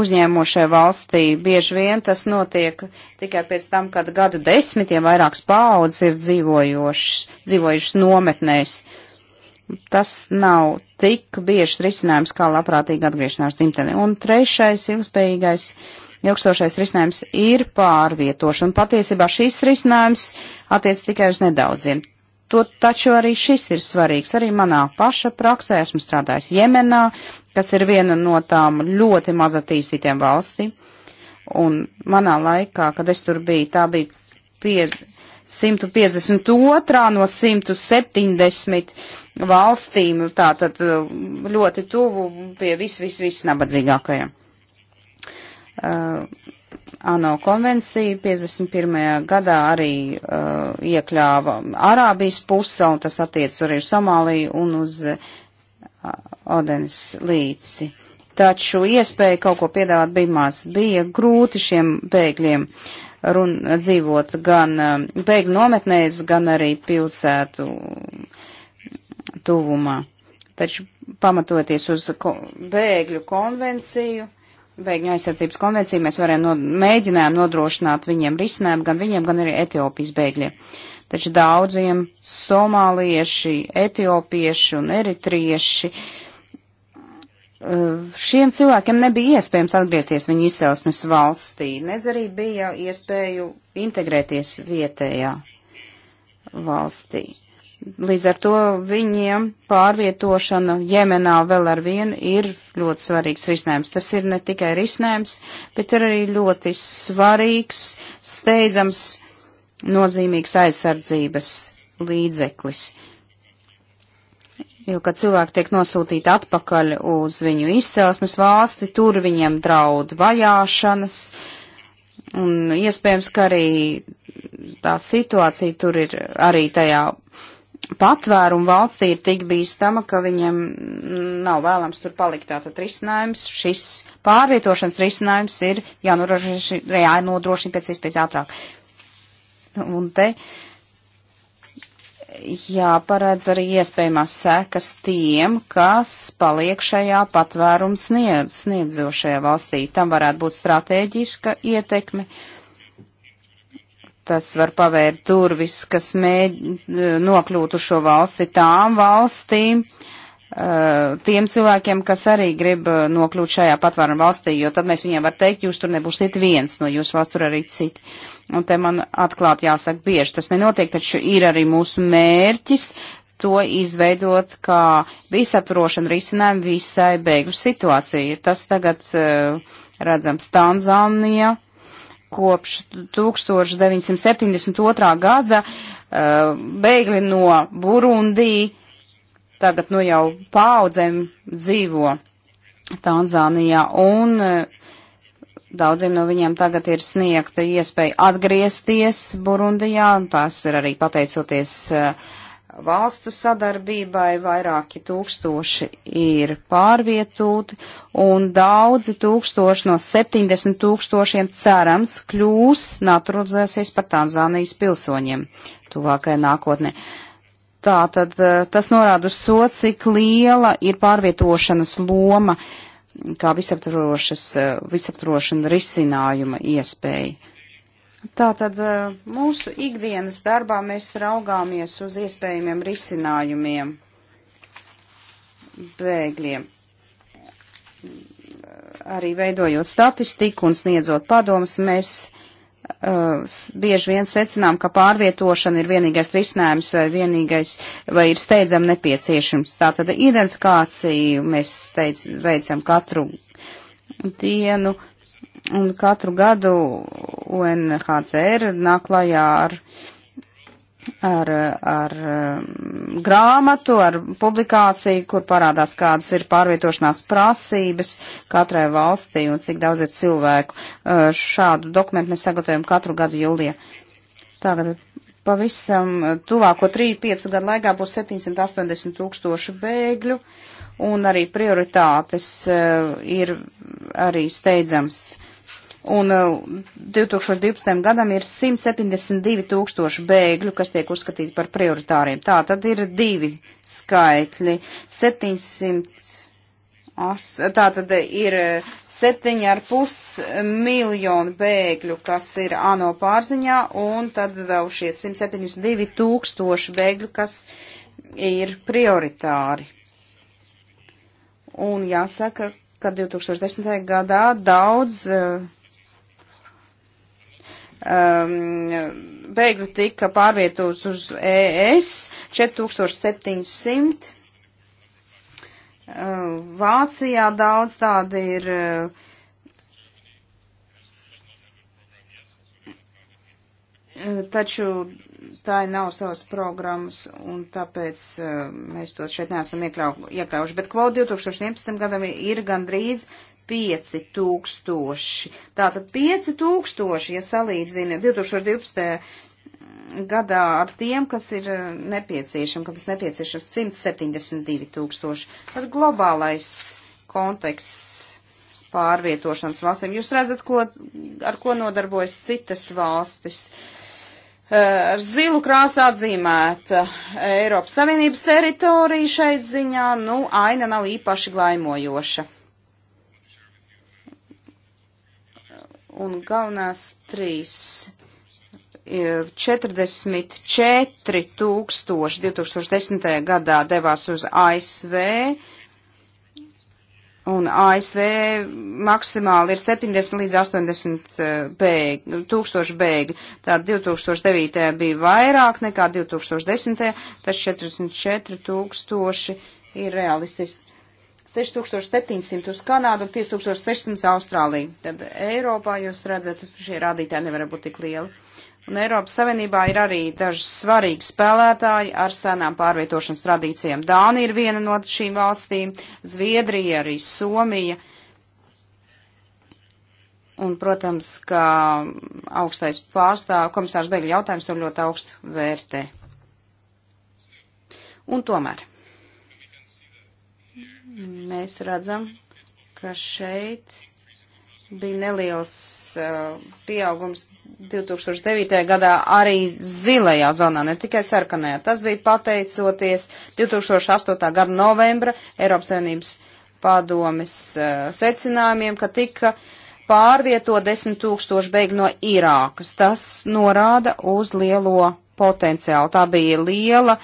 uzņēmošai valstī. Bieži vien tas notiek tikai pēc tam, kad gadu desmitiem vairākas paaudzes ir dzīvojušas, dzīvojušas nometnēs. Tas nav tik bieži risinājums kā labprātīga atgriešanās dzimtene. Un trešais ilgspējīgais, ilgstošais risinājums ir pārvietošana. Patiesībā šis risinājums attiec tikai uz nedaudziem. To taču arī šis ir svarīgs. Arī manā paša praksē esmu strādājis Jemenā, kas ir viena no tām ļoti maz attīstītiem valstīm. Un manā laikā, kad es tur biju, tā bija 152 no 170 valstīm, tā tad uh, ļoti tuvu pie vis, vis, vis nabadzīgākajiem. Uh, ANO konvencija 51. gadā arī uh, iekļāva Arābijas pusa, un tas attiec arī uz Somāliju un uz Odens līci. Taču iespēja kaut ko piedāvāt bija maz. Bija grūti šiem bēgļiem run, dzīvot gan um, bēgļu nometnēs, gan arī pilsētu tuvumā. Taču pamatoties uz ko, bēgļu konvenciju, bēgļu aizsardzības konvenciju, mēs varējām no, mēģinājām nodrošināt viņiem risinājumu gan viņiem, gan arī Etiopijas bēgļiem. Uh, taču daudziem somālieši, etiopieši un eritrieši. Eh, šiem cilvēkiem nebija iespējams atgriezties viņu izcelsmes valstī, nedz arī bija iespēju integrēties vietējā valstī. Līdz ar to viņiem pārvietošana Jemenā vēl ar vienu ir ļoti svarīgs risinājums. Tas ir ne tikai risinājums, bet ir arī ļoti svarīgs, steidzams nozīmīgs aizsardzības līdzeklis. Jo, kad cilvēki tiek nosūtīti atpakaļ uz viņu izcelsmes valsti, tur viņiem draud vajāšanas, un iespējams, ka arī tā situācija tur ir arī tajā patvērumu valstī ir tik bīstama, ka viņiem nav vēlams tur palikt. Tātad risinājums, šis pārvietošanas risinājums ir jānodrošina, jānodrošina pēc iespējas ātrāk. Un te jāparedz arī iespējamās sekas tiem, kas paliek šajā patvērums sniedz, sniedzošajā valstī. Tam varētu būt strateģiska ietekme. Tas var pavērt durvis, kas mēģ, nokļūtu šo valsti tām valstīm, eh, tiem cilvēkiem, kas arī grib eh, nokļūt šajā patvērumu valstī, jo tad mēs viņiem var teikt, jūs tur nebūsiet viens, no jūsu valsts tur arī citi. Uh, Un te man atklāti jāsaka bieži, tas nenotiek, taču ir arī mūsu mērķis to izveidot kā visaptrošanu risinājumu visai beigu situācijai. Tas tagad uh, redzams Tanzānija kopš 1972. gada uh, bēgļi no Burundī tagad nu jau paudzēm dzīvo Tanzānijā un uh, Daudziem no viņiem tagad ir sniegta iespēja atgriezties Burundijā, un tās ir arī pateicoties eh, valstu sadarbībai, vairāki tūkstoši ir pārvietūti, un daudzi tūkstoši no 70 tūkstošiem cerams kļūs naturalizēsies par Tanzānijas pilsoņiem tuvākajā nākotnē. Tātad eh, tas norāda uz to, cik liela ir pārvietošanas loma uh, kā visaptrošana eh, risinājuma iespēja. Tātad eh, mūsu ikdienas darbā mēs raugāmies uz iespējamiem risinājumiem bēgļiem. Arī veidojot statistiku un sniedzot padomus, mēs bieži vien secinām, ka pārvietošana ir vienīgais risinājums vai vienīgais, vai ir steidzam nepieciešams. Tātad identifikāciju mēs steidz, veicam katru dienu un katru gadu UNHCR nāk klajā ar uh, ar, ar mm, grāmatu, ar publikāciju, kur parādās, kādas ir pārvietošanās prasības katrai valstī un cik daudz ir cilvēku. Šādu dokumentu mēs sagatavojam katru gadu jūlijā. Tagad pavisam tuvāko 3-5 gadu laikā būs 780 tūkstoši bēgļu un arī prioritātes ir arī steidzams Un 2012. Uh, gadam ir 172 tūkstoši bēgļu, kas tiek uzskatīti par prioritāriem. Tā tad ir divi skaitļi. 700, as, tā tad ir 7,5 uh, miljonu bēgļu, kas ir ANO pārziņā, un tad vēl šie 172 tūkstoši bēgļu, kas ir prioritāri. Un jāsaka, ka 2010. gadā daudz. Uh, um, bēgļu tika pārvietots uz ES 4700. Uh, Vācijā daudz tādi ir. Uh, uh, taču tā nav savas programmas, un tāpēc uh, mēs to šeit neesam iekļau, iekļaujuši. Bet kvota 2011. gadam ir gandrīz 5000. Tātad 5000, ja salīdzina 2012. Mm, gadā ar tiem, kas ir eh, nepieciešami, kam tas nepieciešams 172 tūkstoši. Tad globālais konteksts pārvietošanas valstīm. Jūs redzat, ko, ar ko nodarbojas citas valstis. Eh, ar zilu krāsu atzīmēta Eiropas Savienības teritorija šai ziņā, nu, aina nav īpaši glaimojoša. un galvenās trīs. 44 e, tūkstoši 2010. gadā devās uz ASV, un ASV maksimāli ir 70 līdz 80 e, bēg, tūkstoši bēgļi. Tātad 2009. bija vairāk nekā 2010. tad 44 tūkstoši ir realistisks 6700 uz Kanādu un 5600 Austrāliju. Tad Eiropā jūs redzat, šie rādītāji nevar būt tik lieli. Un Eiropas Savienībā ir arī daži svarīgi spēlētāji ar senām pārvietošanas tradīcijām. Dānija ir viena no šīm valstīm, Zviedrija, arī Somija. Un, protams, ka augstais pārstāv, komisārs Beigļa jautājums to ļoti augstu vērtē. Un tomēr mēs redzam, ka šeit bija neliels uh, pieaugums 2009. gadā arī zilajā zonā, ne tikai sarkanajā. Tas bija pateicoties 2008. gada novembra Eiropas Savienības padomes uh, secinājumiem, ka tika pārvieto 10 tūkstoši beigļu no Irākas. Tas norāda uz lielo potenciālu. Tā bija liela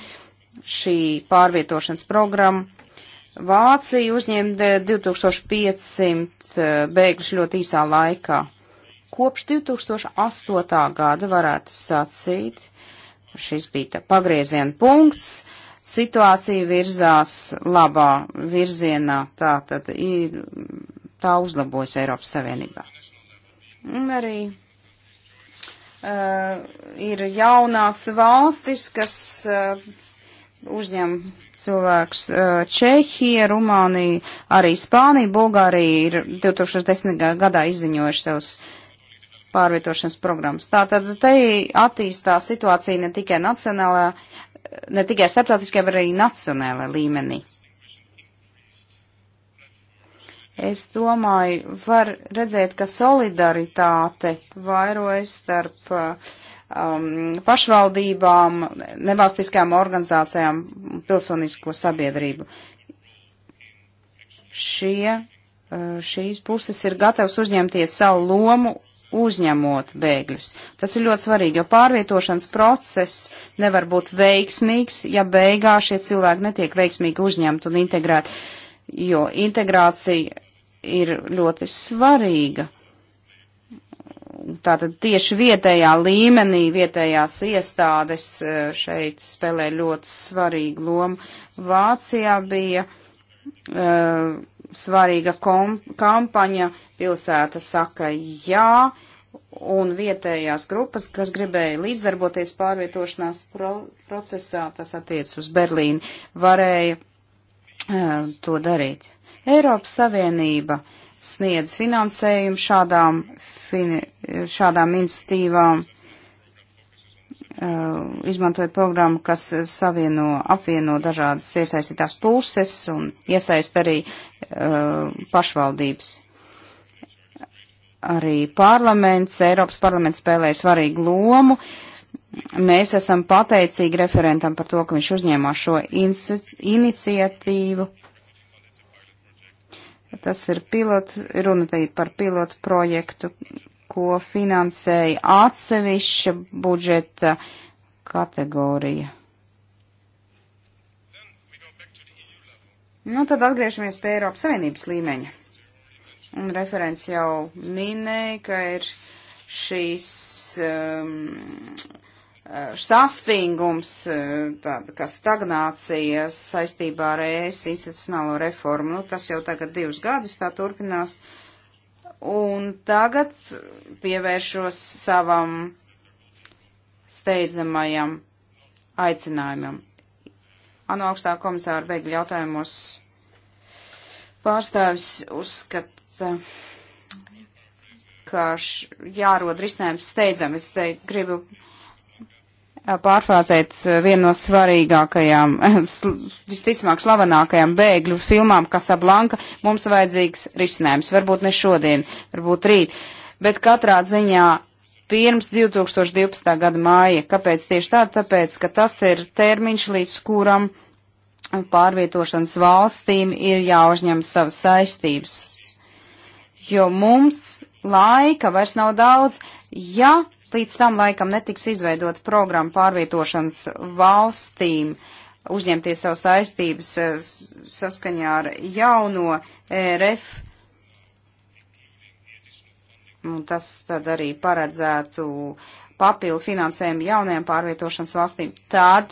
šī pārvietošanas programma Vācija uzņēma 2500 e, e, bēgļus ļoti īsā laikā. Kopš 2008. gada varētu sacīt, šis bija tā pagrieziena punkts, situācija virzās labā virzienā, tā tad ir, tā uzlabojas Eiropas Savienībā. Un arī uh, ir jaunās valstis, kas uh, uzņem cilvēkus. Čehija, Rumānija, arī Spānija, Bulgārija ir 2010. gadā izziņojuši savus pārvietošanas programmas. Tātad te attīstās situācija ne tikai nacionālajā, ne tikai starptautiskajā, bet arī nacionālajā līmenī. Es domāju, var redzēt, ka solidaritāte vairojas starp uh, um, pašvaldībām, nevalstiskajām organizācijām, pilsonisko sabiedrību. Šie, uh, šīs puses ir gatavs uzņemties savu lomu uzņemot bēgļus. Tas ir ļoti svarīgi, jo pārvietošanas process nevar būt veiksmīgs, ja beigā šie cilvēki netiek veiksmīgi uzņemti un integrēti, jo integrācija ir ļoti svarīga Tātad tieši vietējā līmenī vietējās iestādes e, šeit spēlē ļoti svarīgu lomu. Vācijā bija uh, svarīga kom, kampaņa, pilsēta saka jā, un vietējās grupas, kas gribēja līdzdarboties pārvietošanās pro, procesā, tas attiec uz Berlīnu, varēja uh, to darīt. Eiropas Savienība sniedz finansējumu šādām, fin, šādām institīvām, uh, izmantoja programmu, kas savieno, apvieno dažādas iesaistītās puses un iesaist arī uh, pašvaldības. Arī parlaments, Eiropas parlaments spēlēja svarīgu lomu. Mēs esam pateicīgi referentam par to, ka viņš uzņēmās šo iniciatīvu Tas ir pilot, runa te ir par pilotu projektu, ko finansēja atsevišķa budžeta kategorija. Nu, tad atgriežamies pie Eiropas Savienības līmeņa. Un referents jau minēja, ka ir šīs um, Eh, sastingums, eh, tāda kā stagnācija saistībā ar ES institucionālo reformu. Nu, tas jau tagad divus gadus tā turpinās. Un tagad pievēršos savam steidzamajam aicinājumam. ANO augstā komisāra bēgļu jautājumos pārstāvis uzskata, ka jārod risinājums steidzami. Es te gribu uh, pārfrāzēt vienu no svarīgākajām, visticamāk slavenākajām bēgļu filmām Kasablanka, mums vajadzīgs risinājums. Varbūt ne šodien, varbūt rīt, bet katrā ziņā pirms 2012. gada māja. Kāpēc tieši tā? Tāpēc, ka tas ir termiņš, līdz kuram pārvietošanas valstīm ir jāuzņem savas saistības. Jo mums laika vairs nav daudz, ja Līdz tam laikam netiks izveidota programma pārvietošanas valstīm uzņemties savu saistības eh, saskaņā ar jauno e RF. Un tas tad arī paredzētu papildu finansējumu jaunajām pārvietošanas valstīm. Tad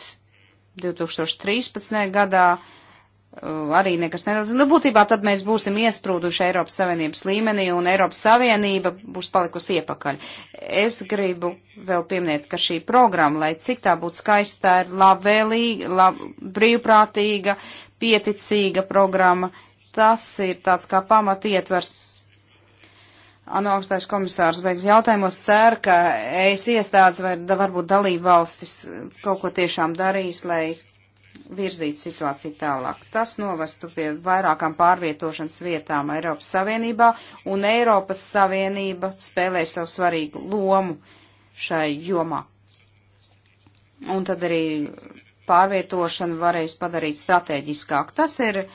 2013. gadā Uh, arī nekas nedaudz. Nu, būtībā tad mēs būsim iesprūduši Eiropas Savienības līmenī un Eiropas Savienība būs palikusi iepakaļ. Es gribu vēl pieminēt, ka šī programma, lai cik tā būtu skaista, tā ir labvēlīga, lab, brīvprātīga, pieticīga programma. Tas ir tāds kā pamat ietvers. Ano augstais komisārs beigas jautājumos cer, ka es iestādes vai varbūt dalību valstis kaut ko tiešām darīs, lai virzīt situāciju tālāk. Tas novestu pie vairākām pārvietošanas vietām Eiropas Savienībā, un Eiropas Savienība spēlē savu svarīgu lomu šai jomā. Un tad arī pārvietošanu varēs padarīt strateģiskāk. Tas ir uh,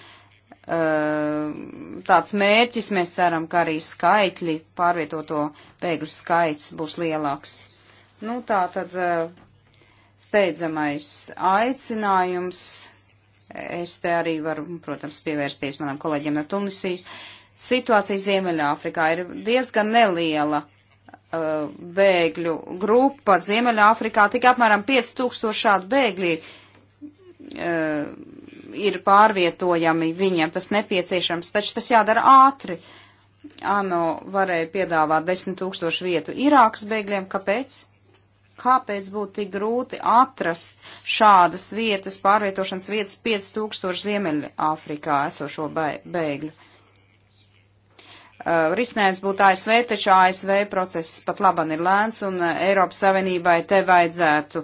tāds mērķis, mēs ceram, ka arī skaitļi, pārvietoto bēgļu skaits būs lielāks. Nu, tā tad uh, steidzamais aicinājums. Es te arī varu, protams, pievērsties manam kolēģiem no Tunisijas. Situācija Ziemeļāfrikā ir diezgan neliela uh, bēgļu grupa. Ziemeļāfrikā tik apmēram 5000 šādu bēgļi uh, ir pārvietojami viņiem, tas nepieciešams, taču tas jādara ātri. ANO varēja piedāvāt 10 tūkstošu vietu Irākas bēgļiem, kāpēc? Kāpēc būtu tik grūti atrast šādas vietas, pārvietošanas vietas 5000 Ziemeļa Āfrikā esošo bēgļu? Uh, risinājums būtu ASV, taču ASV process pat laban ir lēns un uh, Eiropas Savienībai te vajadzētu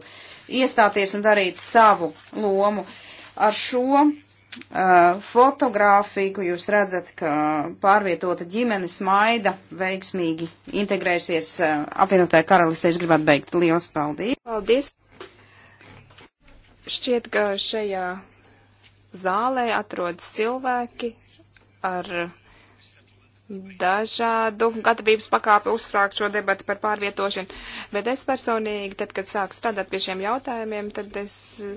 iestāties un darīt savu lomu. Ar šo Uh, fotogrāfiku, jūs redzat, ka pārvietota ģimenes maida veiksmīgi integrēsies uh, apvienotāja karalistē. Es gribētu beigt. Lielas paldies! Paldies! Šķiet, ka šajā zālē atrodas cilvēki ar dažādu gatavības pakāpi uzsākt šo debatu par pārvietošanu, bet es personīgi, tad, kad sāku strādāt pie šiem jautājumiem, tad es uh,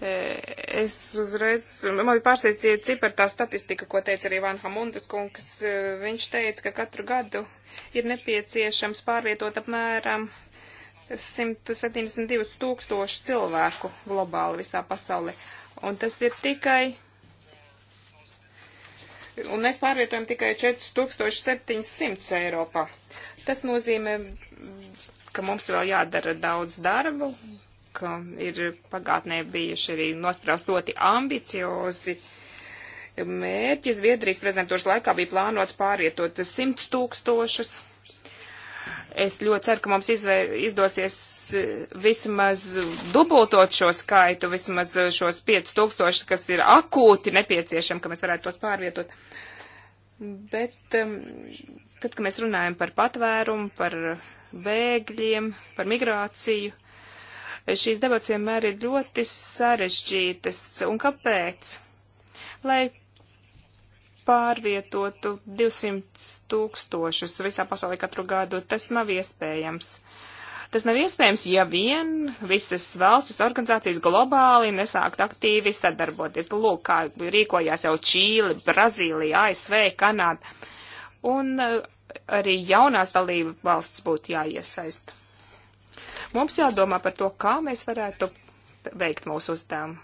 E, es uzreiz, man bija pārsteidzīja cipari tā statistika, ko teica arī Van Hamundas kungs. E, viņš teica, ka katru gadu ir nepieciešams pārvietot apmēram 172 tūkstoši cilvēku globāli visā pasaulē. Un tas ir tikai. Un mēs pārvietojam tikai 4700 Eiropā. Tas nozīmē, ka mums vēl jādara daudz darbu, ka ir pagātnē bijuši arī nospraust ļoti ambiciozi mērķi. Zviedrijas prezidentūras laikā bija plānots pārvietot 100 tūkstošus. Es ļoti ceru, ka mums izvēr, izdosies eh, vismaz dubultot šo skaitu, vismaz eh, šos 5000, kas ir akūti nepieciešami, ka mēs varētu tos pārvietot. Bet tad, kad mēs runājam par patvērumu, par bēgļiem, par migrāciju, Šīs debats vienmēr ir ļoti sarežģītas. Un kāpēc? Lai pārvietotu 200 tūkstošus visā pasaulē katru gadu, tas nav iespējams. Tas nav iespējams, ja vien visas valstis organizācijas globāli nesākt aktīvi sadarboties. Lūk, kā rīkojās jau Čīli, Brazīlija, ASV, Kanāda. Un eh, arī jaunās dalība valsts būtu jāiesaist. Mums jādomā par to, kā mēs varētu veikt mūsu uzdevumu.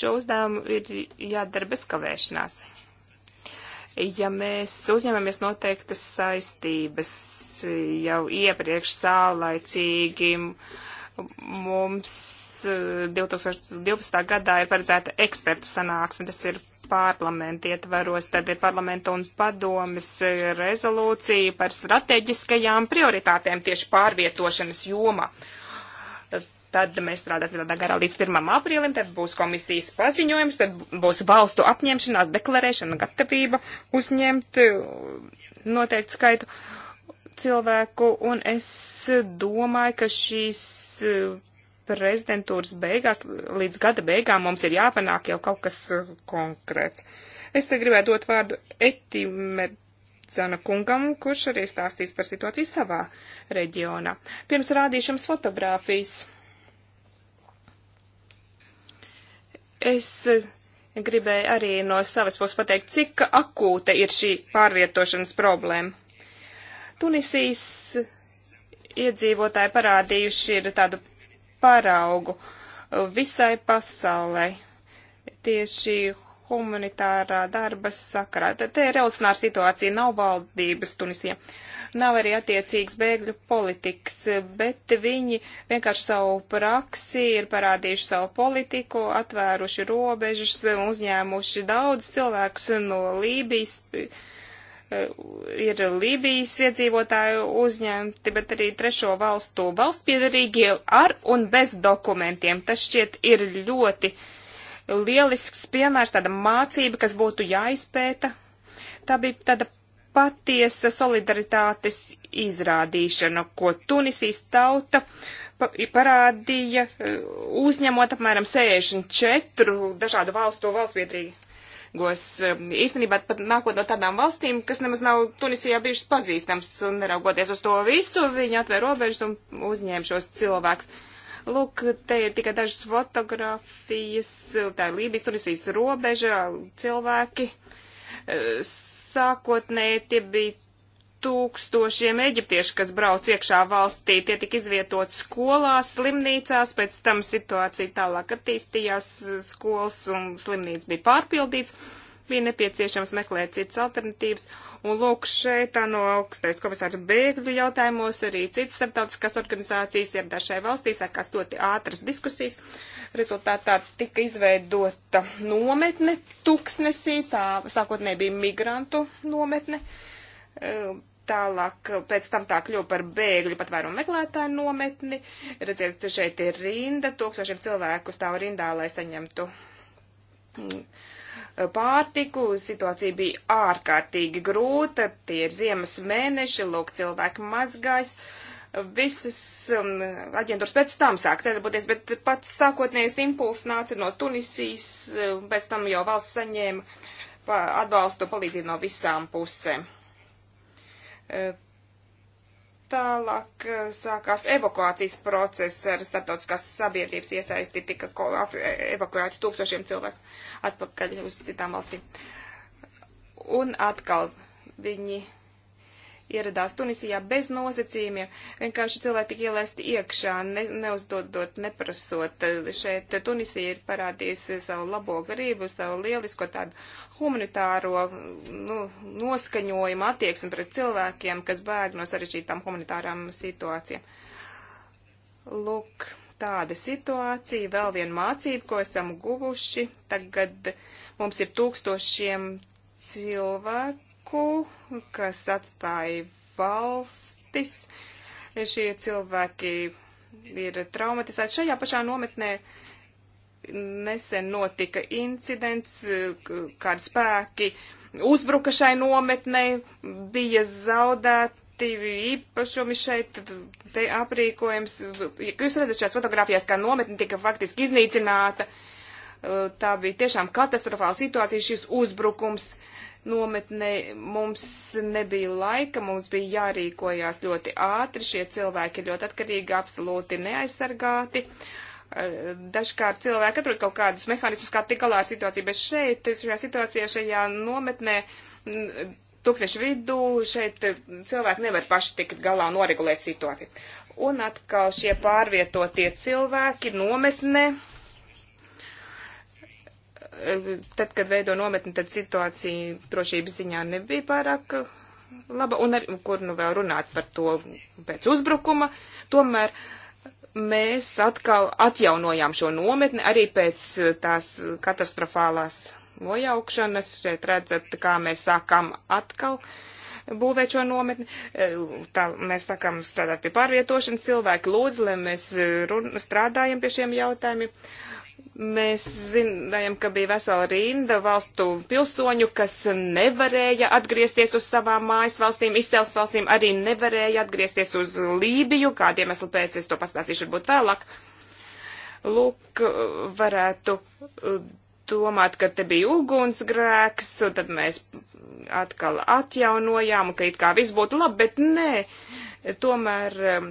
Šo uzdevumu ir jādara bez kavēšanās. Ja mēs uzņemamies noteiktas saistības jau iepriekš sālaicīgi, mums 2012. gadā ir paredzēta eksperta sanāksme, tas ir parlamenta ietvaros, tad ir parlamenta un padomas rezolūcija par strateģiskajām prioritātēm tieši pārvietošanas jomā. Tad mēs strādāsim tādā garā līdz 1. aprīlim, tad būs komisijas paziņojums, tad būs valstu apņemšanās, deklarēšana, gatavība uzņemt uh, noteiktu skaitu cilvēku, un es domāju, ka šīs uh, prezidentūras beigās, līdz gada beigām mums ir jāpanāk jau kaut kas uh, konkrēts. Es te gribētu dot vārdu Etimedzana kungam, kurš arī stāstīs par situāciju savā reģionā. Pirms rādīšu jums fotogrāfijas. Es uh, gribēju arī no savas puses pateikt, cik akūta ir šī pārvietošanas problēma. Tunisijas iedzīvotāji parādījuši ir tādu paraugu visai pasaulē tieši humanitārā darba sakarā. Tad te ir revolucionāra situācija, nav valdības Tunisijā, nav arī attiecīgas bēgļu politikas, bet viņi vienkārši savu praksi ir parādījuši savu politiku, atvēruši robežas, uzņēmuši daudz cilvēkus no Lībijas ir Lībijas iedzīvotāju uzņemti, bet arī trešo valstu valstspiedarīgie ar un bez dokumentiem. Tas šķiet ir ļoti lielisks piemērs, tāda mācība, kas būtu jāizpēta. Tā bija tāda patiesa solidaritātes izrādīšana, ko Tunisijas tauta parādīja uzņemot apmēram 64 dažādu valstu valstspiedrīgu gos. Um, īstenībā pat nākot no tādām valstīm, kas nemaz nav Tunisijā bijušas pazīstams, un neraugoties uz to visu, viņi atvēra robežas un uzņēma šos cilvēkus. Lūk, te ir tikai dažas fotografijas, tā ir Lībijas, Tunisijas robeža, cilvēki. Uh, sākotnēji tie bija tūkstošiem eģiptiešu, kas brauc iekšā valstī. Tie tika izvietot skolās, slimnīcās, pēc tam situācija tālāk attīstījās, skolas un slimnīca bija pārpildīts, bija nepieciešams meklēt citas alternatīvas. Un lūk, šeit no augstais komisārs bēgļu jautājumos arī citas starptautiskās organizācijas ir dažai valstī, sākās ļoti ātras diskusijas. Rezultātā tika izveidota nometne, tuksnesī, tā sākotnēji bija migrantu nometne ehm, Tālāk, eh, pēc tam tā kļuva par bēgļu patvērumu meklētāju nometni. Redziet, šeit ir rinda, tūkstošiem cilvēku stāv rindā, lai saņemtu mm, eh, pārtiku. Situācija bija ārkārtīgi grūta, tie ir ziemas mēneši, lūk, cilvēki mazgājas. Visas um, aģentūras pēc tam sāk sadarboties, bet pats sākotnējais impuls nāca no Tunisijas, eh, pēc tam jau valsts saņēma atbalstu palīdzību no visām pusēm E, tālāk e, sākās evakuācijas process ar starptautiskās sabiedrības iesaisti, tika e, evakuēti tūkstošiem cilvēku atpakaļ uz citām valstīm. Un atkal viņi ieradās Tunisijā bez nosacījumiem. Vienkārši cilvēki tika ielaisti iekšā, ne, neuzdodot, neprasot. Šeit Tunisija ir parādījusi savu labo garību, savu lielisko tādu humanitāro nu, noskaņojumu attieksmi pret cilvēkiem, kas bēg no sarežģītām humanitārām situācijām. Lūk, tāda situācija, vēl viena mācība, ko esam guvuši. Tagad mums ir tūkstošiem cilvēku laiku, kas atstāja valstis. Šie cilvēki ir traumatizēti. Šajā pašā nometnē nesen notika incidents, kādi spēki uzbruka šai nometnei, bija zaudēti divi īpašumi šeit, te aprīkojums. Jūs redzat šajās fotografijās, kā nometne tika faktiski iznīcināta. Tā bija tiešām katastrofāla situācija, šis uzbrukums. Uh, nometnē. Mums nebija laika, mums bija jārīkojās ļoti ātri, šie cilvēki ir ļoti atkarīgi, absolūti neaizsargāti. Eh, Dažkārt cilvēki atrod kaut kādus mehānismus, kā tik galā ar situāciju, bet šeit, šajā situācijā, šajā nometnē tūkstošu vidū šeit cilvēki nevar paši tikt galā noregulēt situāciju. Un atkal šie pārvietotie cilvēki nometnē tad, kad veido nometni, tad situācija drošības ziņā nebija pārāk laba, un ar, kur nu vēl runāt par to pēc uzbrukuma, tomēr mēs atkal atjaunojām šo nometni arī pēc eh, tās katastrofālās nojaukšanas. Šeit redzat, kā mēs sākam atkal būvēt šo nometni. Eh, tā mēs sākam strādāt pie pārvietošanas, cilvēki lūdz, lai mēs eh, run, strādājam pie šiem jautājumiem. Mēs zinājām, ka bija vesela rinda valstu pilsoņu, kas nevarēja atgriezties uz savām mājas valstīm, izcels valstīm, arī nevarēja atgriezties uz Lībiju, kādiem eslu pēc es to pastāstīšu varbūt vēlāk. Lūk, varētu domāt, ka te bija ugunsgrēks, un tad mēs atkal atjaunojām, ka it kā viss būtu labi, bet nē, Tomēr um,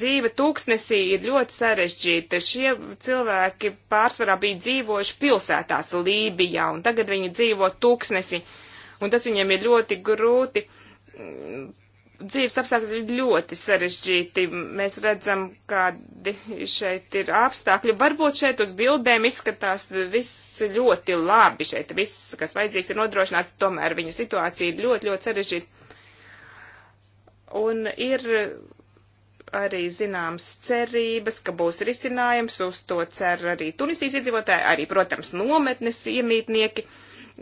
dzīve tūkstnesī ir ļoti sarežģīta. Šie cilvēki pārsvarā bija dzīvojuši pilsētās Lībijā, un tagad viņi dzīvo tūkstnesī, un tas viņiem ir ļoti grūti. Mm, dzīves apstākļi ir ļoti sarežģīti. Mēs redzam, kādi šeit ir apstākļi. Varbūt šeit uz bildēm izskatās viss ļoti labi. Šeit viss, kas vajadzīgs, ir nodrošināts. Tomēr viņu situācija ir ļoti, ļoti sarežģīta Un ir arī zināmas cerības, ka būs risinājums, uz to cer arī Tunisijas iedzīvotāji, arī, protams, nometnes iemītnieki,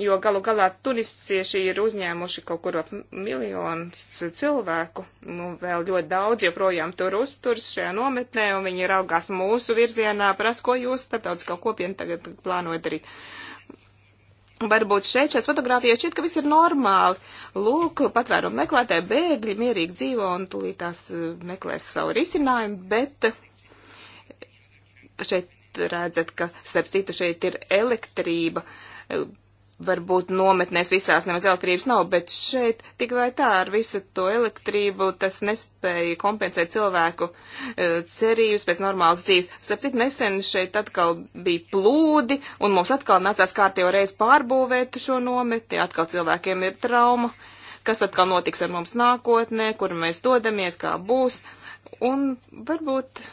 jo galu galā tunisieši ir uzņēmuši kaut kur ap miljonus cilvēku, nu, vēl ļoti daudz joprojām tur uzturs šajā nometnē, un viņi raugās mūsu virzienā, prasa, ko jūs starptautiskā kopiena tagad plānojat darīt. Varbūt šeit, šeit fotografijā šķiet, ka viss ir normāli. Lūk, patvērumu meklētāji bēgļi mierīgi dzīvo un tūlīt tās e, meklēs savu risinājumu, bet e, šeit redzat, ka starp citu šeit ir elektrība e, varbūt nometnēs visās nemaz elektrības nav, bet šeit tik vai tā ar visu to elektrību tas nespēja kompensēt cilvēku e, cerības pēc normālas dzīves. Sapcīt, nesen šeit atkal bija plūdi, un mums atkal nācās kārtējo reizi pārbūvēt šo nometni, atkal cilvēkiem ir trauma, kas atkal notiks ar mums nākotnē, kur mēs dodamies, kā būs, un varbūt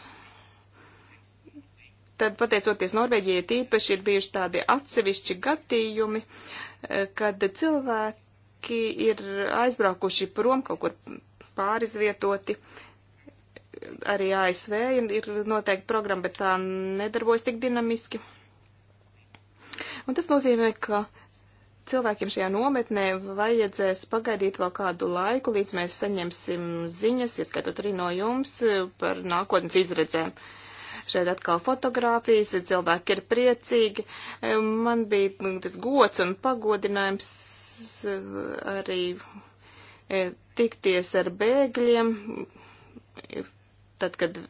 tad pateicoties Norvēģijai tīpaši ir bijuši tādi atsevišķi gadījumi, eh, kad cilvēki ir aizbraukuši prom kaut kur pārizvietoti. Arī ASV ir noteikti programma, bet tā nedarbojas tik dinamiski. Un tas nozīmē, ka cilvēkiem šajā nometnē vajadzēs pagaidīt vēl kādu laiku, līdz mēs saņemsim ziņas, ieskatot arī no jums eh, par nākotnes izredzēm. Uh, Šeit atkal fotogrāfijas, cilvēki ir priecīgi. Man bija tas gods un pagodinājums eh, arī eh, tikties ar bēgļiem, tad, kad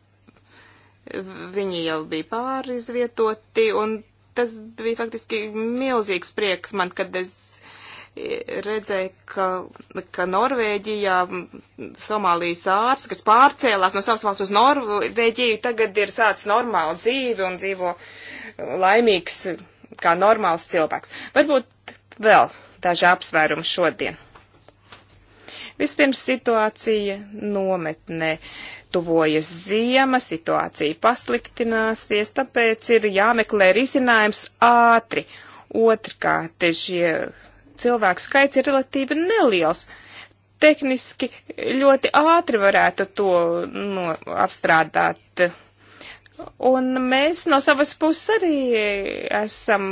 viņi jau bija pārizvietoti, un tas bija faktiski milzīgs prieks man, kad es redzēja, ka, ka Norvēģijā Somālijas ārs, kas pārcēlās no savas valsts uz Norvēģiju, tagad ir sācis normālu dzīvi un dzīvo uh, laimīgs kā normāls cilvēks. Varbūt vēl daži apsvērumi šodien. Vispirms situācija nometnē. Tuvojas ziema, situācija pasliktināsies, tāpēc ir jāmeklē risinājums ātri. Otrkārt, šie cilvēku skaits ir relatīvi neliels. Tehniski ļoti ātri varētu to nu, apstrādāt. Un mēs no savas puses arī esam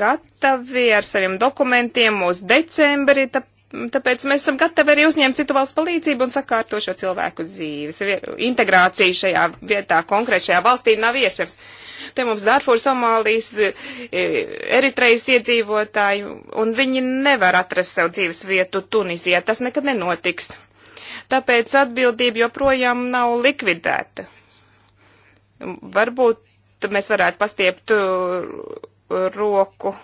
gatavi ar saviem dokumentiem uz decembri, tāpēc Tāpēc mēs esam gatavi arī uzņemt citu valstu palīdzību un sakārto šo cilvēku dzīves. Integrācija šajā vietā, konkrēt šajā valstī nav iespējams. Te mums Darfūra, Somālijas, e, Eritrejas iedzīvotāji, un viņi nevar atrast sev dzīves vietu Tunisijā. Tas nekad nenotiks. Tāpēc atbildība joprojām nav likvidēta. Varbūt mēs varētu pastiept e, roku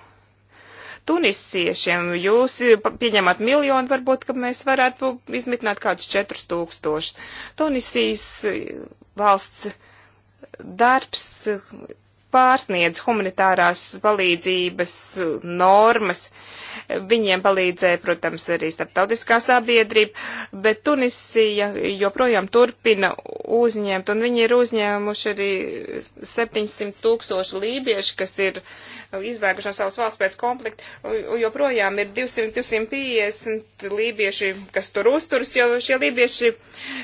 tunisiešiem. Jūs eh, pieņemat miljonu, varbūt, ka mēs varētu izmitināt kādus četrus tūkstošus. Tunisijas eh, valsts darbs pārsniedz humanitārās palīdzības normas. Viņiem palīdzēja, protams, arī starptautiskā sabiedrība, bet Tunisija joprojām turpina uzņemt, un viņi ir uzņēmuši arī 700 tūkstoši lībiešu, kas ir izbēguši no savas valsts pēc konflikta, un joprojām ir 200-250 lībieši, kas tur uzturas, jo šie lībieši,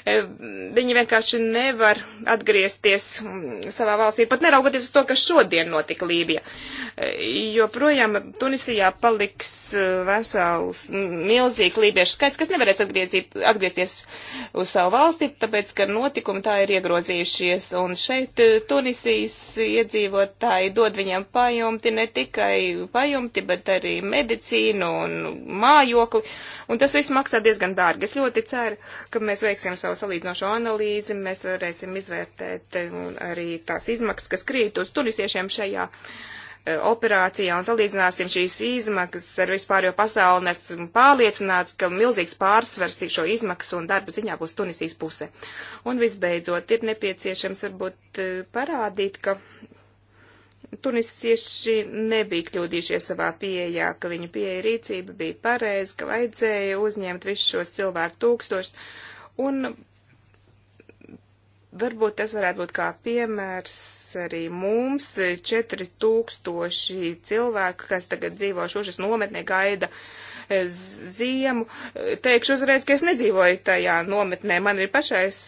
eh, viņi vienkārši nevar atgriezties mm, savā valstī, pat neraugoties uz to, ka kas šodien notika Lībijā. E, jo projām Tunisijā paliks e, vesels milzīgs lībiešu skaits, kas nevarēs atgriezties uz savu valsti, tāpēc, ka notikumi tā ir iegrozījušies. Un šeit e, Tunisijas iedzīvotāji dod viņiem pajumti, ne tikai pajumti, bet arī medicīnu un mājokli. Un tas viss maksā diezgan dārgi. Es ļoti ceru, ka mēs veiksim savu salīdzinošo analīzi, mēs varēsim izvērtēt arī tās izmaksas, kas krīt uz Tunisiju tunisiešiem šajā e, operācijā un salīdzināsim šīs izmaksas ar vispārējo pasauli, esmu pārliecināts, ka milzīgs pārsvars šo izmaksu un darbu ziņā būs Tunisijas puse. Un visbeidzot, ir nepieciešams varbūt e, parādīt, ka tunisieši nebija kļūdījušies savā pieejā, ka viņu pieeja rīcība bija pareiza, ka vajadzēja uzņemt visus šos cilvēku tūkstošus. Un Varbūt tas varētu būt kā piemērs arī mums. 4000 cilvēku, kas tagad dzīvo šušas nometnē, gaida e, ziemu. Teikšu uzreiz, ka es nedzīvoju tajā nometnē. Man ir, pašais,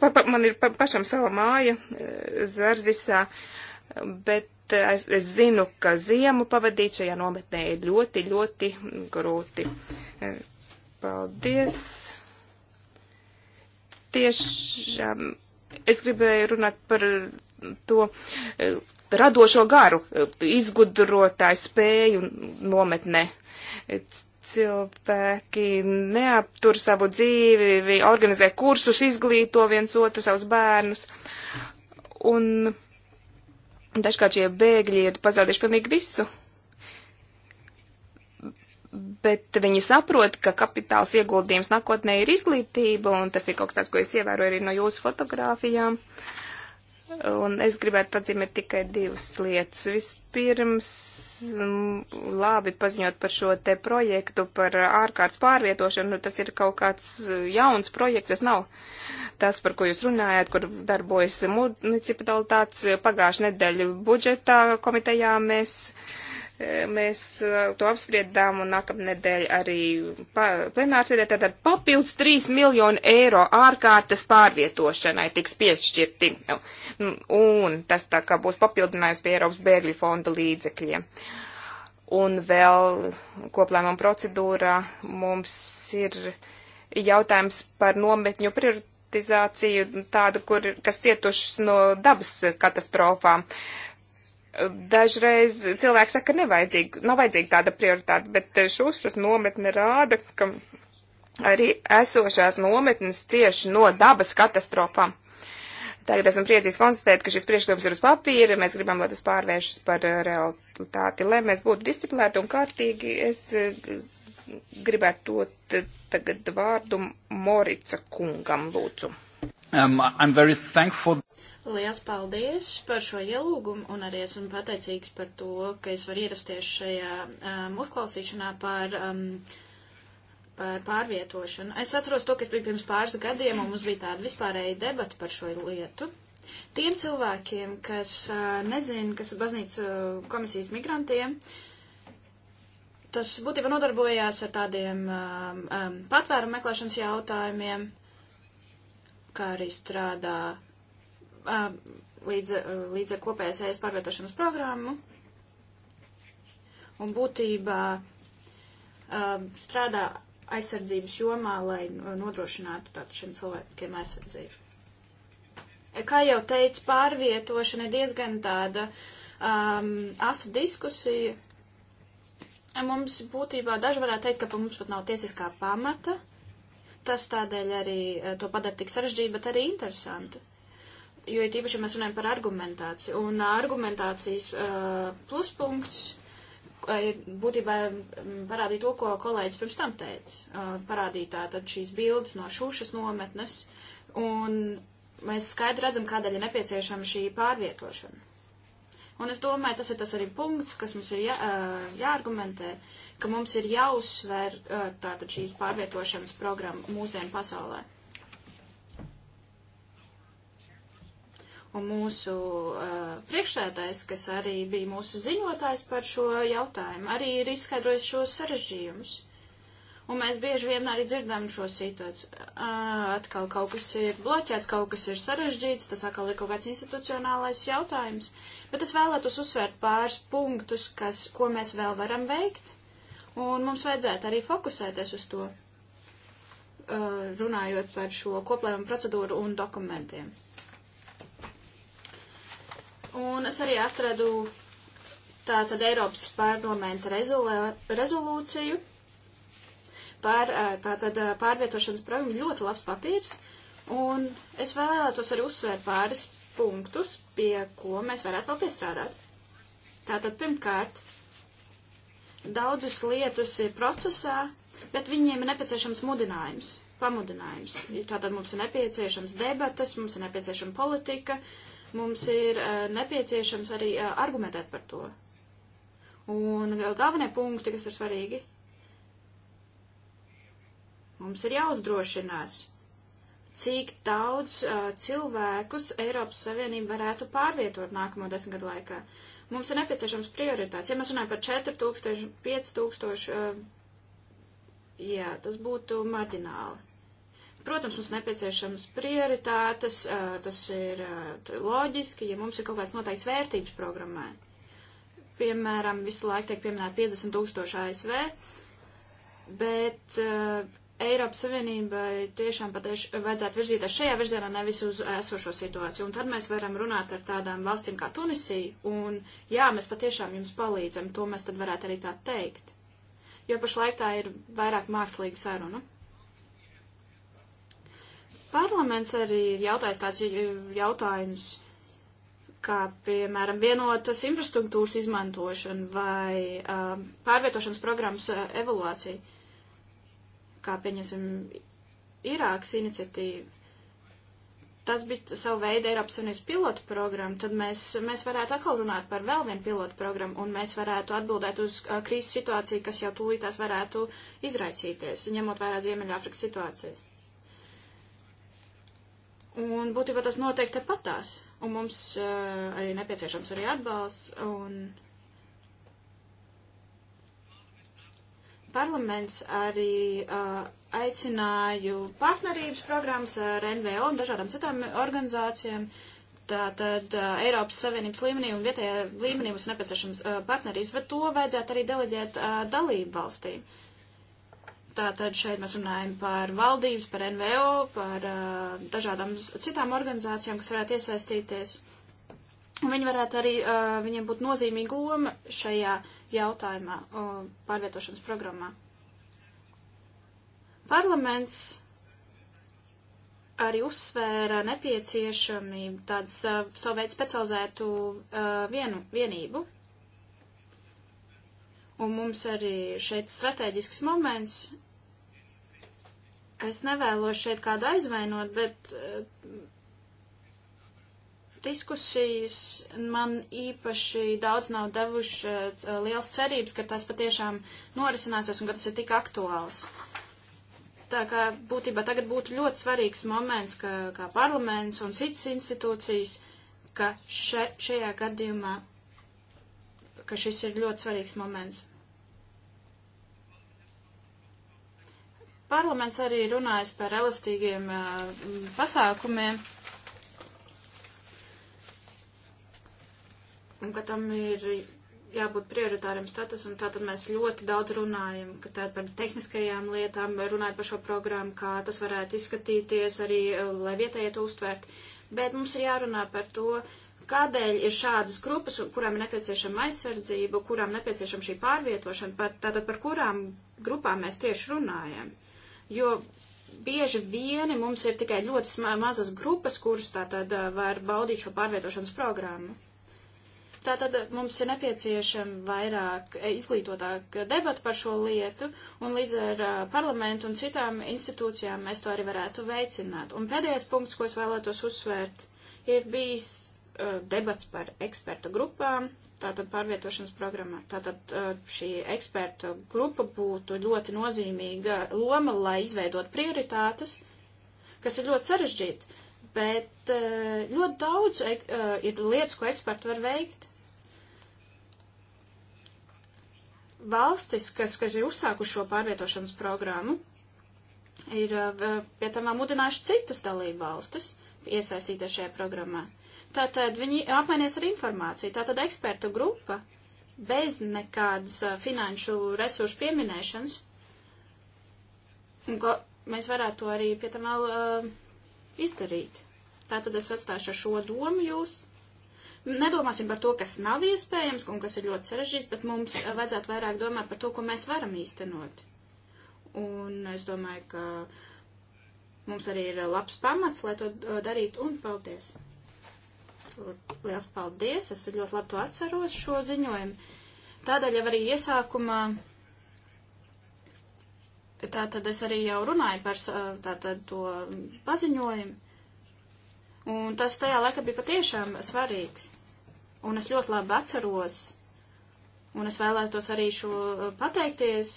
pa, pa, man ir pa, pašam sava māja e, Zarzisā, bet e, es, es zinu, ka ziemu pavadīt šajā nometnē ir ļoti, ļoti grūti. Paldies! tiešām Es gribēju runāt par to eh, radošo garu, eh, izgudrotāju spēju nometnē. Cilvēki neaptur savu dzīvi, organizē kursus, izglīto viens otru, savus bērnus. Un dažkārt šie bēgļi ir pazaudējuši pilnīgi visu bet viņi saprot, ka kapitāls ieguldījums nākotnē ir izglītība, un tas ir kaut kas tāds, ko es ievēroju arī no jūsu fotografijām. Un es gribētu atzīmēt tikai divas lietas. Vispirms mm, labi paziņot par šo te projektu, par ārkārtas pārvietošanu. Nu, tas ir kaut kāds jauns projekts, tas nav tas, par ko jūs runājāt, kur darbojas municipalitātes. Pagājušajā nedēļa budžetā komitejā mēs uh, Mēs uh, to apspriedām un nākamnedēļ arī plenārsēdē, tātad papildus 3 miljonu eiro ārkārtas pārvietošanai tiks piešķirti. Nu, un tas tā kā būs papildinājums pie Eiropas bēgļu fonda līdzekļiem. Un vēl koplēmuma procedūrā mums ir jautājums par nometņu prioritizāciju tādu, kur, kas cietušas no dabas katastrofām. Uh, Dažreiz cilvēki saka, ka nevajadzīga, nav vajadzīga tāda prioritāte, bet eh, šūšas nometne rāda, ka arī esošās nometnes cieši no dabas katastrofām. Tagad esam priecīgs konstatēt, ka šis priekšlikums ir uz papīra, mēs gribam, lai tas pārvēršas par eh, realitāti, lai mēs būtu disciplinēti un kārtīgi. Es eh, gribētu dot tagad vārdu Morica kungam, lūdzu. Um, I'm very thankful. Lielas paldies par šo ielūgumu un arī esmu pateicīgs par to, ka es varu ierasties šajā um, uzklausīšanā par, um, par pārvietošanu. Es atceros to, kas bija pirms pāris gadiem un mums bija tāda vispārēja debata par šo lietu. Tiem cilvēkiem, kas uh, nezin, kas ir baznīca uh, komisijas migrantiem, uh, tas būtībā nodarbojās ar tādiem um, um, patvērumu meklēšanas jautājumiem kā arī strādā līdz, līdz ar kopējās ēst pārvietošanas programmu. Un būtībā strādā aizsardzības jomā, lai nodrošinātu tātad šiem cilvēkiem aizsardzību. E, kā jau teicu, pārvietošana ir diezgan tāda um, asa diskusija. Mums būtībā daži varētu teikt, ka mums pat nav tiesiskā pamata Tas tādēļ arī eh, to padara tik sarežģīti, bet arī interesanti. Jo ir īpaši, ja mēs runājam par argumentāciju. Un argumentācijas uh, pluspunkts eh, ir būtībā mm, parādīja to, ko kolēģis pirms tam teica. Uh, parādīja tātad šīs bildes no šūšas nometnes. Un mēs skaidri redzam, kādēļ ir nepieciešama šī pārvietošana. Un es domāju, tas ir tas arī punkts, kas mums ir jā, jāargumentē. Uh, ka mums ir jāuzsver uh, tātad šīs pārvietošanas programma mūsdienu pasaulē. Un mūsu uh, priekšsēdājs, kas arī bija mūsu ziņotājs par šo jautājumu, arī ir izskaidrojis šos sarežģījumus. Un mēs bieži vien arī dzirdam šo situāciju. Atkal kaut kas ir bloķēts, kaut kas ir sarežģīts, tas atkal ir kaut kāds institucionālais jautājums. Bet es vēlētos uzsvērt pāris punktus, kas, ko mēs vēl varam veikt un mums vajadzētu arī fokusēties uz to, uh, runājot par šo koplējumu procedūru un dokumentiem. Un es arī atradu tātad Eiropas parlamenta rezolē, rezolūciju par uh, tātad uh, pārvietošanas programmu. Ļoti labs papīrs. Un es vēlētos arī uzsvērt pāris punktus, pie ko mēs varētu vēl piestrādāt. Tātad pirmkārt, daudzas lietas ir procesā, bet viņiem ir nepieciešams mudinājums, pamudinājums. Tātad mums ir nepieciešams debatas, mums ir nepieciešama politika, mums ir uh, nepieciešams arī uh, argumentēt par to. Un galvenie punkti, kas ir svarīgi, mums ir jāuzdrošinās, cik daudz uh, cilvēkus Eiropas Savienība varētu pārvietot nākamo desmitgadu laikā. Uh, Mums ir nepieciešams prioritāts. Ja mēs runājam par 4000, 5000, eh, jā, tas būtu marģināli. Protams, mums nepieciešams prioritātes, eh, tas ir eh, loģiski, ja mums ir kaut kāds noteikts vērtības programmē. Piemēram, visu laiku tiek pieminēta 50 tūkstoši ASV, bet Eiropas Savienībai tiešām patiež vajadzētu virzīties šajā virzienā, nevis uz esošo situāciju. Un tad mēs varam runāt ar tādām valstīm kā Tunisija, un jā, mēs patiešām jums palīdzam, to mēs tad varētu arī tā teikt. Jo pašlaik tā ir vairāk mākslīga saruna. Parlaments arī ir jautājis tāds jautājums, kā piemēram vienotas infrastruktūras izmantošana vai uh, pārvietošanas programmas uh, evaluācija. Uh, kā pieņemsim Irākas iniciatīvu. Tas bija savu veidu Eiropas Savienības pilotu programma, tad mēs, mēs varētu atkal runāt par vēl vienu pilotu programmu, un mēs varētu atbildēt uz uh, krīzes situāciju, kas jau tūlītās varētu izraisīties, ņemot vērā Ziemeļāfrikas situāciju. Un būtībā tas notiek tepatās, un mums uh, arī nepieciešams arī atbalsts, un parlaments arī uh, aicināju partnerības programmas ar NVO un dažādām citām organizācijām. Tātad uh, Eiropas Savienības līmenī un vietējā līmenī mums nepieciešams uh, partnerības, bet to vajadzētu arī deleģēt uh, dalību valstīm. Tātad šeit mēs runājam par valdības, par NVO, par uh, dažādām citām organizācijām, kas varētu iesaistīties. Uh, Viņi varētu arī, uh, viņiem būtu nozīmīga loma šajā jautājumā, uh, pārvietošanas programmā. Parlaments arī uzsvēra nepieciešamību tādas uh, savu veidu specializētu vienu, vienību. Un mums arī šeit strateģisks moments. Es nevēlos šeit kādu aizvainot, bet Diskusijas man īpaši daudz nav devušas uh, eh, liels cerības, ka tās patiešām norisināsies un ka tas ir tik aktuāls. Tā kā būtībā tagad būtu ļoti svarīgs moments, ka kā parlaments un citas institūcijas, ka še, šajā gadījumā, ka šis ir ļoti svarīgs moments. Parlaments arī runājas par elastīgiem uh, pasākumiem. Uh, un ka tam ir jābūt prioritāram statusam, tātad mēs ļoti daudz runājam, ka tātad par tehniskajām lietām, runājot par šo programmu, kā tas varētu izskatīties arī, eh, lai vietējie to uztvērt. Bet mums ir jārunā par to, kādēļ ir šādas grupas, kurām ir nepieciešama aizsardzība, kurām nepieciešama šī pārvietošana, par, tātad par kurām grupām mēs tieši runājam. Jo bieži vieni mums ir tikai ļoti mazas grupas, kuras tātad eh, var baudīt šo pārvietošanas programmu. Tātad mums ir nepieciešama vairāk eh, izglītotāk debata par šo lietu, un līdz ar eh, parlamentu un citām institūcijām mēs to arī varētu veicināt. Un pēdējais punkts, ko es vēlētos uzsvērt, ir bijis uh, debats par eksperta grupām, tātad pārvietošanas programmā. Tātad uh, šī eksperta grupa būtu ļoti nozīmīga loma, lai izveidot prioritātes, kas ir ļoti sarežģīti bet ļoti daudz ir lietas, ko eksperti var veikt. valstis, kas, kas ir uzsākuši šo pārvietošanas programmu, ir eh, pie tam mudinājuši citas dalību valstis iesaistīties šajā programmā. Tātad viņi apmainies ar informāciju. Tātad ekspertu grupa bez nekādas eh, finanšu resursu pieminēšanas. Go, mēs varētu to arī pie tam vēl uh, izdarīt. Tātad es atstāšu ar šo domu jūs nedomāsim par to, kas nav iespējams un kas ir ļoti sarežģīts, bet mums vajadzētu vairāk domāt par to, ko mēs varam īstenot. Un es domāju, ka mums arī ir labs pamats, lai to darītu, un paldies! Liels paldies! Es ļoti labi to atceros šo ziņojumu. Tādēļ jau arī iesākumā tā tad es arī jau runāju par tā, tā, to paziņojumu. Un tas tajā laikā bija patiešām svarīgs. Un es ļoti labi atceros, un es vēlētos arī šo uh, pateikties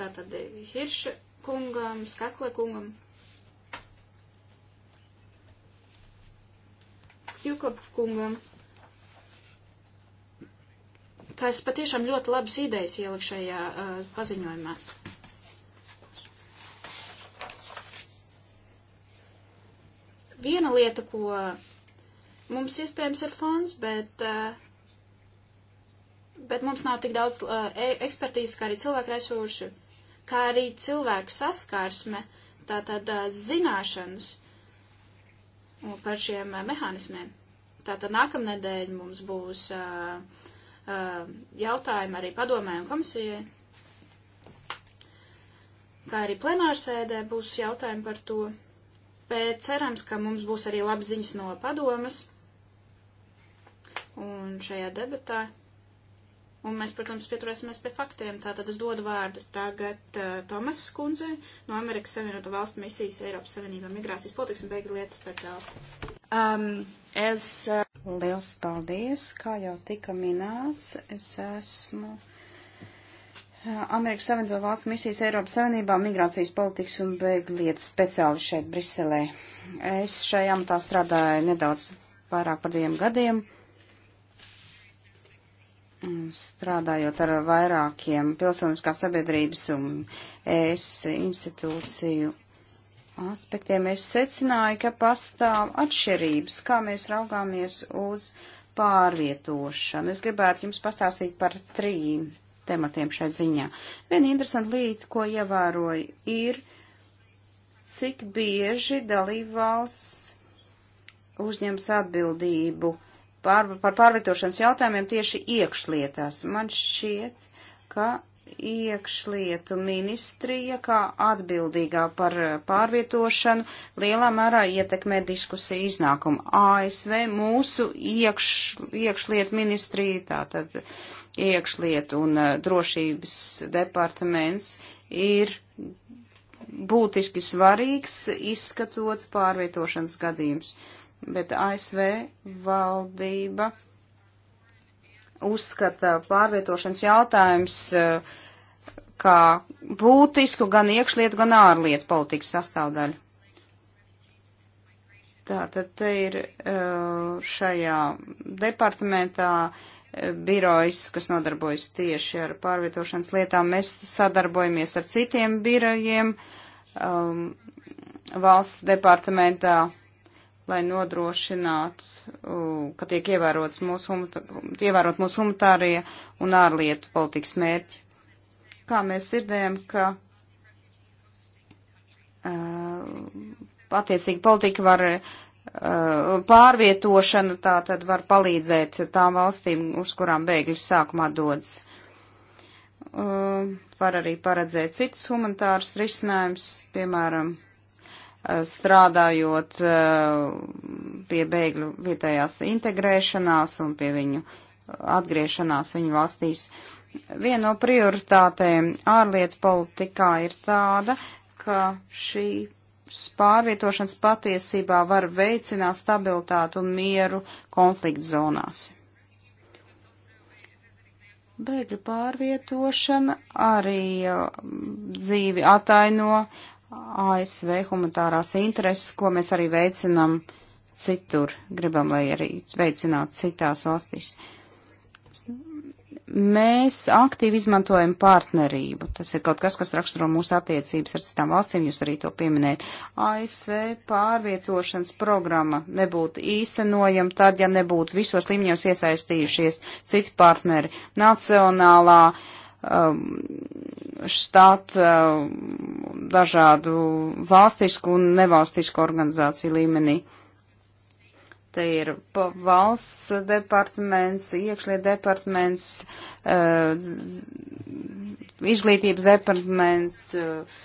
tātad Hirša kungam, Skakle kungam, Kļukop kungam, ka es patiešām ļoti labas idejas ieliku šajā uh, paziņojumā. Viena lieta, ko mums iespējams ir fonds, bet, eh, bet mums nav tik daudz eh, e- ekspertīzes, kā arī cilvēku resursu, kā arī cilvēku saskarsme, tātad eh, zināšanas par šiem mehānismiem. Tātad nākamnedēļ mums būs jautājumi arī padomē un komisijai, kā arī plenārsēdē būs jautājumi par to bet cerams, ka mums būs arī labas ziņas no padomas un šajā debatā. Un mēs, protams, pieturēsimies pie faktiem. Tātad es dodu vārdu tagad uh, Tomas Skundzei no Amerikas Savienoto Valstu misijas Eiropas Savienībā migrācijas politikas un beigu lietas speciālisti. Um, es uh, liels paldies, kā jau tika minēts, es esmu Amerikas Savienoto Valstu misijas Eiropas Savienībā migrācijas politikas un bēgļu lietu speciāli šeit Briselē. Es šajā amatā strādāju nedaudz vairāk par diviem gadiem, strādājot ar vairākiem pilsoniskās sabiedrības un ES institūciju aspektiem. Es secināju, ka pastāv atšķirības, kā mēs raugāmies uz pārvietošanu. Es gribētu jums pastāstīt par trīm tematiem šai ziņā. Viena interesanta līta, ko ievēroju, ir, cik bieži dalībvalsts uzņems atbildību pār, par pārvietošanas jautājumiem tieši iekšlietās. Man šķiet, ka iekšlietu ministrija kā atbildīgā par pārvietošanu lielā mērā ietekmē diskusiju iznākumu. ASV mūsu iekš, iekšlietu ministrija tātad iekšlietu un uh, drošības departaments ir būtiski svarīgs izskatot pārvietošanas gadījums, bet ASV valdība uzskata pārvietošanas jautājums uh, kā būtisku gan iekšlietu, gan ārlietu politikas sastāvdaļu. Tā tad te ir uh, šajā departamentā birojs, kas nodarbojas tieši ar pārvietošanas lietām. Mēs sadarbojamies ar citiem birojiem um, valsts departamentā, lai nodrošinātu, uh, ka tiek ievērots mūsu, ievērot mūsu humanitārie un ārlietu politikas mērķi. Kā mēs dzirdējam, ka uh, attiecīgi politika var uh, Uh, pārvietošana tā tad var palīdzēt tām valstīm, uz kurām bēgļi sākumā dodas. Uh, var arī paredzēt citus humanitārus risinājumus, piemēram, uh, strādājot pie bēgļu vietējās integrēšanās un pie viņu atgriešanās viņu valstīs. Viena no prioritātēm ārlietu politikā ir tāda, ka šī pārvietošanas patiesībā var veicināt stabilitātu un mieru konflikt zonās. Bēgļu pārvietošana arī uh, dzīvi ataino ASV humanitārās intereses, ko mēs arī veicinām citur, gribam, lai arī veicinātu citās valstīs mēs aktīvi izmantojam partnerību. Tas ir kaut kas, kas raksturo mūsu attiecības ar citām valstīm, jūs arī to pieminējat. ASV pārvietošanas programma nebūtu īstenojama tad, ja nebūtu visos līmeņos iesaistījušies citi partneri. Nacionālā um, štata, um, dažādu valstisku un nevalstisku organizāciju līmenī. Uh, Te ir valsts departaments, iekšliet departaments, eh, izglītības departaments eh,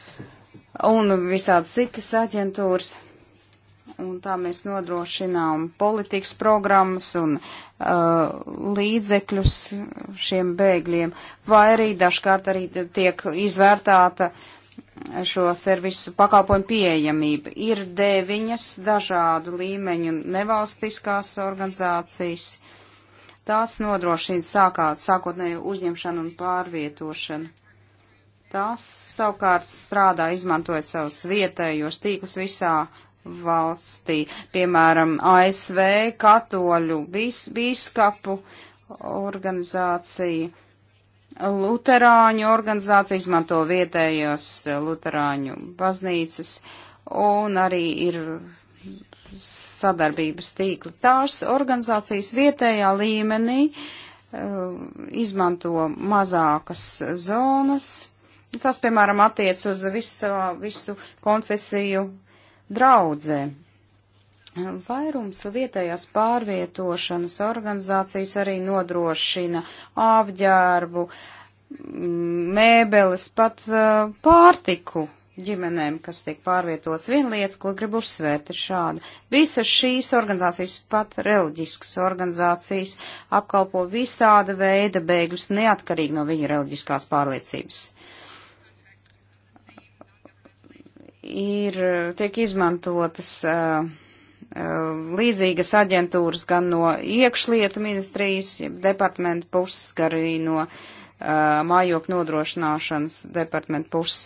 un visādi citas aģentūras. Un tā mēs nodrošinām politikas programmas un uh, līdzekļus šiem bēgļiem. Vai arī dažkārt arī tiek izvērtāta uh, šo servisu pakalpojumu pieejamība. Ir deviņas dažādu līmeņu nevalstiskās organizācijas. Tās nodrošina sākāt sākotnēju uzņemšanu un pārvietošanu. Tās savukārt strādā izmantojot savus vietējos tīklus visā valstī, piemēram, ASV katoļu bis, biskapu organizāciju Luterāņu organizācija izmanto vietējos eh, Luterāņu baznīcas un arī ir sadarbības tīkli. Tās organizācijas vietējā līmenī uh, izmanto mazākas zonas. Tas, piemēram, attiec uz visu, visu konfesiju draudzēm. Vairums vietējās pārvietošanas organizācijas arī nodrošina apģērbu, mēbeles, pat uh, pārtiku ģimenēm, kas tiek pārvietotas. Viena lieta, ko gribu uzsvērt, ir šāda. Visas šīs organizācijas, pat reliģiskas organizācijas, apkalpo visāda veida bēgļus neatkarīgi no viņa reliģiskās pārliecības. Ir, tiek izmantotas uh, Eh, līdzīgas aģentūras gan no iekšlietu ministrijas departamentu puses, gan arī no uh, mājokļu nodrošināšanas departamentu puses.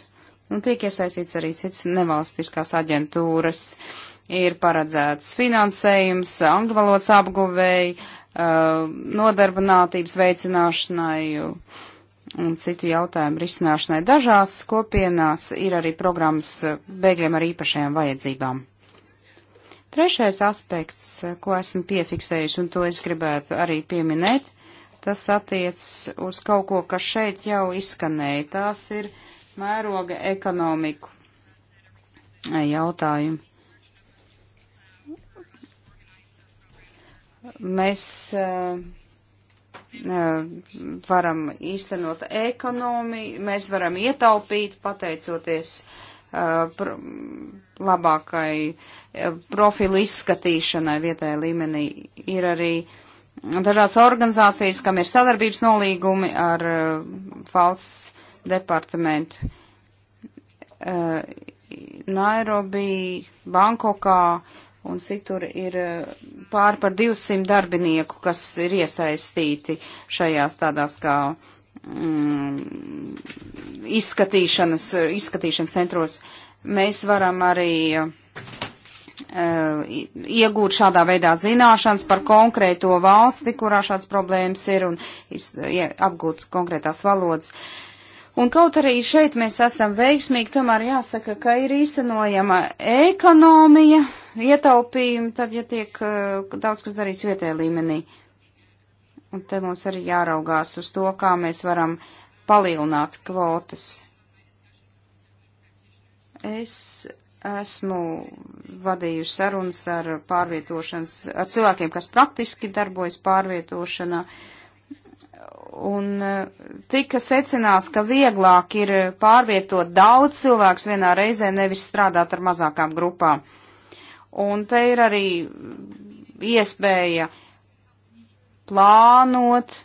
Un tiek iesaistīts arī cits nevalstiskās aģentūras. Ir paredzēts finansējums, angļu valodas apguvēji, uh, nodarbinātības veicināšanai un citu jautājumu risināšanai. Dažās kopienās ir arī programmas bēgļiem ar īpašajām vajadzībām. Trešais aspekts, eh, ko esmu piefiksējis, un to es gribētu arī pieminēt, tas attiec uz kaut ko, kas šeit jau izskanēja. Tās ir mēroga ekonomiku eh, jautājumi. Mēs uh, varam īstenot ekonomiju, mēs varam ietaupīt pateicoties uh, labākai eh, profilu izskatīšanai vietējā līmenī. Ir arī dažādas organizācijas, kam ir sadarbības nolīgumi ar eh, valsts departamentu. Eh, Nairobi, Bankokā un citur ir pār par 200 darbinieku, kas ir iesaistīti šajās tādās kā mm, izskatīšanas, izskatīšanas centros. Uh, mēs varam arī eh, iegūt šādā veidā zināšanas par konkrēto valsti, kurā šāds problēmas ir, un apgūt konkrētās valodas. Un kaut arī šeit mēs esam veiksmīgi, tomēr jāsaka, ka ir īstenojama ekonomija, ietaupījumi, tad, ja tiek eh, daudz kas darīts vietējā līmenī. Un te mums arī jāraugās uz to, kā mēs varam palielināt kvotas Es esmu vadījuši sarunas ar pārvietošanas, ar cilvēkiem, kas praktiski darbojas pārvietošanā. Un eh, tika secināts, ka vieglāk ir pārvietot daudz cilvēks vienā reizē, nevis strādāt ar mazākām grupām. Un te ir arī iespēja plānot,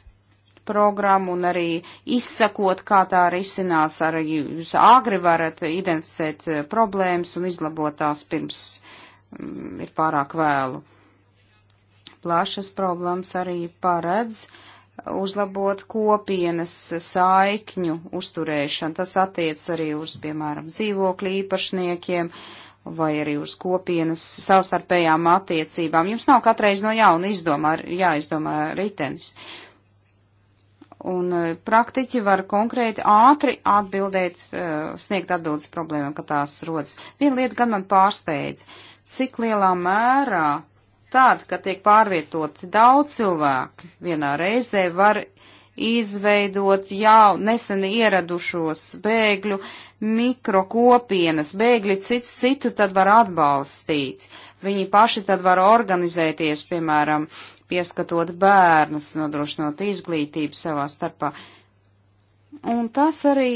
programmu un arī izsakot, kā tā risinās, ar jūs agri varat identificēt eh, problēmas un izlabot tās pirms mm, ir pārāk vēlu. Plašas problēmas arī paredz uzlabot kopienas saikņu uzturēšanu. Tas attiec arī uz, piemēram, dzīvokļu īpašniekiem vai arī uz kopienas savstarpējām attiecībām. Jums nav katreiz no jauna izdomā, jāizdomā ritenis. Uh, Un e, praktiķi var konkrēti ātri atbildēt, e, sniegt atbildes problēmām, kad tās rodas. Viena lieta gan man pārsteidz, cik lielā mērā tāda, ka tiek pārvietoti daudz cilvēki vienā reizē, var izveidot jau nesen ieradušos bēgļu mikrokopienas. Bēgļi cits citu tad var atbalstīt. Viņi paši tad var organizēties, piemēram, ieskatot bērnus, nodrošinot izglītību savā starpā. Un tas arī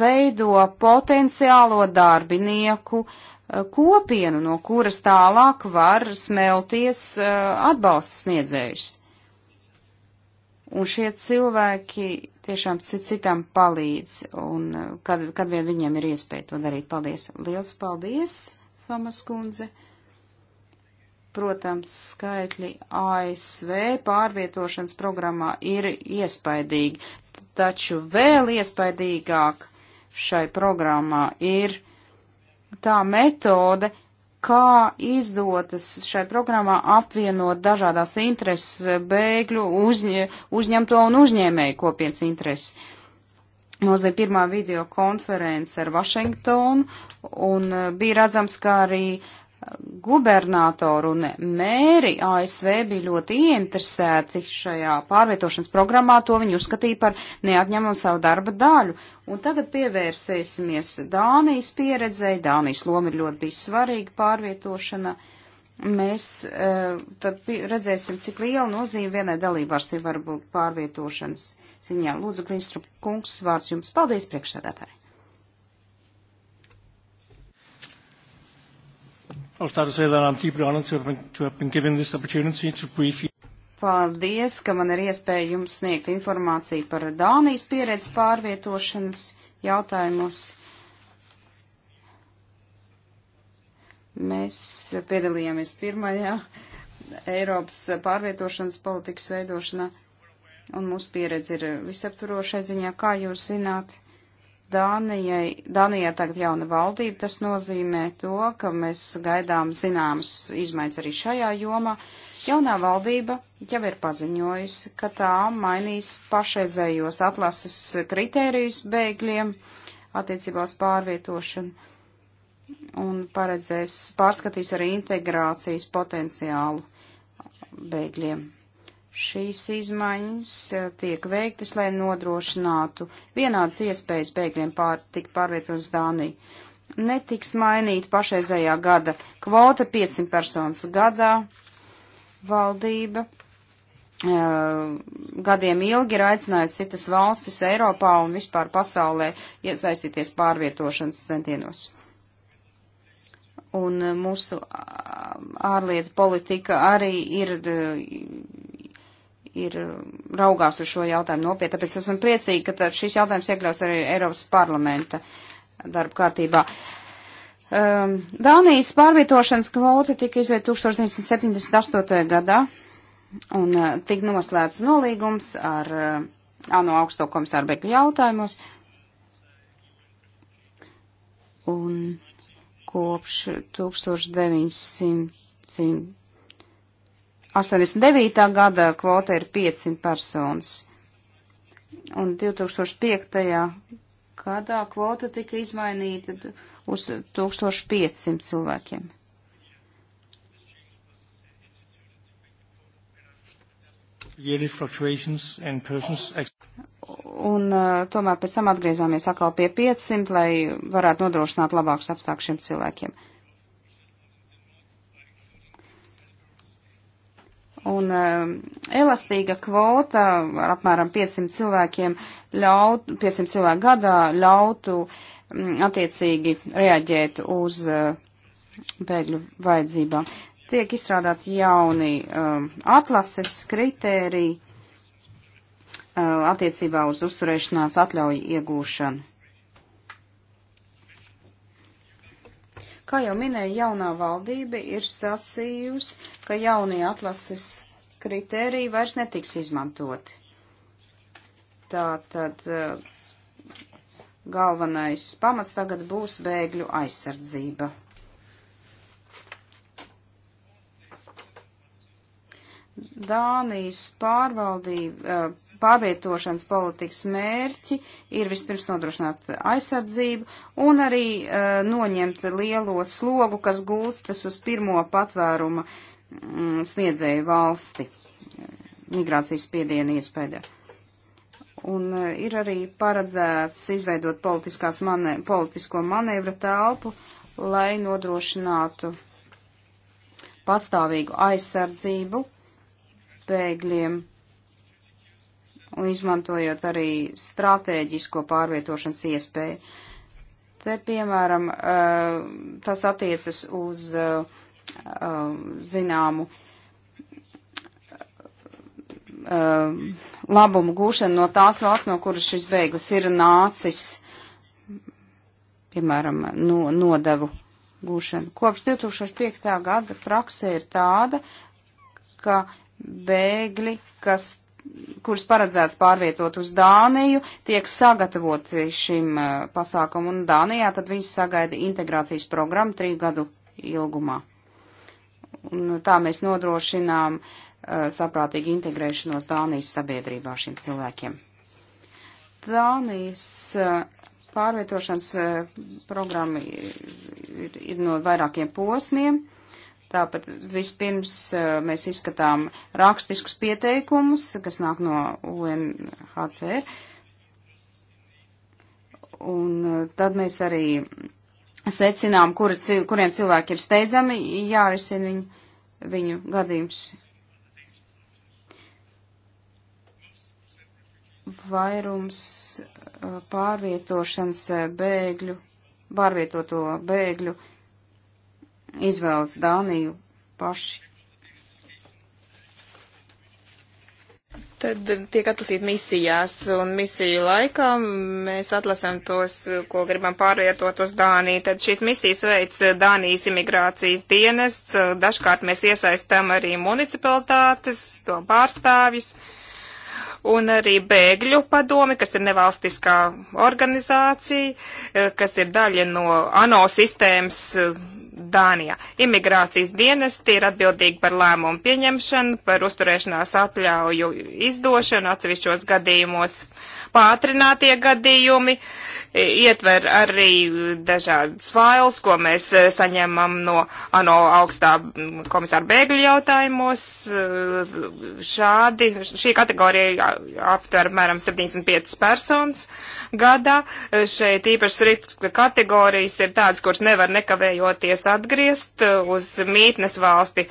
veido potenciālo darbinieku eh, kopienu, no kuras tālāk var smelties eh, atbalsta sniedzējus. Un šie cilvēki tiešām citam palīdz, un eh, kad, kad vien viņiem ir iespēja to darīt. Paldies! Liels paldies, Famas kundze! Protams, skaitļi ASV pārvietošanas programmā ir iespaidīgi, taču vēl iespaidīgāk šai programmā ir tā metode, kā izdotas šai programmā apvienot dažādās intereses bēgļu uzņ uzņemto un uzņēmēju kopienas intereses. Mums bija pirmā video konference ar Vašingtonu, un eh, bija redzams, ka arī gubernatoru un mēri ASV bija ļoti ieinteresēti šajā pārvietošanas programmā, to viņi uzskatīja par neatņemamu savu darba daļu. Un tagad pievērsēsimies Dānijas pieredzei. Dānijas loma ir ļoti bijis svarīga pārvietošana. Mēs uh, tad redzēsim, cik liela nozīme vienai dalībvalstī var būt pārvietošanas ziņā. Lūdzu, Klinstrup kungs, vārds jums. Paldies, priekšsēdētāji! I'll start to say that I'm deeply honored to have been, to have been given this opportunity to brief you. Paldies, ka man ir iespēja jums sniegt informāciju par Dānijas pieredzi pārvietošanas jautājumos. Mēs piedalījāmies pirmajā Eiropas pārvietošanas politikas veidošanā, un mūsu pieredze ir visapturošai ziņā, kā jūs zināt. Dānijai, Dānijai tagad jauna valdība, tas nozīmē to, ka mēs gaidām zināmas izmaiņas arī šajā jomā. Jaunā valdība jau ir paziņojusi, ka tā mainīs pašreizējos atlases kritērijus bēgļiem attiecībā uz pārvietošanu un paredzēs pārskatīs arī integrācijas potenciālu bēgļiem. Šīs izmaiņas eh, tiek veiktas, lai nodrošinātu vienādas iespējas bēgļiem pār, tikt pārvietot uz Dāniju. Netiks mainīta pašreizējā gada kvota 500 personas gadā. Valdība eh, gadiem ilgi ir aicinājusi citas valstis Eiropā un vispār pasaulē iesaistīties pārvietošanas centienos. Un eh, mūsu ārlietu politika arī ir ir raugās uz šo jautājumu nopietni. Tāpēc esmu priecīgi, ka šis jautājums iekļaus arī Eiropas parlamenta darba kārtībā. Um, Dānijas pārvietošanas kvota tika izveidota 1978. gadā un uh, tika noslēgts nolīgums ar uh, ANO augsto komisāru bēgļu jautājumos. Un kopš 1900. 89. gada kvota ir 500 personas. Un 2005. gadā kvota tika izmainīta uz 1500 cilvēkiem. Un uh, tomēr pēc tam atgriezāmies atkal pie 500, lai varētu nodrošināt labākus apstākļus šiem cilvēkiem. Un um, elastīga kvota ar apmēram 500 cilvēkiem ļaut, 500 cilvēku gadā ļautu um, attiecīgi reaģēt uz uh, bēgļu vajadzībām. Tiek izstrādāti jauni um, atlases kritēriji uh, attiecībā uz uzturēšanās atļauju iegūšanu. Kā jau minēja, jaunā valdība ir sacījusi, ka jaunie atlases kritēriji vairs netiks izmantoti. Tā tad eh, galvenais pamats tagad būs bēgļu aizsardzība. Dānijas pārvaldība, eh, pārvietošanas politikas mērķi ir vispirms nodrošināt aizsardzību un arī uh, noņemt lielo slogu, kas gulstas uz pirmo patvēruma mm, sniedzēju valsti eh, migrācijas spiedienu iespējā. Un uh, ir arī paredzēts izveidot politiskās mane, politisko manevra telpu, lai nodrošinātu pastāvīgu aizsardzību bēgļiem un izmantojot arī stratēģisko pārvietošanas iespēju. Te, piemēram, eh, tas attiecas uz eh, zināmu eh, labumu gūšanu no tās valsts, no kuras šis bēglis ir nācis, piemēram, no, nodevu gūšanu. Kopš 2005. gada praksē ir tāda, ka bēgļi, kas kurus paredzēts pārvietot uz Dāniju, tiek sagatavoti šim eh, pasākumam, un Dānijā tad viņi sagaida integrācijas programmu trīs gadu ilgumā. Un tā mēs nodrošinām eh, saprātīgu integrēšanos Dānijas sabiedrībā šiem cilvēkiem. Dānijas eh, pārvietošanas programma ir, ir no vairākiem posmiem Tāpat vispirms eh, mēs izskatām rakstiskus pieteikumus, kas nāk no UNHCR. Un eh, tad mēs arī secinām, kuri, kuriem cilvēki ir steidzami jārisina viņu, viņu gadījums. Vairums eh, pārvietošanas bēgļu, pārvietoto bēgļu izvēlas Dāniju paši. Tad tiek atlasīti misijās, un misiju laikā mēs atlasam tos, ko gribam pārvietot uz Dāniju. Tad šīs misijas veids Dānijas imigrācijas dienests, dažkārt mēs iesaistam arī municipalitātes, to pārstāvjus, un arī bēgļu padomi, kas ir nevalstiskā organizācija, kas ir daļa no ANO sistēmas Dānijā. Imigrācijas dienesti ir atbildīgi par lēmumu pieņemšanu, par uzturēšanās atļauju izdošanu atsevišķos gadījumos. Pātrinātie gadījumi e, ietver arī dažādas fails, ko mēs e, saņemam no ANO augstā komisāra bēgļu jautājumos. E, šādi, šī kategorija aptver mēram 75 personas gadā. Šeit īpašas riska kategorijas ir tādas, kuras nevar nekavējoties atgriezt uz mītnes valsti.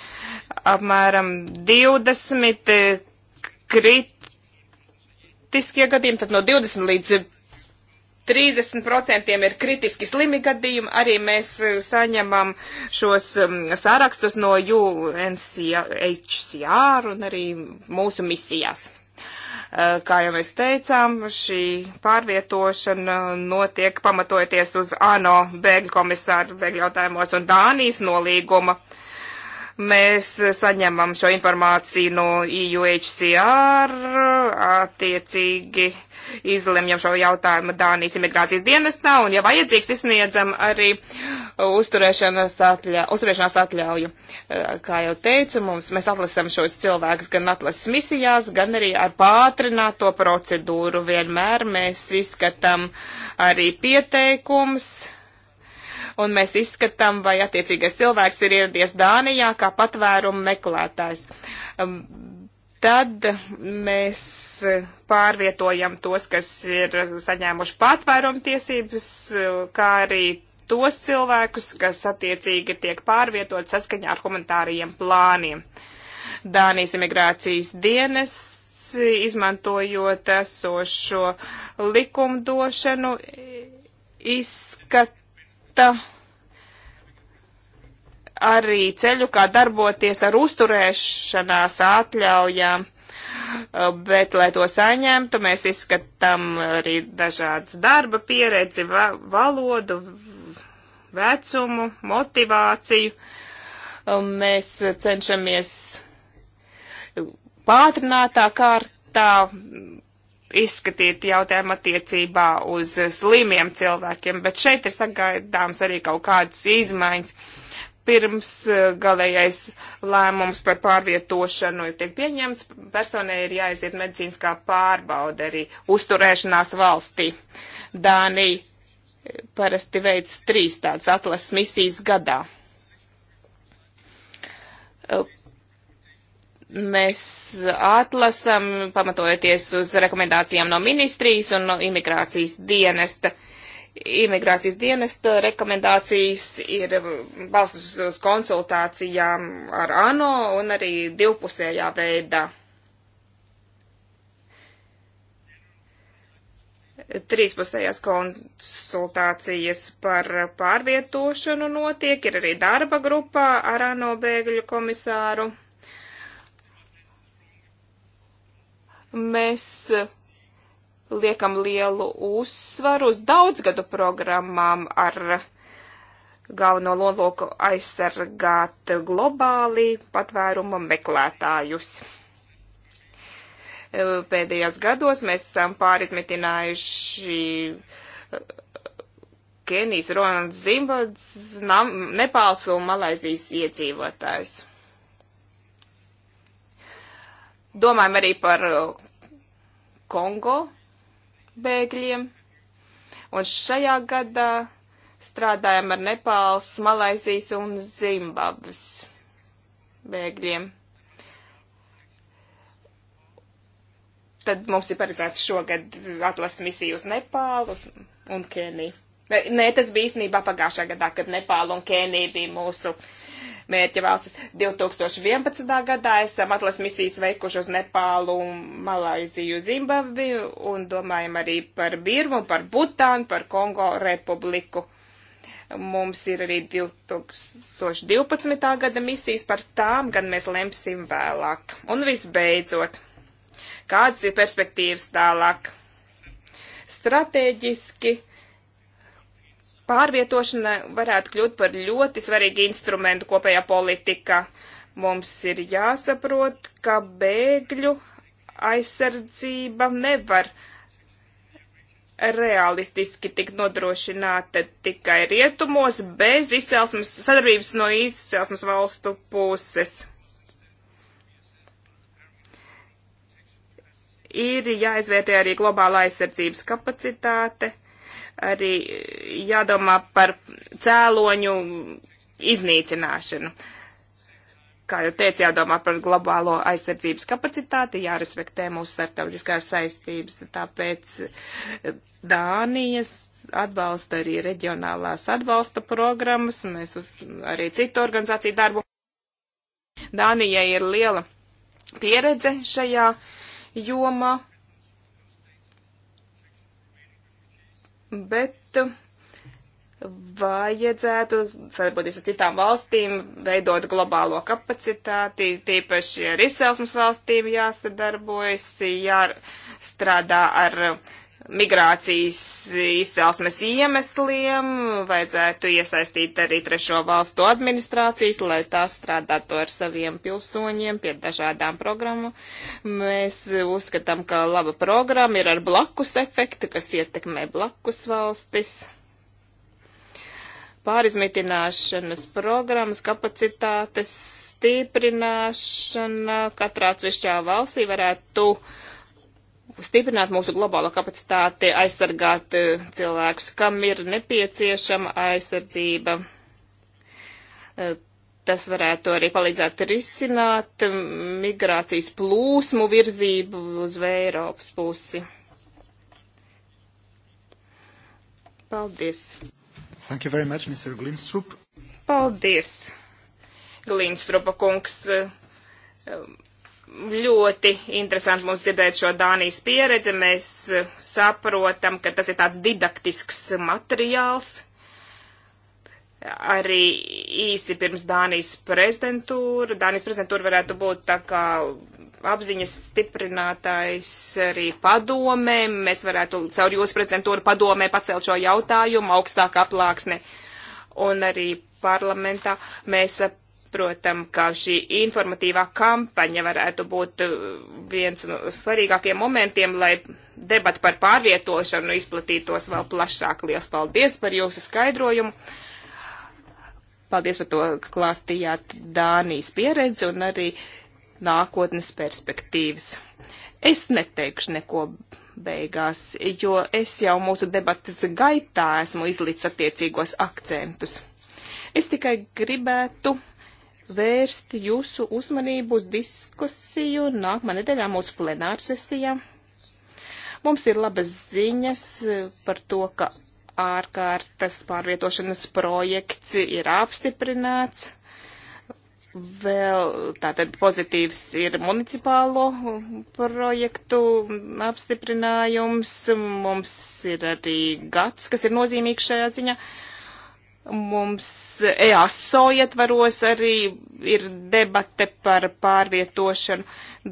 Apmēram 20 kritiskie gadījumi, tad no 20 līdz 30% ir kritiski slimi gadījumi. Arī mēs eh, saņemam šos mm, sārakstus no UNHCR un arī mūsu misijās. Eh, kā jau mēs teicām, šī pārvietošana notiek pamatojoties uz ANO bēgļu komisāru bēgļu jautājumos un Dānijas nolīguma. Uh, Mēs saņemam šo informāciju no EUHCR, attiecīgi izlemjam šo jautājumu Dānijas imigrācijas dienestā un, ja vajadzīgs, izsniedzam arī uzturēšanas, atļa, uzturēšanās atļauju. Kā jau teicu, mums, mēs atlasam šos cilvēkus gan atlases misijās, gan arī ar pātrināto procedūru. Vienmēr mēs izskatām arī pieteikums un mēs izskatām, vai attiecīgais cilvēks ir ieradies Dānijā kā patvērumu meklētājs. Um, tad mēs pārvietojam tos, kas ir saņēmuši patvērumu tiesības, kā arī tos cilvēkus, kas attiecīgi tiek pārvietot saskaņā ar humanitārajiem plāniem. Dānijas imigrācijas dienas izmantojot esošo likumdošanu, izskat lieta arī ceļu, kā darboties ar uzturēšanās atļaujām. Uh, bet, lai to saņemtu, mēs izskatām arī dažādas darba pieredzi, valodu, vecumu, motivāciju. Uh, mēs cenšamies pātrinātā kārtā izskatīt jautājumu attiecībā uz slimiem cilvēkiem, bet šeit ir sagaidāms arī kaut kādas izmaiņas. Pirms eh, galējais lēmums par pārvietošanu tiek pieņemts, personai ir jāiziet medicīniskā pārbauda arī uzturēšanās valstī. Dānija eh, parasti veids trīs tādas atlases misijas gadā eh, mēs atlasam, pamatojoties uz rekomendācijām no ministrijas un no imigrācijas dienesta. Imigrācijas dienesta rekomendācijas ir balstas uz konsultācijām ar ANO un arī divpusējā veidā. Trīspusējās konsultācijas par pārvietošanu notiek, ir arī darba grupā ar ANO bēgļu komisāru. mēs eh, liekam lielu uzsvaru uz daudzgadu programmām ar galveno nolūku aizsargāt globāli patvēruma meklētājus. Eh, pēdējos gados mēs esam pārizmitinājuši eh, Kenijas, Ruandas, Zimbabves, Nepāls un Malaisijas iedzīvotājs. Domājam arī par uh, Kongo bēgļiem. Un šajā gadā strādājam ar Nepāls, Malaisijas un Zimbabves bēgļiem. Tad mums ir paredzēts šogad atlases misija uz Nepālu un Keniju. Nē, tas bija īstenībā pagājušā gadā, kad Nepāla un Kenija bija mūsu uh, mērķa valstis. 2011. gadā esam atlas misijas veikuši uz Nepālu, Malaiziju, Zimbabvi un domājam arī par Birmu, par Butānu, par Kongo republiku. Mums ir arī 2012. gada misijas, par tām gan mēs lemsim vēlāk. Un visbeidzot, kādas ir perspektīvas tālāk? Stratēģiski pārvietošana varētu kļūt par ļoti svarīgu instrumentu kopējā politikā. Mums ir jāsaprot, ka bēgļu aizsardzība nevar realistiski tik nodrošināta tikai rietumos bez izcelsmes, sadarbības no izcelsmes valstu puses. Ir jāizvērtē arī globāla aizsardzības kapacitāte arī jādomā par cēloņu iznīcināšanu. Kā jau teicu, jādomā par globālo aizsardzības kapacitāti, jārespektē mūsu starptautiskās saistības, tāpēc eh, Dānijas atbalsta arī reģionālās atbalsta programmas, un es uz, arī citu organizāciju darbu. Dānijai ir liela pieredze šajā jomā bet vajadzētu sadarboties ar citām valstīm, veidot globālo kapacitāti, tīpaši ar izcelsmes valstīm jāsadarbojas, jāstrādā ar uh, migrācijas izcelsmes iemesliem, vajadzētu iesaistīt arī trešo valstu administrācijas, lai tās strādātu ar saviem pilsoņiem pie dažādām programmu. Mēs uzskatām, ka laba programma ir ar blakus efektu, kas ietekmē blakus valstis. Pārizmitināšanas programmas kapacitātes stiprināšana katrā atsevišķā valstī varētu uh, stiprināt mūsu globālo kapacitāti, aizsargāt eh, cilvēkus, kam ir nepieciešama aizsardzība. Eh, tas varētu arī palīdzēt risināt eh, migrācijas plūsmu virzību uz Eiropas pusi. Paldies! Thank you very much, Mr. Glinstrup. Paldies, Glinstrupa kungs. Um, ļoti interesanti mums dzirdēt šo Dānijas pieredzi. Mēs eh, saprotam, ka tas ir tāds didaktisks materiāls. Arī īsi pirms Dānijas prezidentūra. Dānijas prezidentūra varētu būt tā kā apziņas stiprinātājs arī padomē. Mēs varētu caur jūsu prezidentūru padomē pacelt šo jautājumu augstāk aplāksne. Un arī parlamentā mēs saprotam, ka šī informatīvā kampaņa varētu būt uh, viens no svarīgākiem momentiem, lai debat par pārvietošanu izplatītos vēl plašāk. Lielas paldies par jūsu skaidrojumu. Paldies par to, ka klāstījāt Dānijas pieredzi un arī nākotnes perspektīvas. Es neteikšu neko beigās, jo es jau mūsu debatas gaitā esmu izlīdz attiecīgos akcentus. Es tikai gribētu vērst jūsu uzmanību uz diskusiju nākamā nedēļā mūsu plenārsesijā. Mums ir labas ziņas eh, par to, ka ārkārtas pārvietošanas projekts ir apstiprināts. Vēl tātad pozitīvs ir municipālo projektu apstiprinājums. Mums ir arī gads, kas ir nozīmīgs šajā ziņā. Uh, Mums EASO ietvaros arī ir debate par pārvietošanu.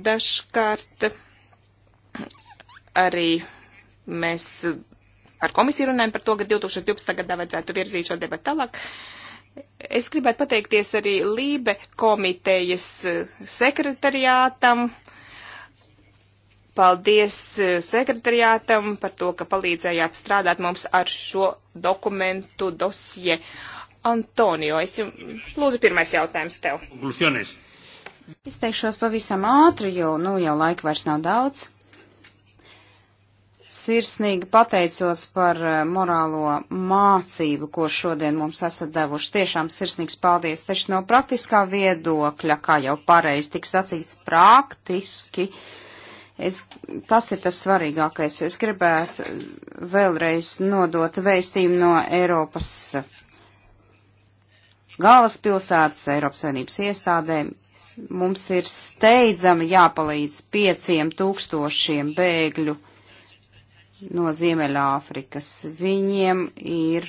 Dažkārt arī mēs ar komisiju runājam par to, ka 2012. gadā vajadzētu virzīt šo debatu tālāk. Es gribētu pateikties arī Lībe komitejas sekretariātam Paldies eh, sekretariātam par to, ka palīdzējāt strādāt mums ar šo dokumentu dosie. Antonio, es jums lūdzu pirmais jautājums tev. Konklusiones. Izteikšos pavisam ātri, jo, nu, jau laika vairs nav daudz. Sirsnīgi pateicos par eh, morālo mācību, ko šodien mums esat devuši. Tiešām sirsnīgs paldies. Taču no praktiskā viedokļa, kā jau pareizi tik sacīts, praktiski. Uh, Es, tas ir tas svarīgākais. Es gribētu vēlreiz nodot vēstījumu no Eiropas galvaspilsētas, Eiropas Savienības iestādēm. Mums ir steidzami jāpalīdz pieciem tūkstošiem bēgļu no Ziemeļāfrikas. Viņiem ir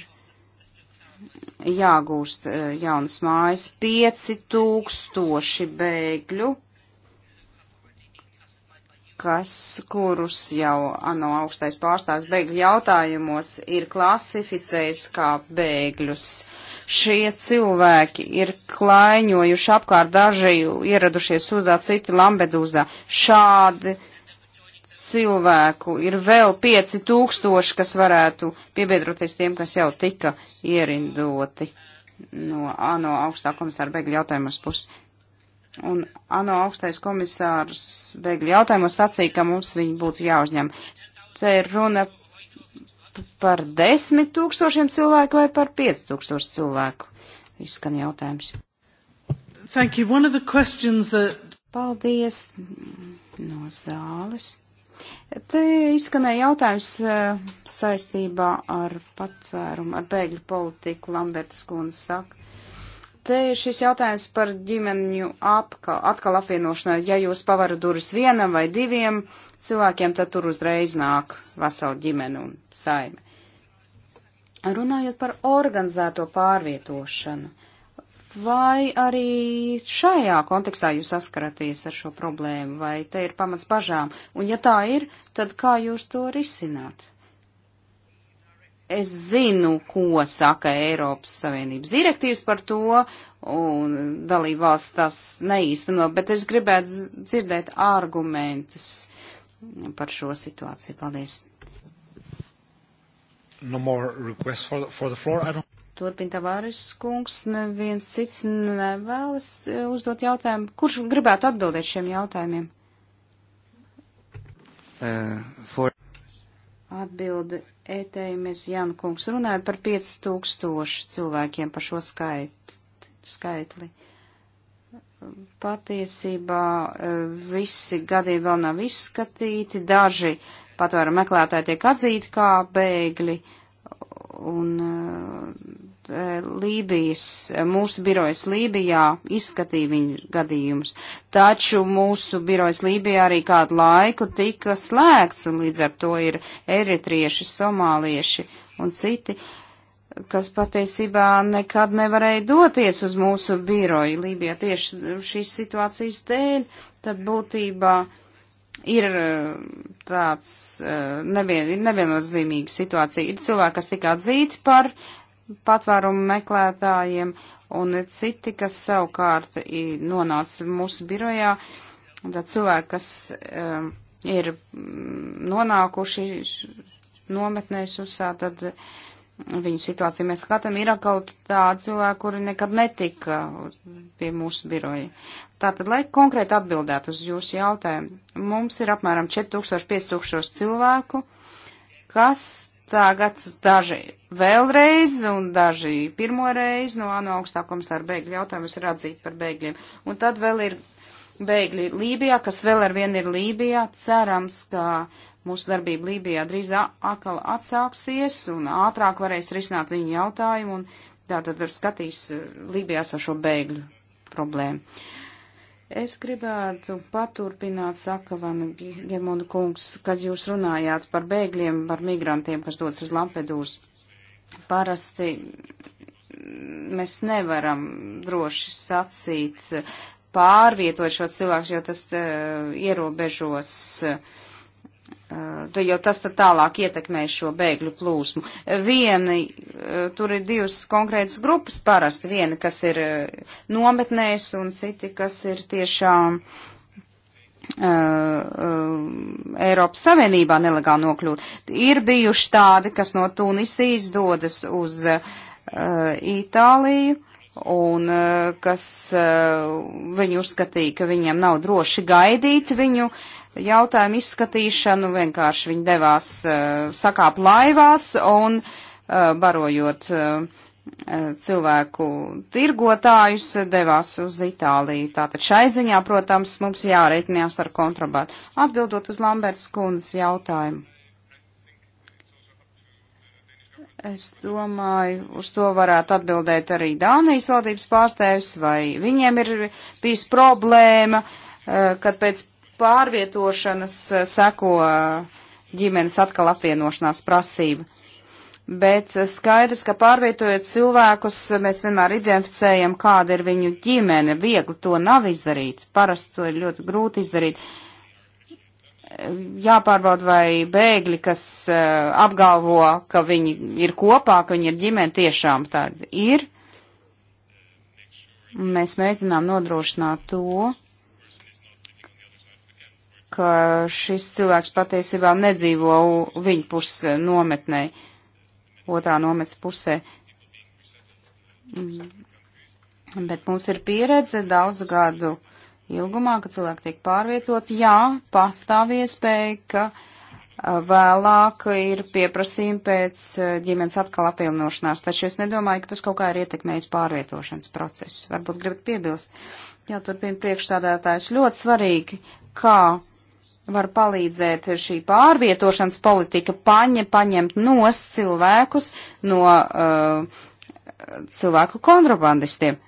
jāgūst eh, jaunas mājas pieci tūkstoši bēgļu kas, kurus jau ANO augstais pārstāvs bēgļu jautājumos ir klasificējis kā bēgļus. Šie cilvēki ir klaiņojuši apkārt daži ieradušies uzdā, citi Lambedūzā. Šādi cilvēku ir vēl pieci tūkstoši, kas varētu piebiedroties tiem, kas jau tika ierindoti no ANO augstā komisāra bēgļu jautājumos puses. Un ANO augstais komisārs bēgļu jautājumos sacīja, ka mums viņi būtu jāuzņem. Te ir runa par desmit tūkstošiem cilvēku vai par piec tūkstošu cilvēku? Izskan jautājums. Thank you. One of the questions that... Paldies no zāles. Te izskanēja jautājums uh, saistībā ar patvērumu, ar bēgļu politiku. Lambertas kundze saka, Te ir šis jautājums par ģimeņu apkal, atkal apvienošanai. Ja jūs pavarat durvis vienam vai diviem cilvēkiem, tad tur uzreiz nāk vesela ģimene un saime. Runājot par organizēto pārvietošanu, vai arī šajā kontekstā jūs saskaraties ar šo problēmu, vai te ir pamats bažām? Un ja tā ir, tad kā jūs to risināt? Es zinu, ko saka Eiropas Savienības direktīvas par to, un dalībvalsts tas neīsteno, bet es gribētu dzirdēt argumentus par šo situāciju. Paldies. No for, for Turpin Tavāris kungs, neviens cits nevēlas eh, uzdot jautājumu. Kurš gribētu atbildēt šiem jautājumiem? Uh, for... Atbildi Eteimes Jankungs runāja par 5000 cilvēkiem par šo skait, skaitli. Patiesībā e, visi gadiem vēl nav izskatīti, daži patvēra meklētāji tiek atzīti kā bēgļi, un e, E, Lībijas, e, mūsu birojas Lībijā izskatīja viņu gadījumus, taču mūsu birojas Lībijā arī kādu laiku tika slēgts, un līdz ar to ir eritrieši, somālieši un citi, kas patiesībā nekad nevarēja doties uz mūsu biroju Lībijā tieši šīs situācijas dēļ, tad būtībā ir e, tāds nevien, neviennozīmīga situācija. Ir cilvēki, kas tika atzīti par uh, patvērumu meklētājiem, un citi, kas savukārt nonāca mūsu birojā, tad cilvēki, kas um, ir mm, nonākuši nometnēs uzsā, tad viņu situāciju mēs skatām, ir kaut tādi cilvēki, kuri nekad netika pie mūsu biroja. Tātad, lai konkrēti atbildētu uz jūsu jautājumu, mums ir apmēram 4000-5000 cilvēku, kas Tagad daži vēlreiz un daži pirmo reizi no ANO augstā komisāra bēgļu jautājumus ir atzīti par bēgļiem. Un tad vēl ir bēgļi Lībijā, kas vēl ar vienu ir Lībijā. Cerams, ka mūsu darbība Lībijā drīz atkal atsāksies un ātrāk varēs risināt viņu jautājumu un tātad var skatīs eh, Lībijā ar šo bēgļu problēmu. Es gribētu paturpināt, saka Van Gemona kungs, kad jūs runājāt par bēgļiem, par migrantiem, kas dodas uz Lampedūs. Parasti mēs nevaram droši sacīt pārvietot šos cilvēkus, jo tas uh, ierobežos uh, Eh, jo tas tad tālāk ietekmē šo bēgļu plūsmu. Vieni, eh, tur ir divas konkrētas grupas parasti, viena, kas ir eh, nometnēs un citi, kas ir tiešām Uh, uh, Eiropas Savienībā nelegāli nokļūt. Ir bijuši tādi, kas no Tunisijas dodas uz uh, Itāliju un uh, kas uh, viņi uzskatīja, ka viņiem nav droši gaidīt viņu uh, jautājumu izskatīšanu, vienkārši viņi devās uh, sakāp laivās un uh, barojot uh, cilvēku tirgotājus, devās uz Itāliju. Tātad šai ziņā, protams, mums jārēķinās ar kontrabandu. Atbildot uz Lamberts kundzes jautājumu. Es domāju, uz to varētu atbildēt arī Dānijas valdības pārstāvis, vai viņiem ir bijis problēma, kad pēc pārvietošanas eh, seko eh, ģimenes atkal apvienošanās prasība. Bet eh, skaidrs, ka pārvietojot cilvēkus, mēs vienmēr identificējam, kāda ir viņu ģimene. Viegli to nav izdarīt. Parasti to ir ļoti grūti izdarīt. Jāpārbauda, vai bēgļi, kas apgalvo, ka viņi ir kopā, ka viņi ir ģimene, tiešām tāda ir. Mēs mēģinām nodrošināt to, ka šis cilvēks patiesībā nedzīvo viņa puses nometnē, otrā nomets pusē. Bet mums ir pieredze daudzu gadu ilgumā, ka cilvēki tiek pārvietoti. Jā, pastāv iespēja, ka vēlāk ir pieprasījumi pēc ģimenes atkal apvienošanās, taču es nedomāju, ka tas kaut kā ir ietekmējis pārvietošanas procesu. Varbūt gribat piebilst. Jā, turpina priekšstādātājs. Ļoti svarīgi, kā var palīdzēt šī pārvietošanas politika paņa, paņemt nost cilvēkus no uh, cilvēku kontrabandistiem,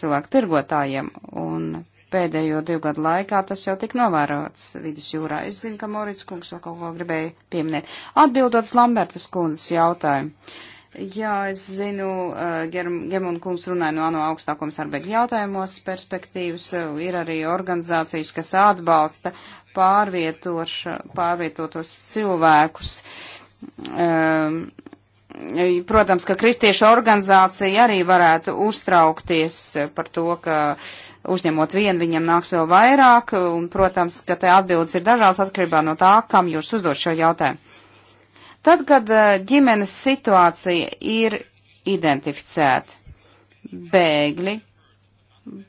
cilvēku tirgotājiem. Un pēdējo divu gadu laikā tas jau tik novērots vidusjūrā. Es zinu, ka Morits kungs vēl kaut ko gribēja pieminēt. Atbildot Lambertas kundzes jautājumu. Jā, es zinu, Gemuna kungs runāja no ANO augstā komisāra bēgļu jautājumos perspektīvas. Ir arī organizācijas, kas atbalsta pārvietotos cilvēkus. Um, protams, ka kristiešu organizācija arī varētu uztraukties par to, ka uzņemot vienu, viņam nāks vēl vairāk, un, protams, ka te atbildes ir dažādas atkarībā no tā, kam jūs uzdot šo jautājumu. Tad, kad eh, ģimenes situācija ir identificēta, bēgļi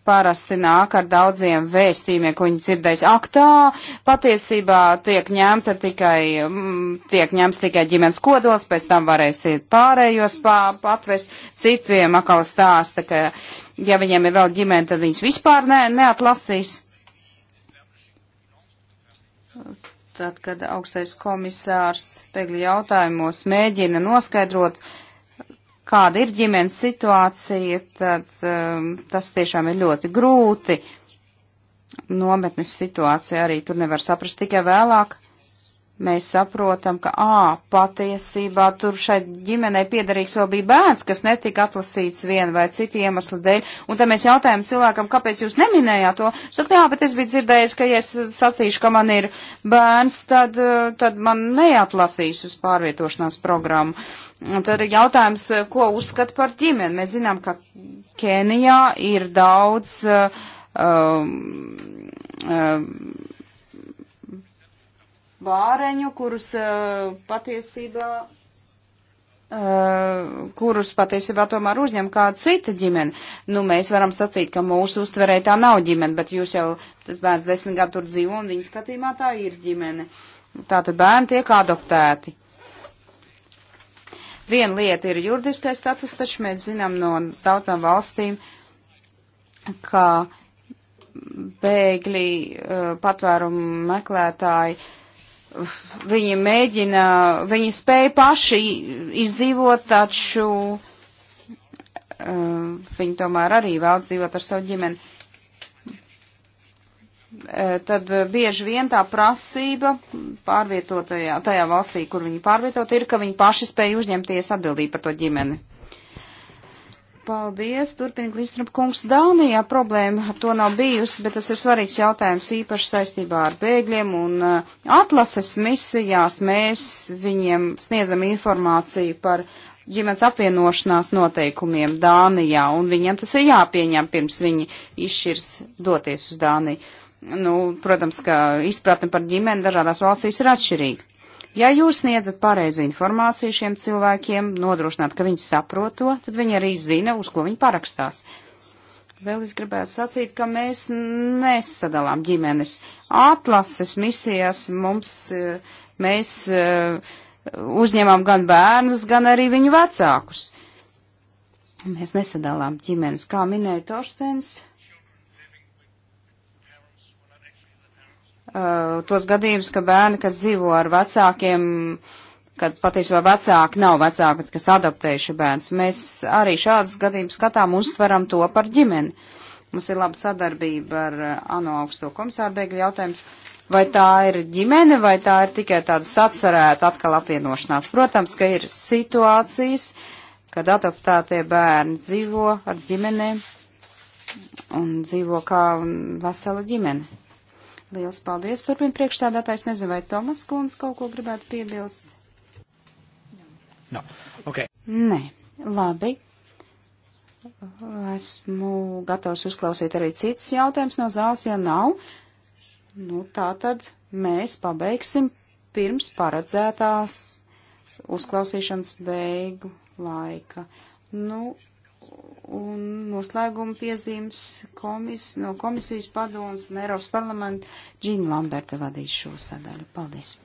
parasti nāk ar daudziem vēstījumiem, ko viņi dzirdēs. Ak, tā patiesībā tiek ņemta tikai, m, mm, tiek ņemts tikai ģimenes kodols, pēc tam varēsiet pārējos pā, patvest. Citiem akal stāsta, ka ja viņiem ir vēl ģimene, tad viņus vispār ne, neatlasīs. Tad, kad augstais komisārs pēkļi jautājumos mēģina noskaidrot, kāda ir ģimenes situācija, tad um, tas tiešām ir ļoti grūti. Nometnes situācija arī tur nevar saprast tikai vēlāk, mēs saprotam, ka, ā, patiesībā tur šai ģimenei piedarīgs vēl bija bērns, kas netika atlasīts vienu vai citu iemeslu dēļ, un tad mēs jautājam cilvēkam, kāpēc jūs neminējāt to? Saka, jā, bet es biju dzirdējis, ka, ja es sacīšu, ka man ir bērns, tad, tad man neatlasīs uz pārvietošanās programmu. Un tad ir jautājums, ko uzskat par ģimeni. Mēs zinām, ka Kenijā ir daudz. Uh, um, um, bāreņu, kurus patiesībā Uh, kurus patiesībā tomēr uzņem kāda cita ģimene. Nu, mēs varam sacīt, ka mūsu uztverē tā nav ģimene, bet jūs jau, tas bērns desmit gadu tur dzīvo un viņa skatījumā tā ir ģimene. Tātad bērni tiek adoptēti. Viena lieta ir juridiskais status, taču mēs zinām no daudzām valstīm, ka bēgļi, uh, patvērumu meklētāji, uh, viņi mēģina, viņi spēja paši izdzīvot, taču uh, viņi tomēr arī vēl dzīvot ar savu ģimeni. Uh, tad bieži vien tā prasība pārvietotajā, tajā valstī, kur viņi pārvietot, ir, ka viņi paši spēja uzņemties atbildību par to ģimeni. Paldies, turpina Glistrup kungs. Daunijā problēma ar to nav bijusi, bet tas ir svarīgs jautājums īpaši saistībā ar bēgļiem un uh, atlases misijās. Mēs viņiem sniedzam informāciju par ģimenes apvienošanās noteikumiem Dānijā, un viņiem tas ir jāpieņem pirms viņi izšķirs doties uz Dāniju. Nu, protams, ka izpratne par ģimeni dažādās valstīs ir atšķirīga. Ja jūs sniedzat pareizu informāciju šiem cilvēkiem, nodrošināt, ka viņi saprot to, tad viņi arī zina, uz ko viņi parakstās. Vēl es gribētu sacīt, ka mēs nesadalām ģimenes atlases misijās. Mums, eh, mēs eh, uzņemam gan bērnus, gan arī viņu vecākus. Mēs nesadalām ģimenes, kā minēja Torstens. Uh, tos gadījumus, ka bērni, kas dzīvo ar vecākiem, kad patiesībā vecāki nav vecāki, bet kas adaptējuši bērns, mēs arī šādas gadījumus skatām, uztveram to par ģimeni. Mums ir laba sadarbība ar uh, ANO augsto komisāru bēgļu jautājums. Vai tā ir ģimene, vai tā ir tikai tāda sacerēta atkal apvienošanās? Protams, ka ir situācijas, kad adaptētie bērni dzīvo ar ģimenēm un dzīvo kā vesela ģimene. Liels paldies. Turpin priekšstādātājs. Nezinu, vai Tomas Kunz kaut ko gribētu piebilst. No. Okay. Nē. Labi. Esmu gatavs uzklausīt arī cits jautājums no zāles, ja nav. Nu, tā tad mēs pabeigsim pirms paredzētās uzklausīšanas beigu laika. Nu, Un noslēguma piezīmes komis, no komisijas padomas un Eiropas parlamenta Džina Lamberta vadīs šo sadaļu. Paldies!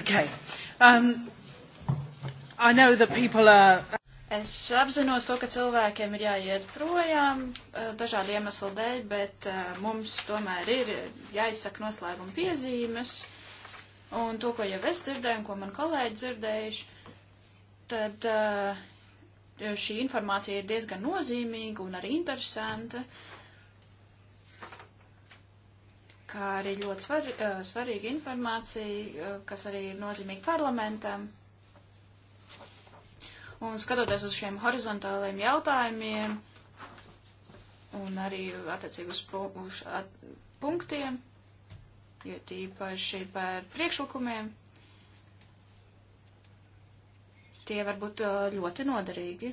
Okay. Um, I know that people are... Es apzinos to, ka cilvēkiem ir jāiet projām uh, dažādu iemeslu dēļ, bet uh, mums tomēr ir jāizsaka noslēguma piezīmes. Un to, ko jau es dzirdēju un ko man kolēģi dzirdējuši, tad uh, šī informācija ir diezgan nozīmīga un arī interesanta. Uh, kā arī ļoti svar, eh, svarīga informācija, eh, kas arī ir nozīmīga parlamentam. Un skatoties uz šiem horizontāliem jautājumiem un arī attiecīgi uz, pu, uz at, punktiem, jo tīpaši par priekšlikumiem, tie var būt eh, ļoti noderīgi.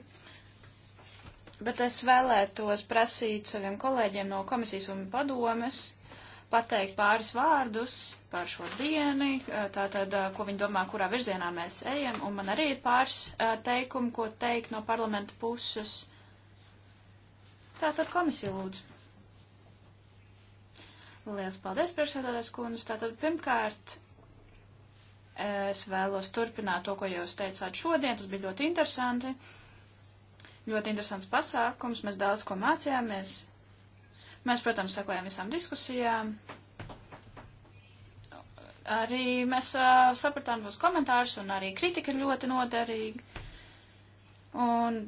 Bet es vēlētos prasīt saviem kolēģiem no komisijas un padomes, pateikt pāris vārdus par šo dienu, eh, tātad, eh, ko viņi domā, kurā virzienā mēs ejam, un man arī ir pāris eh, teikumu, ko teikt no parlamenta puses. Tātad komisija lūdzu. Lielas paldies, priekšsēdētājs kundze. Tātad, pirmkārt, es vēlos turpināt to, ko jūs teicāt šodien. Tas bija ļoti interesanti. Ļoti interesants pasākums. Mēs daudz ko mācījāmies Mēs, protams, sakojam visām diskusijām. Arī mēs uh, sapratām mūsu komentārus, un arī kritika ir ļoti noderīga. Un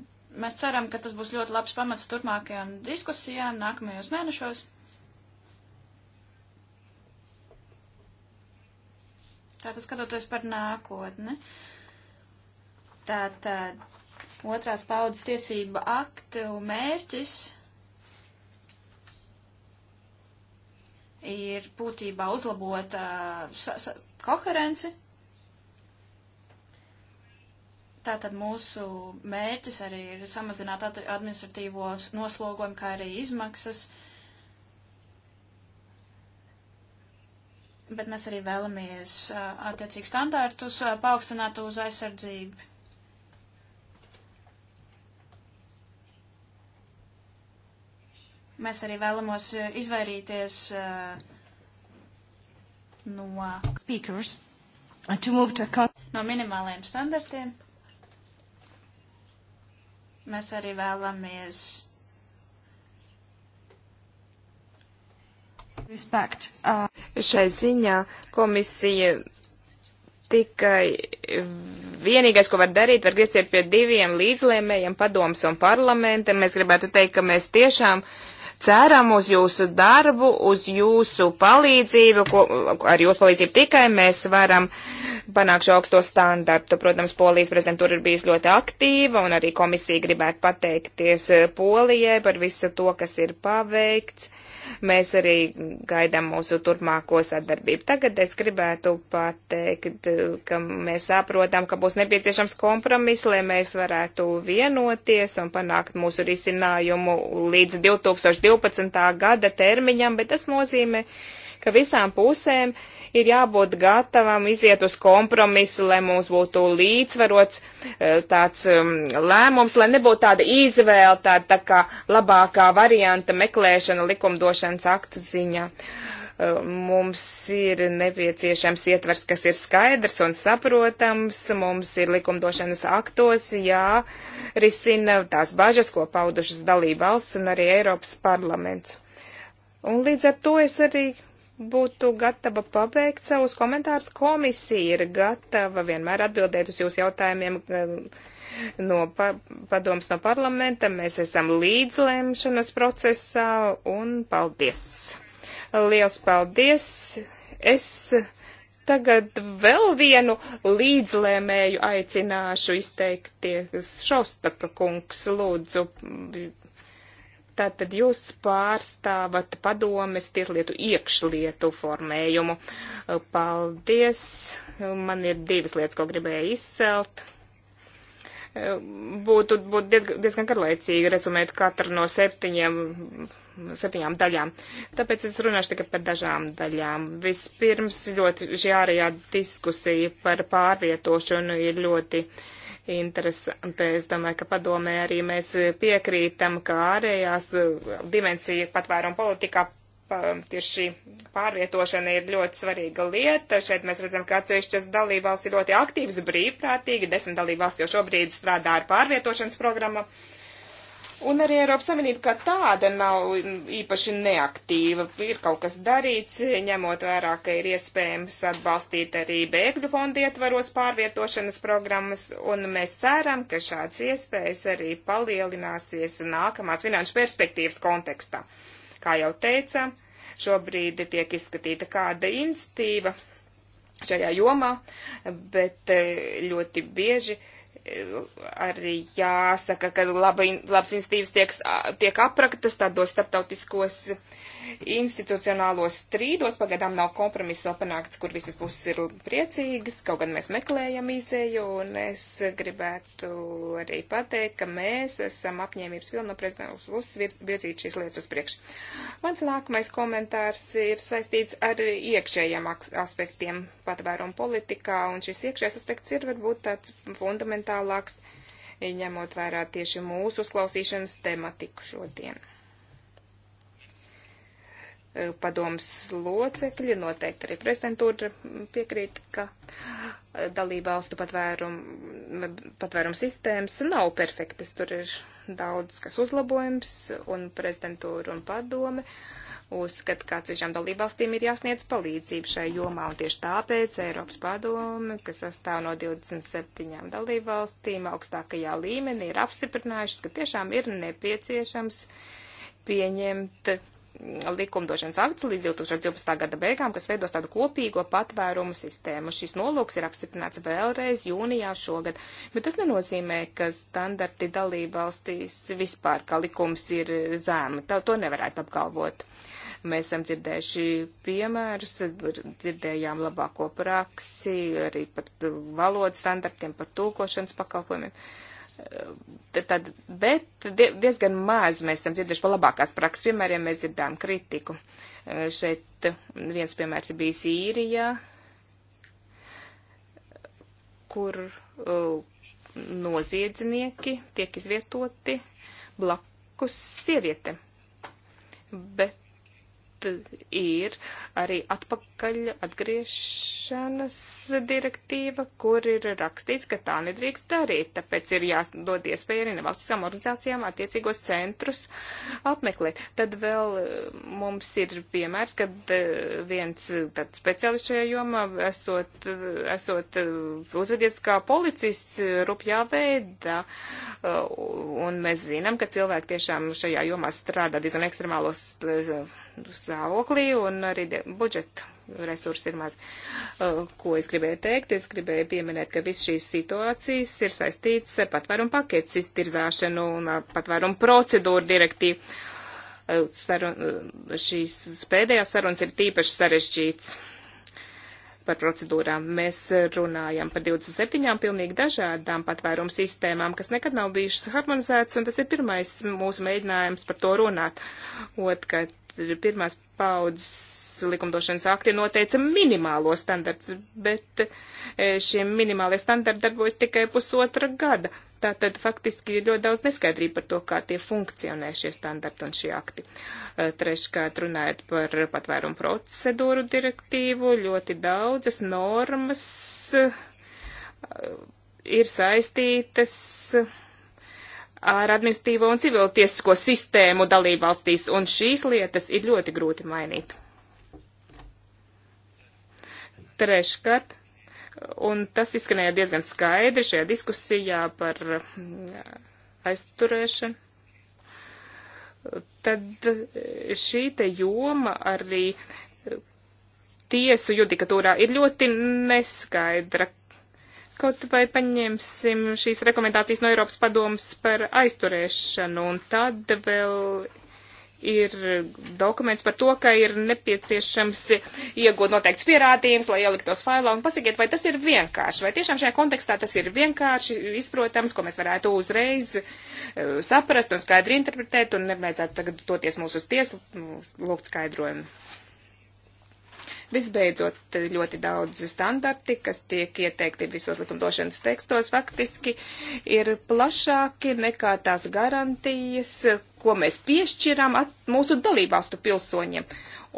mēs ceram, ka tas būs ļoti labs pamats turpmākajām diskusijām nākamajos mēnešos. Tātad skatoties par nākotni. Tātad otrās paudzes tiesība aktu mērķis ir būtībā uzlabot uh, koherenci. Tātad mūsu mērķis arī ir samazināt administratīvo noslogojumu, kā arī izmaksas. Bet mēs arī vēlamies uh, attiecīgi standārtus uh, paaugstināt uz aizsardzību Mēs arī vēlamos eh, izvairīties uh, no, Speakers. To to a... no minimāliem standartiem. Mēs arī vēlamies Respect. Uh... Šai ziņā komisija tikai vienīgais, ko var darīt, var griezties pie diviem līdzlēmējiem, padoms un parlamenta. Mēs gribētu teikt, ka mēs tiešām uh, ceram uz jūsu darbu, uz jūsu palīdzību, ko, ar jūsu palīdzību tikai mēs varam panākt šo augsto standartu. Protams, Polijas prezidentūra ir bijusi ļoti aktīva, un arī komisija gribētu pateikties Polijai par visu to, kas ir paveikts Mēs arī gaidām mūsu turpmāko sadarbību. Tagad es gribētu pateikt, ka mēs saprotam, ka būs nepieciešams kompromiss, lai mēs varētu vienoties un panākt mūsu risinājumu līdz 2012. gada termiņam, bet tas nozīmē, ka visām pusēm ir jābūt gatavam iziet uz kompromisu, lai mums būtu līdzsvarots e, tāds um, lēmums, lai nebūtu tāda izvēle, tāda tā kā labākā varianta meklēšana likumdošanas aktu ziņā. E, mums ir nepieciešams ietvers, kas ir skaidrs un saprotams. Mums ir likumdošanas aktos jārisina tās bažas, ko paudušas dalība valsts un arī Eiropas parlaments. Un līdz ar to es arī būtu gatava pabeigt savus komentārus. Komisija ir gatava vienmēr atbildēt uz jūsu jautājumiem eh, no pa padoms no parlamenta. Mēs esam līdzlēmšanas procesā un paldies. Liels paldies. Es tagad vēl vienu līdzlēmēju aicināšu izteikties. Šostaka kungs, lūdzu. Tātad jūs pārstāvat padomes tieslietu iekšlietu formējumu. Paldies! Man ir divas lietas, ko gribēju izcelt. Būtu, būtu diezgan garlaicīgi rezumēt katru no septiņiem, septiņām daļām. Tāpēc es runāšu tikai par dažām daļām. Vispirms ļoti šī ārējā diskusija par pārvietošanu ir ļoti. Uh, interesanti. Es domāju, ka padomē arī mēs piekrītam, ka ārējās uh, dimensija patvērumu politikā tieši pārvietošana ir ļoti svarīga lieta. Šeit mēs redzam, ka atsevišķas dalībvalsts ir ļoti aktīvas, brīvprātīgi. Desmit dalībvalsts jau šobrīd strādā ar pārvietošanas programmu. Uh, Un arī Eiropas Savienība kā tāda nav īpaši neaktīva. Ir kaut kas darīts, ņemot vērā, ka ir iespējams atbalstīt arī bēgļu fondu ietvaros pārvietošanas programmas, un mēs ceram, ka šāds iespējas arī palielināsies nākamās finanšu perspektīvas kontekstā. Kā jau teicām, šobrīd tiek izskatīta kāda institīva šajā jomā, bet eh, ļoti bieži arī jāsaka, ka laba, labs institīvas tiek, tiek apraktas tādos starptautiskos uh, Institucionālos strīdos pagaidām nav kompromisa panākts, kur visas puses ir priecīgas, kaut gan mēs meklējam izēju, un es gribētu arī pateikt, ka mēs esam apņēmības pilno prezidents uzsvirs virzīt šīs lietas uz priekšu. Mans nākamais komentārs ir saistīts ar iekšējiem aspektiem patvērumu politikā, un šis iekšējais aspekts ir varbūt tāds fundamentālāks ņemot vērā tieši mūsu uzklausīšanas tematiku šodien padomas locekļi, noteikti arī prezidentūra piekrīt, ka eh, dalībvalstu patvērumu patvērum sistēmas nav perfektas. Tur ir daudz kas uzlabojums, un prezidentūra un padome uzskata, ka atsevišķām dalībvalstīm ir jāsniedz palīdzību šai jomā, un tieši tāpēc Eiropas padome, kas sastāv no 27 dalībvalstīm augstākajā līmenī, ir apstiprinājušas, ka tiešām ir nepieciešams pieņemt likumdošanas akts līdz 2012. gada beigām, kas veidos tādu kopīgo patvērumu sistēmu. Šis nolūks ir apstiprināts vēlreiz jūnijā šogad, bet tas nenozīmē, ka standarti dalība valstīs vispār kā likums ir zēma. Tā, to nevarētu apgalvot. Mēs esam dzirdējuši piemērus, dzirdējām labāko praksi, arī par valodu standartiem, par tulkošanas pakalpojumiem. Uh, Tad, bet diezgan maz mēs esam dzirdējuši par labākās prakses piemēriem, mēs dzirdām kritiku. Eh, šeit viens piemērs ir bijis īrijā, kur eh, noziedznieki tiek izvietoti blakus sieviete. Bet ir arī atpakaļ atgriešanas direktīva, kur ir rakstīts, ka tā nedrīkst darīt, tāpēc ir jādod iespēja arī nevalstiskām organizācijām attiecīgos centrus apmeklēt. Tad vēl eh, mums ir piemērs, kad eh, viens eh, tad speciālists šajā jomā esot, esot uzvedies kā policists rupjā veidā, un mēs zinām, ka cilvēki tiešām šajā jomā strādā diezgan ekstremālos stāvoklī un arī budžeta resursi ir maz. Uh, ko es gribēju teikt? Es gribēju pieminēt, ka viss šīs situācijas ir saistīts ar patvērumu paketes iztirzāšanu un uh, patvērumu procedūru direktīvu. Uh, sarun, šīs pēdējās sarunas ir tīpaši sarežģīts par procedūrām. Mēs runājam par 27 pilnīgi dažādām patvērumu sistēmām, kas nekad nav bijušas harmonizētas, un tas ir pirmais mūsu mēģinājums par to runāt. Otkārt, pirmās paudzes likumdošanas akti noteica minimālo standarts, bet e, šie minimālie standarti darbojas tikai pusotra gada. Tātad faktiski ir ļoti daudz neskaidrība par to, kā tie funkcionē šie standarti un šie akti. E, treškārt runājot par patvērumu procedūru direktīvu, ļoti daudzas normas e, ir saistītas ar administīvo un civiltiesisko sistēmu dalībvalstīs, un šīs lietas ir ļoti grūti mainīt. Treškārt, un tas izskanēja diezgan skaidri šajā diskusijā par mm, aizturēšanu, tad šī te joma arī tiesu judikatūrā ir ļoti neskaidra, Kaut vai paņemsim šīs rekomendācijas no Eiropas padomas par aizturēšanu, un tad vēl ir dokuments par to, ka ir nepieciešams iegūt noteikts pierādījums, lai ieliktos failā, un pasakiet, vai tas ir vienkārši, vai tiešām šajā kontekstā tas ir vienkārši izprotams, ko mēs varētu uzreiz eh, saprast un skaidri interpretēt, un nevajadzētu tagad doties mūsu uz tiesu, lūgt skaidrojumu. Visbeidzot, ļoti daudz standarti, kas tiek ieteikti visos likumdošanas tekstos, faktiski ir plašāki nekā tās garantijas, ko mēs piešķiram mūsu dalībvalstu pilsoņiem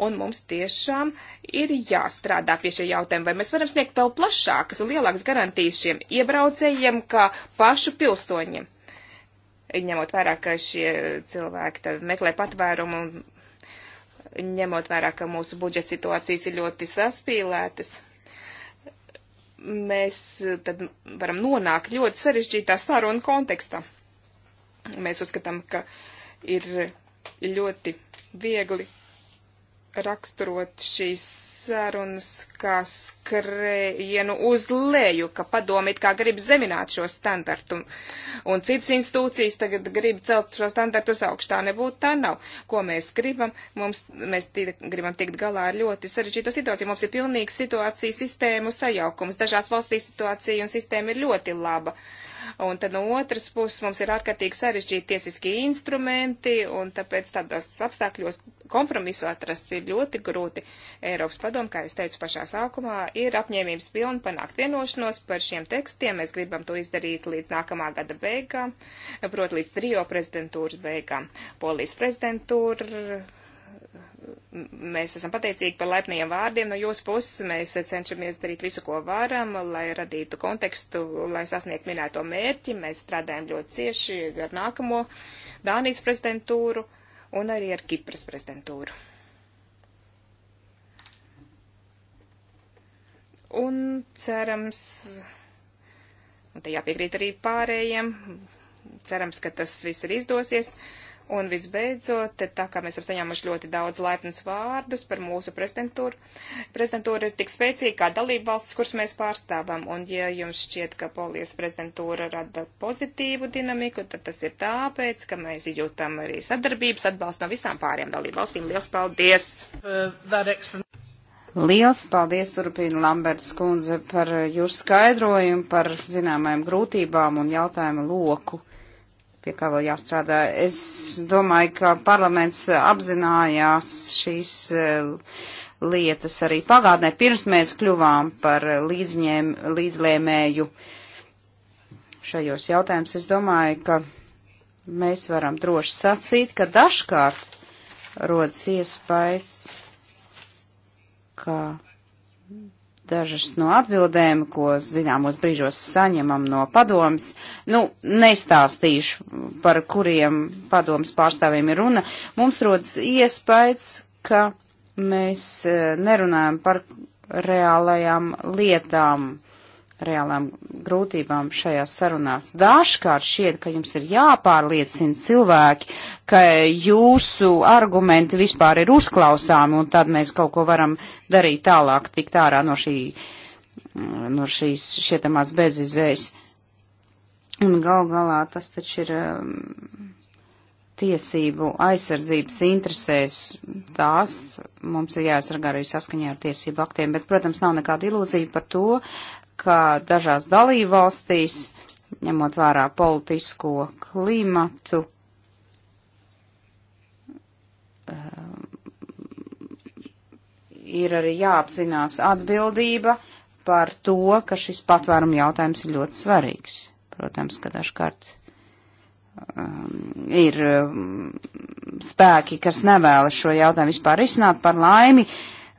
un mums tiešām ir jāstrādā pie šie jautājumi, vai mēs varam sniegt vēl plašākas un lielākas garantijas šiem iebraucējiem, kā pašu pilsoņiem. Ņemot vērā, ka šie cilvēki meklē patvērumu un ņemot vērā, ka mūsu budžeta situācijas ir ļoti saspīlētas, mēs tad varam nonākt ļoti sarežģītā saruna kontekstā. Mēs uzskatām, ka ir ļoti viegli raksturot šīs sarunas kā skrējienu uz leju, ka padomi it kā grib zemināt šo standartu, un citas institūcijas tagad grib celt šo standartu uz augšu. Tā nebūtu, tā nav. Ko mēs gribam? Mums, mēs tī, gribam tikt galā ar ļoti sarežģīto situāciju. Mums ir pilnīgs situācijas sistēmu sajaukums. Dažās valstīs situācija un sistēma ir ļoti laba. Uh, Un tad no otras puses mums ir ārkārtīgi sarežģīti tiesiskie instrumenti, un tāpēc tādos apstākļos kompromisu atrast ir ļoti grūti. Eiropas padomu, kā es teicu pašā sākumā, ir apņēmības pilna panākt vienošanos par šiem tekstiem. Mēs gribam to izdarīt līdz nākamā gada beigām, proti līdz trijo prezidentūras beigām. Polijas prezidentūra mēs esam pateicīgi par laipniem vārdiem no jūsu puses. Mēs cenšamies darīt visu, ko varam, lai radītu kontekstu, lai sasniegtu minēto mērķi. Mēs strādājam ļoti cieši ar nākamo Dānijas prezidentūru un arī ar Kipras prezidentūru. Un cerams, un te jāpiekrīt arī pārējiem, cerams, ka tas viss ir izdosies. Uh, Un visbeidzot, tā kā mēs esam saņēmuši ļoti daudz laipnas vārdus par mūsu prezidentūru, prezidentūra ir tik spēcīga kā dalība valsts, kuras mēs pārstāvam. Un ja jums šķiet, ka polijas prezidentūra rada pozitīvu dinamiku, tad tas ir tāpēc, ka mēs izjūtam arī sadarbības atbalstu no visām pārējām dalību valstīm. Liels paldies! Uh, Liels paldies, turpina Lamberts kundze, par jūsu skaidrojumu, par zināmajām grūtībām un jautājumu loku pie kā vēl jāstrādā. Es domāju, ka parlaments apzinājās šīs eh, lietas arī pagātnē, pirms mēs kļuvām par līdzņēm, līdzlēmēju šajos jautājumus. Es domāju, ka mēs varam droši sacīt, ka dažkārt rodas iespējas, ka dažas no atbildēm, ko zināmos brīžos saņemam no padomas. Nu, nestāstīšu, par kuriem padomas pārstāvjiem ir runa. Mums rodas iespējas, ka mēs eh, nerunājam par reālajām lietām reālām grūtībām šajās sarunās. Dažkārt šķiet, ka jums ir jāpārliecina cilvēki, ka jūsu argumenti vispār ir uzklausāmi, un tad mēs kaut ko varam darīt tālāk, tikt ārā no, šī, no šīs šietamās bezizējas. Un gal galā tas taču ir um, tiesību aizsardzības interesēs. Tās mums ir jāaizsargā arī saskaņā ar tiesību aktiem, bet, protams, nav nekāda ilūzija par to, ka dažās dalībvalstīs, ņemot vērā politisko klimatu, ir arī jāapzinās atbildība par to, ka šis patvērumu jautājums ir ļoti svarīgs. Protams, ka dažkārt um, ir um, spēki, kas nevēlas šo jautājumu vispār risināt par laimi.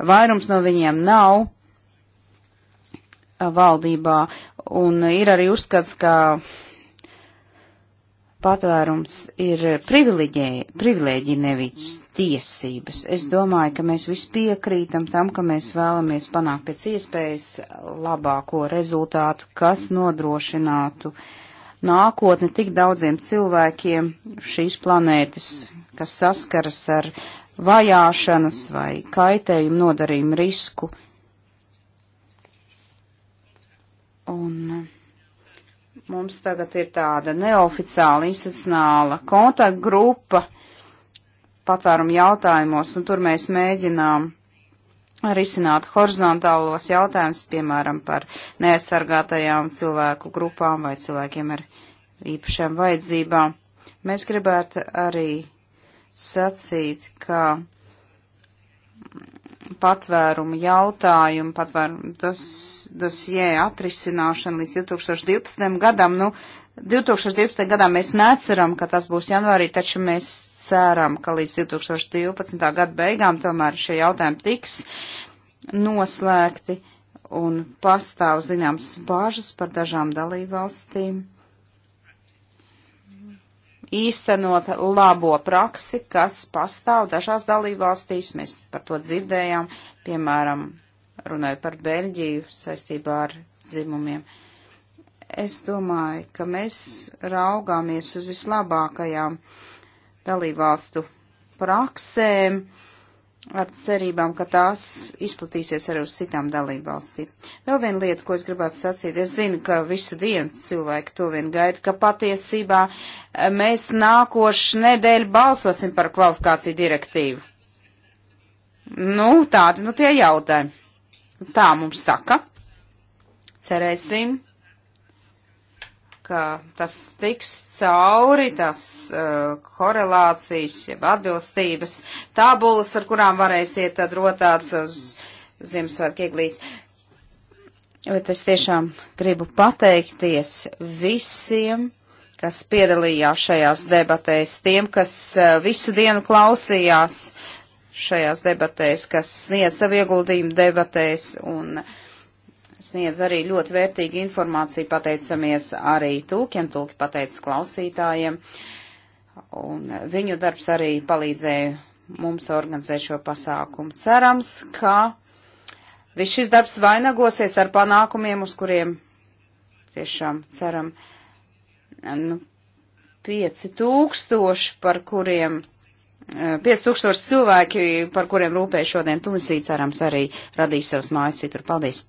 Vairums no viņiem nav valdībā. Un ir arī uzskats, ka patvērums ir privilēģija, nevis tiesības. Es domāju, ka mēs visi piekrītam tam, ka mēs vēlamies panākt pēc iespējas labāko rezultātu, kas nodrošinātu nākotni tik daudziem cilvēkiem šīs planētas, kas saskaras ar vajāšanas vai kaitējumu nodarījumu risku. Un mums tagad ir tāda neoficiāla institucionāla kontaktgrupa patvērumu jautājumos, un tur mēs mēģinām risināt horizontālos jautājumus, piemēram, par neaizsargātajām cilvēku grupām vai cilvēkiem ar īpašām vajadzībām. Mēs gribētu arī sacīt, ka patvērumu jautājumu, patvērumu dos, dosjē atrisināšanu līdz 2012. gadam. Nu, 2012. gadā mēs neceram, ka tas būs janvārī, taču mēs ceram, ka līdz 2012. gada beigām tomēr šie jautājumi tiks noslēgti un pastāv zināms bāžas par dažām dalībvalstīm īstenot labo praksi, kas pastāv dažās dalībvalstīs. Mēs par to dzirdējām, piemēram, runājot par Beļģiju saistībā ar dzimumiem. Es domāju, ka mēs raugāmies uz vislabākajām dalībvalstu praksēm ar cerībām, ka tās izplatīsies arī uz citām dalībvalstīm. Vēl viena lieta, ko es gribētu sacīt, es zinu, ka visu dienu cilvēki to vien gaida, ka patiesībā eh, mēs nākošu nedēļu balsosim par kvalifikāciju direktīvu. Nu, tādi, nu tie jautājumi. Tā mums saka. Cerēsim, ka tas tiks cauri, tas uh, korelācijas, jeb atbilstības tabulas, ar kurām varēsiet tad rotāts uz Ziemassvētku ieglīts. Bet es tiešām gribu pateikties visiem, kas piedalījās šajās debatēs, tiem, kas uh, visu dienu klausījās šajās debatēs, kas sniedz savu ieguldījumu debatēs un uh, sniedz arī ļoti vērtīgu informāciju, pateicamies arī tūkiem, tūki pateic klausītājiem, un viņu darbs arī palīdzēja mums organizēt šo pasākumu. Cerams, ka viss šis darbs vainagosies ar panākumiem, uz kuriem tiešām ceram. Nu, 5000, par kuriem 5000 eh, cilvēki, par kuriem rūpēja šodien Tunisī, cerams, arī radīs savas mājas citur. Paldies!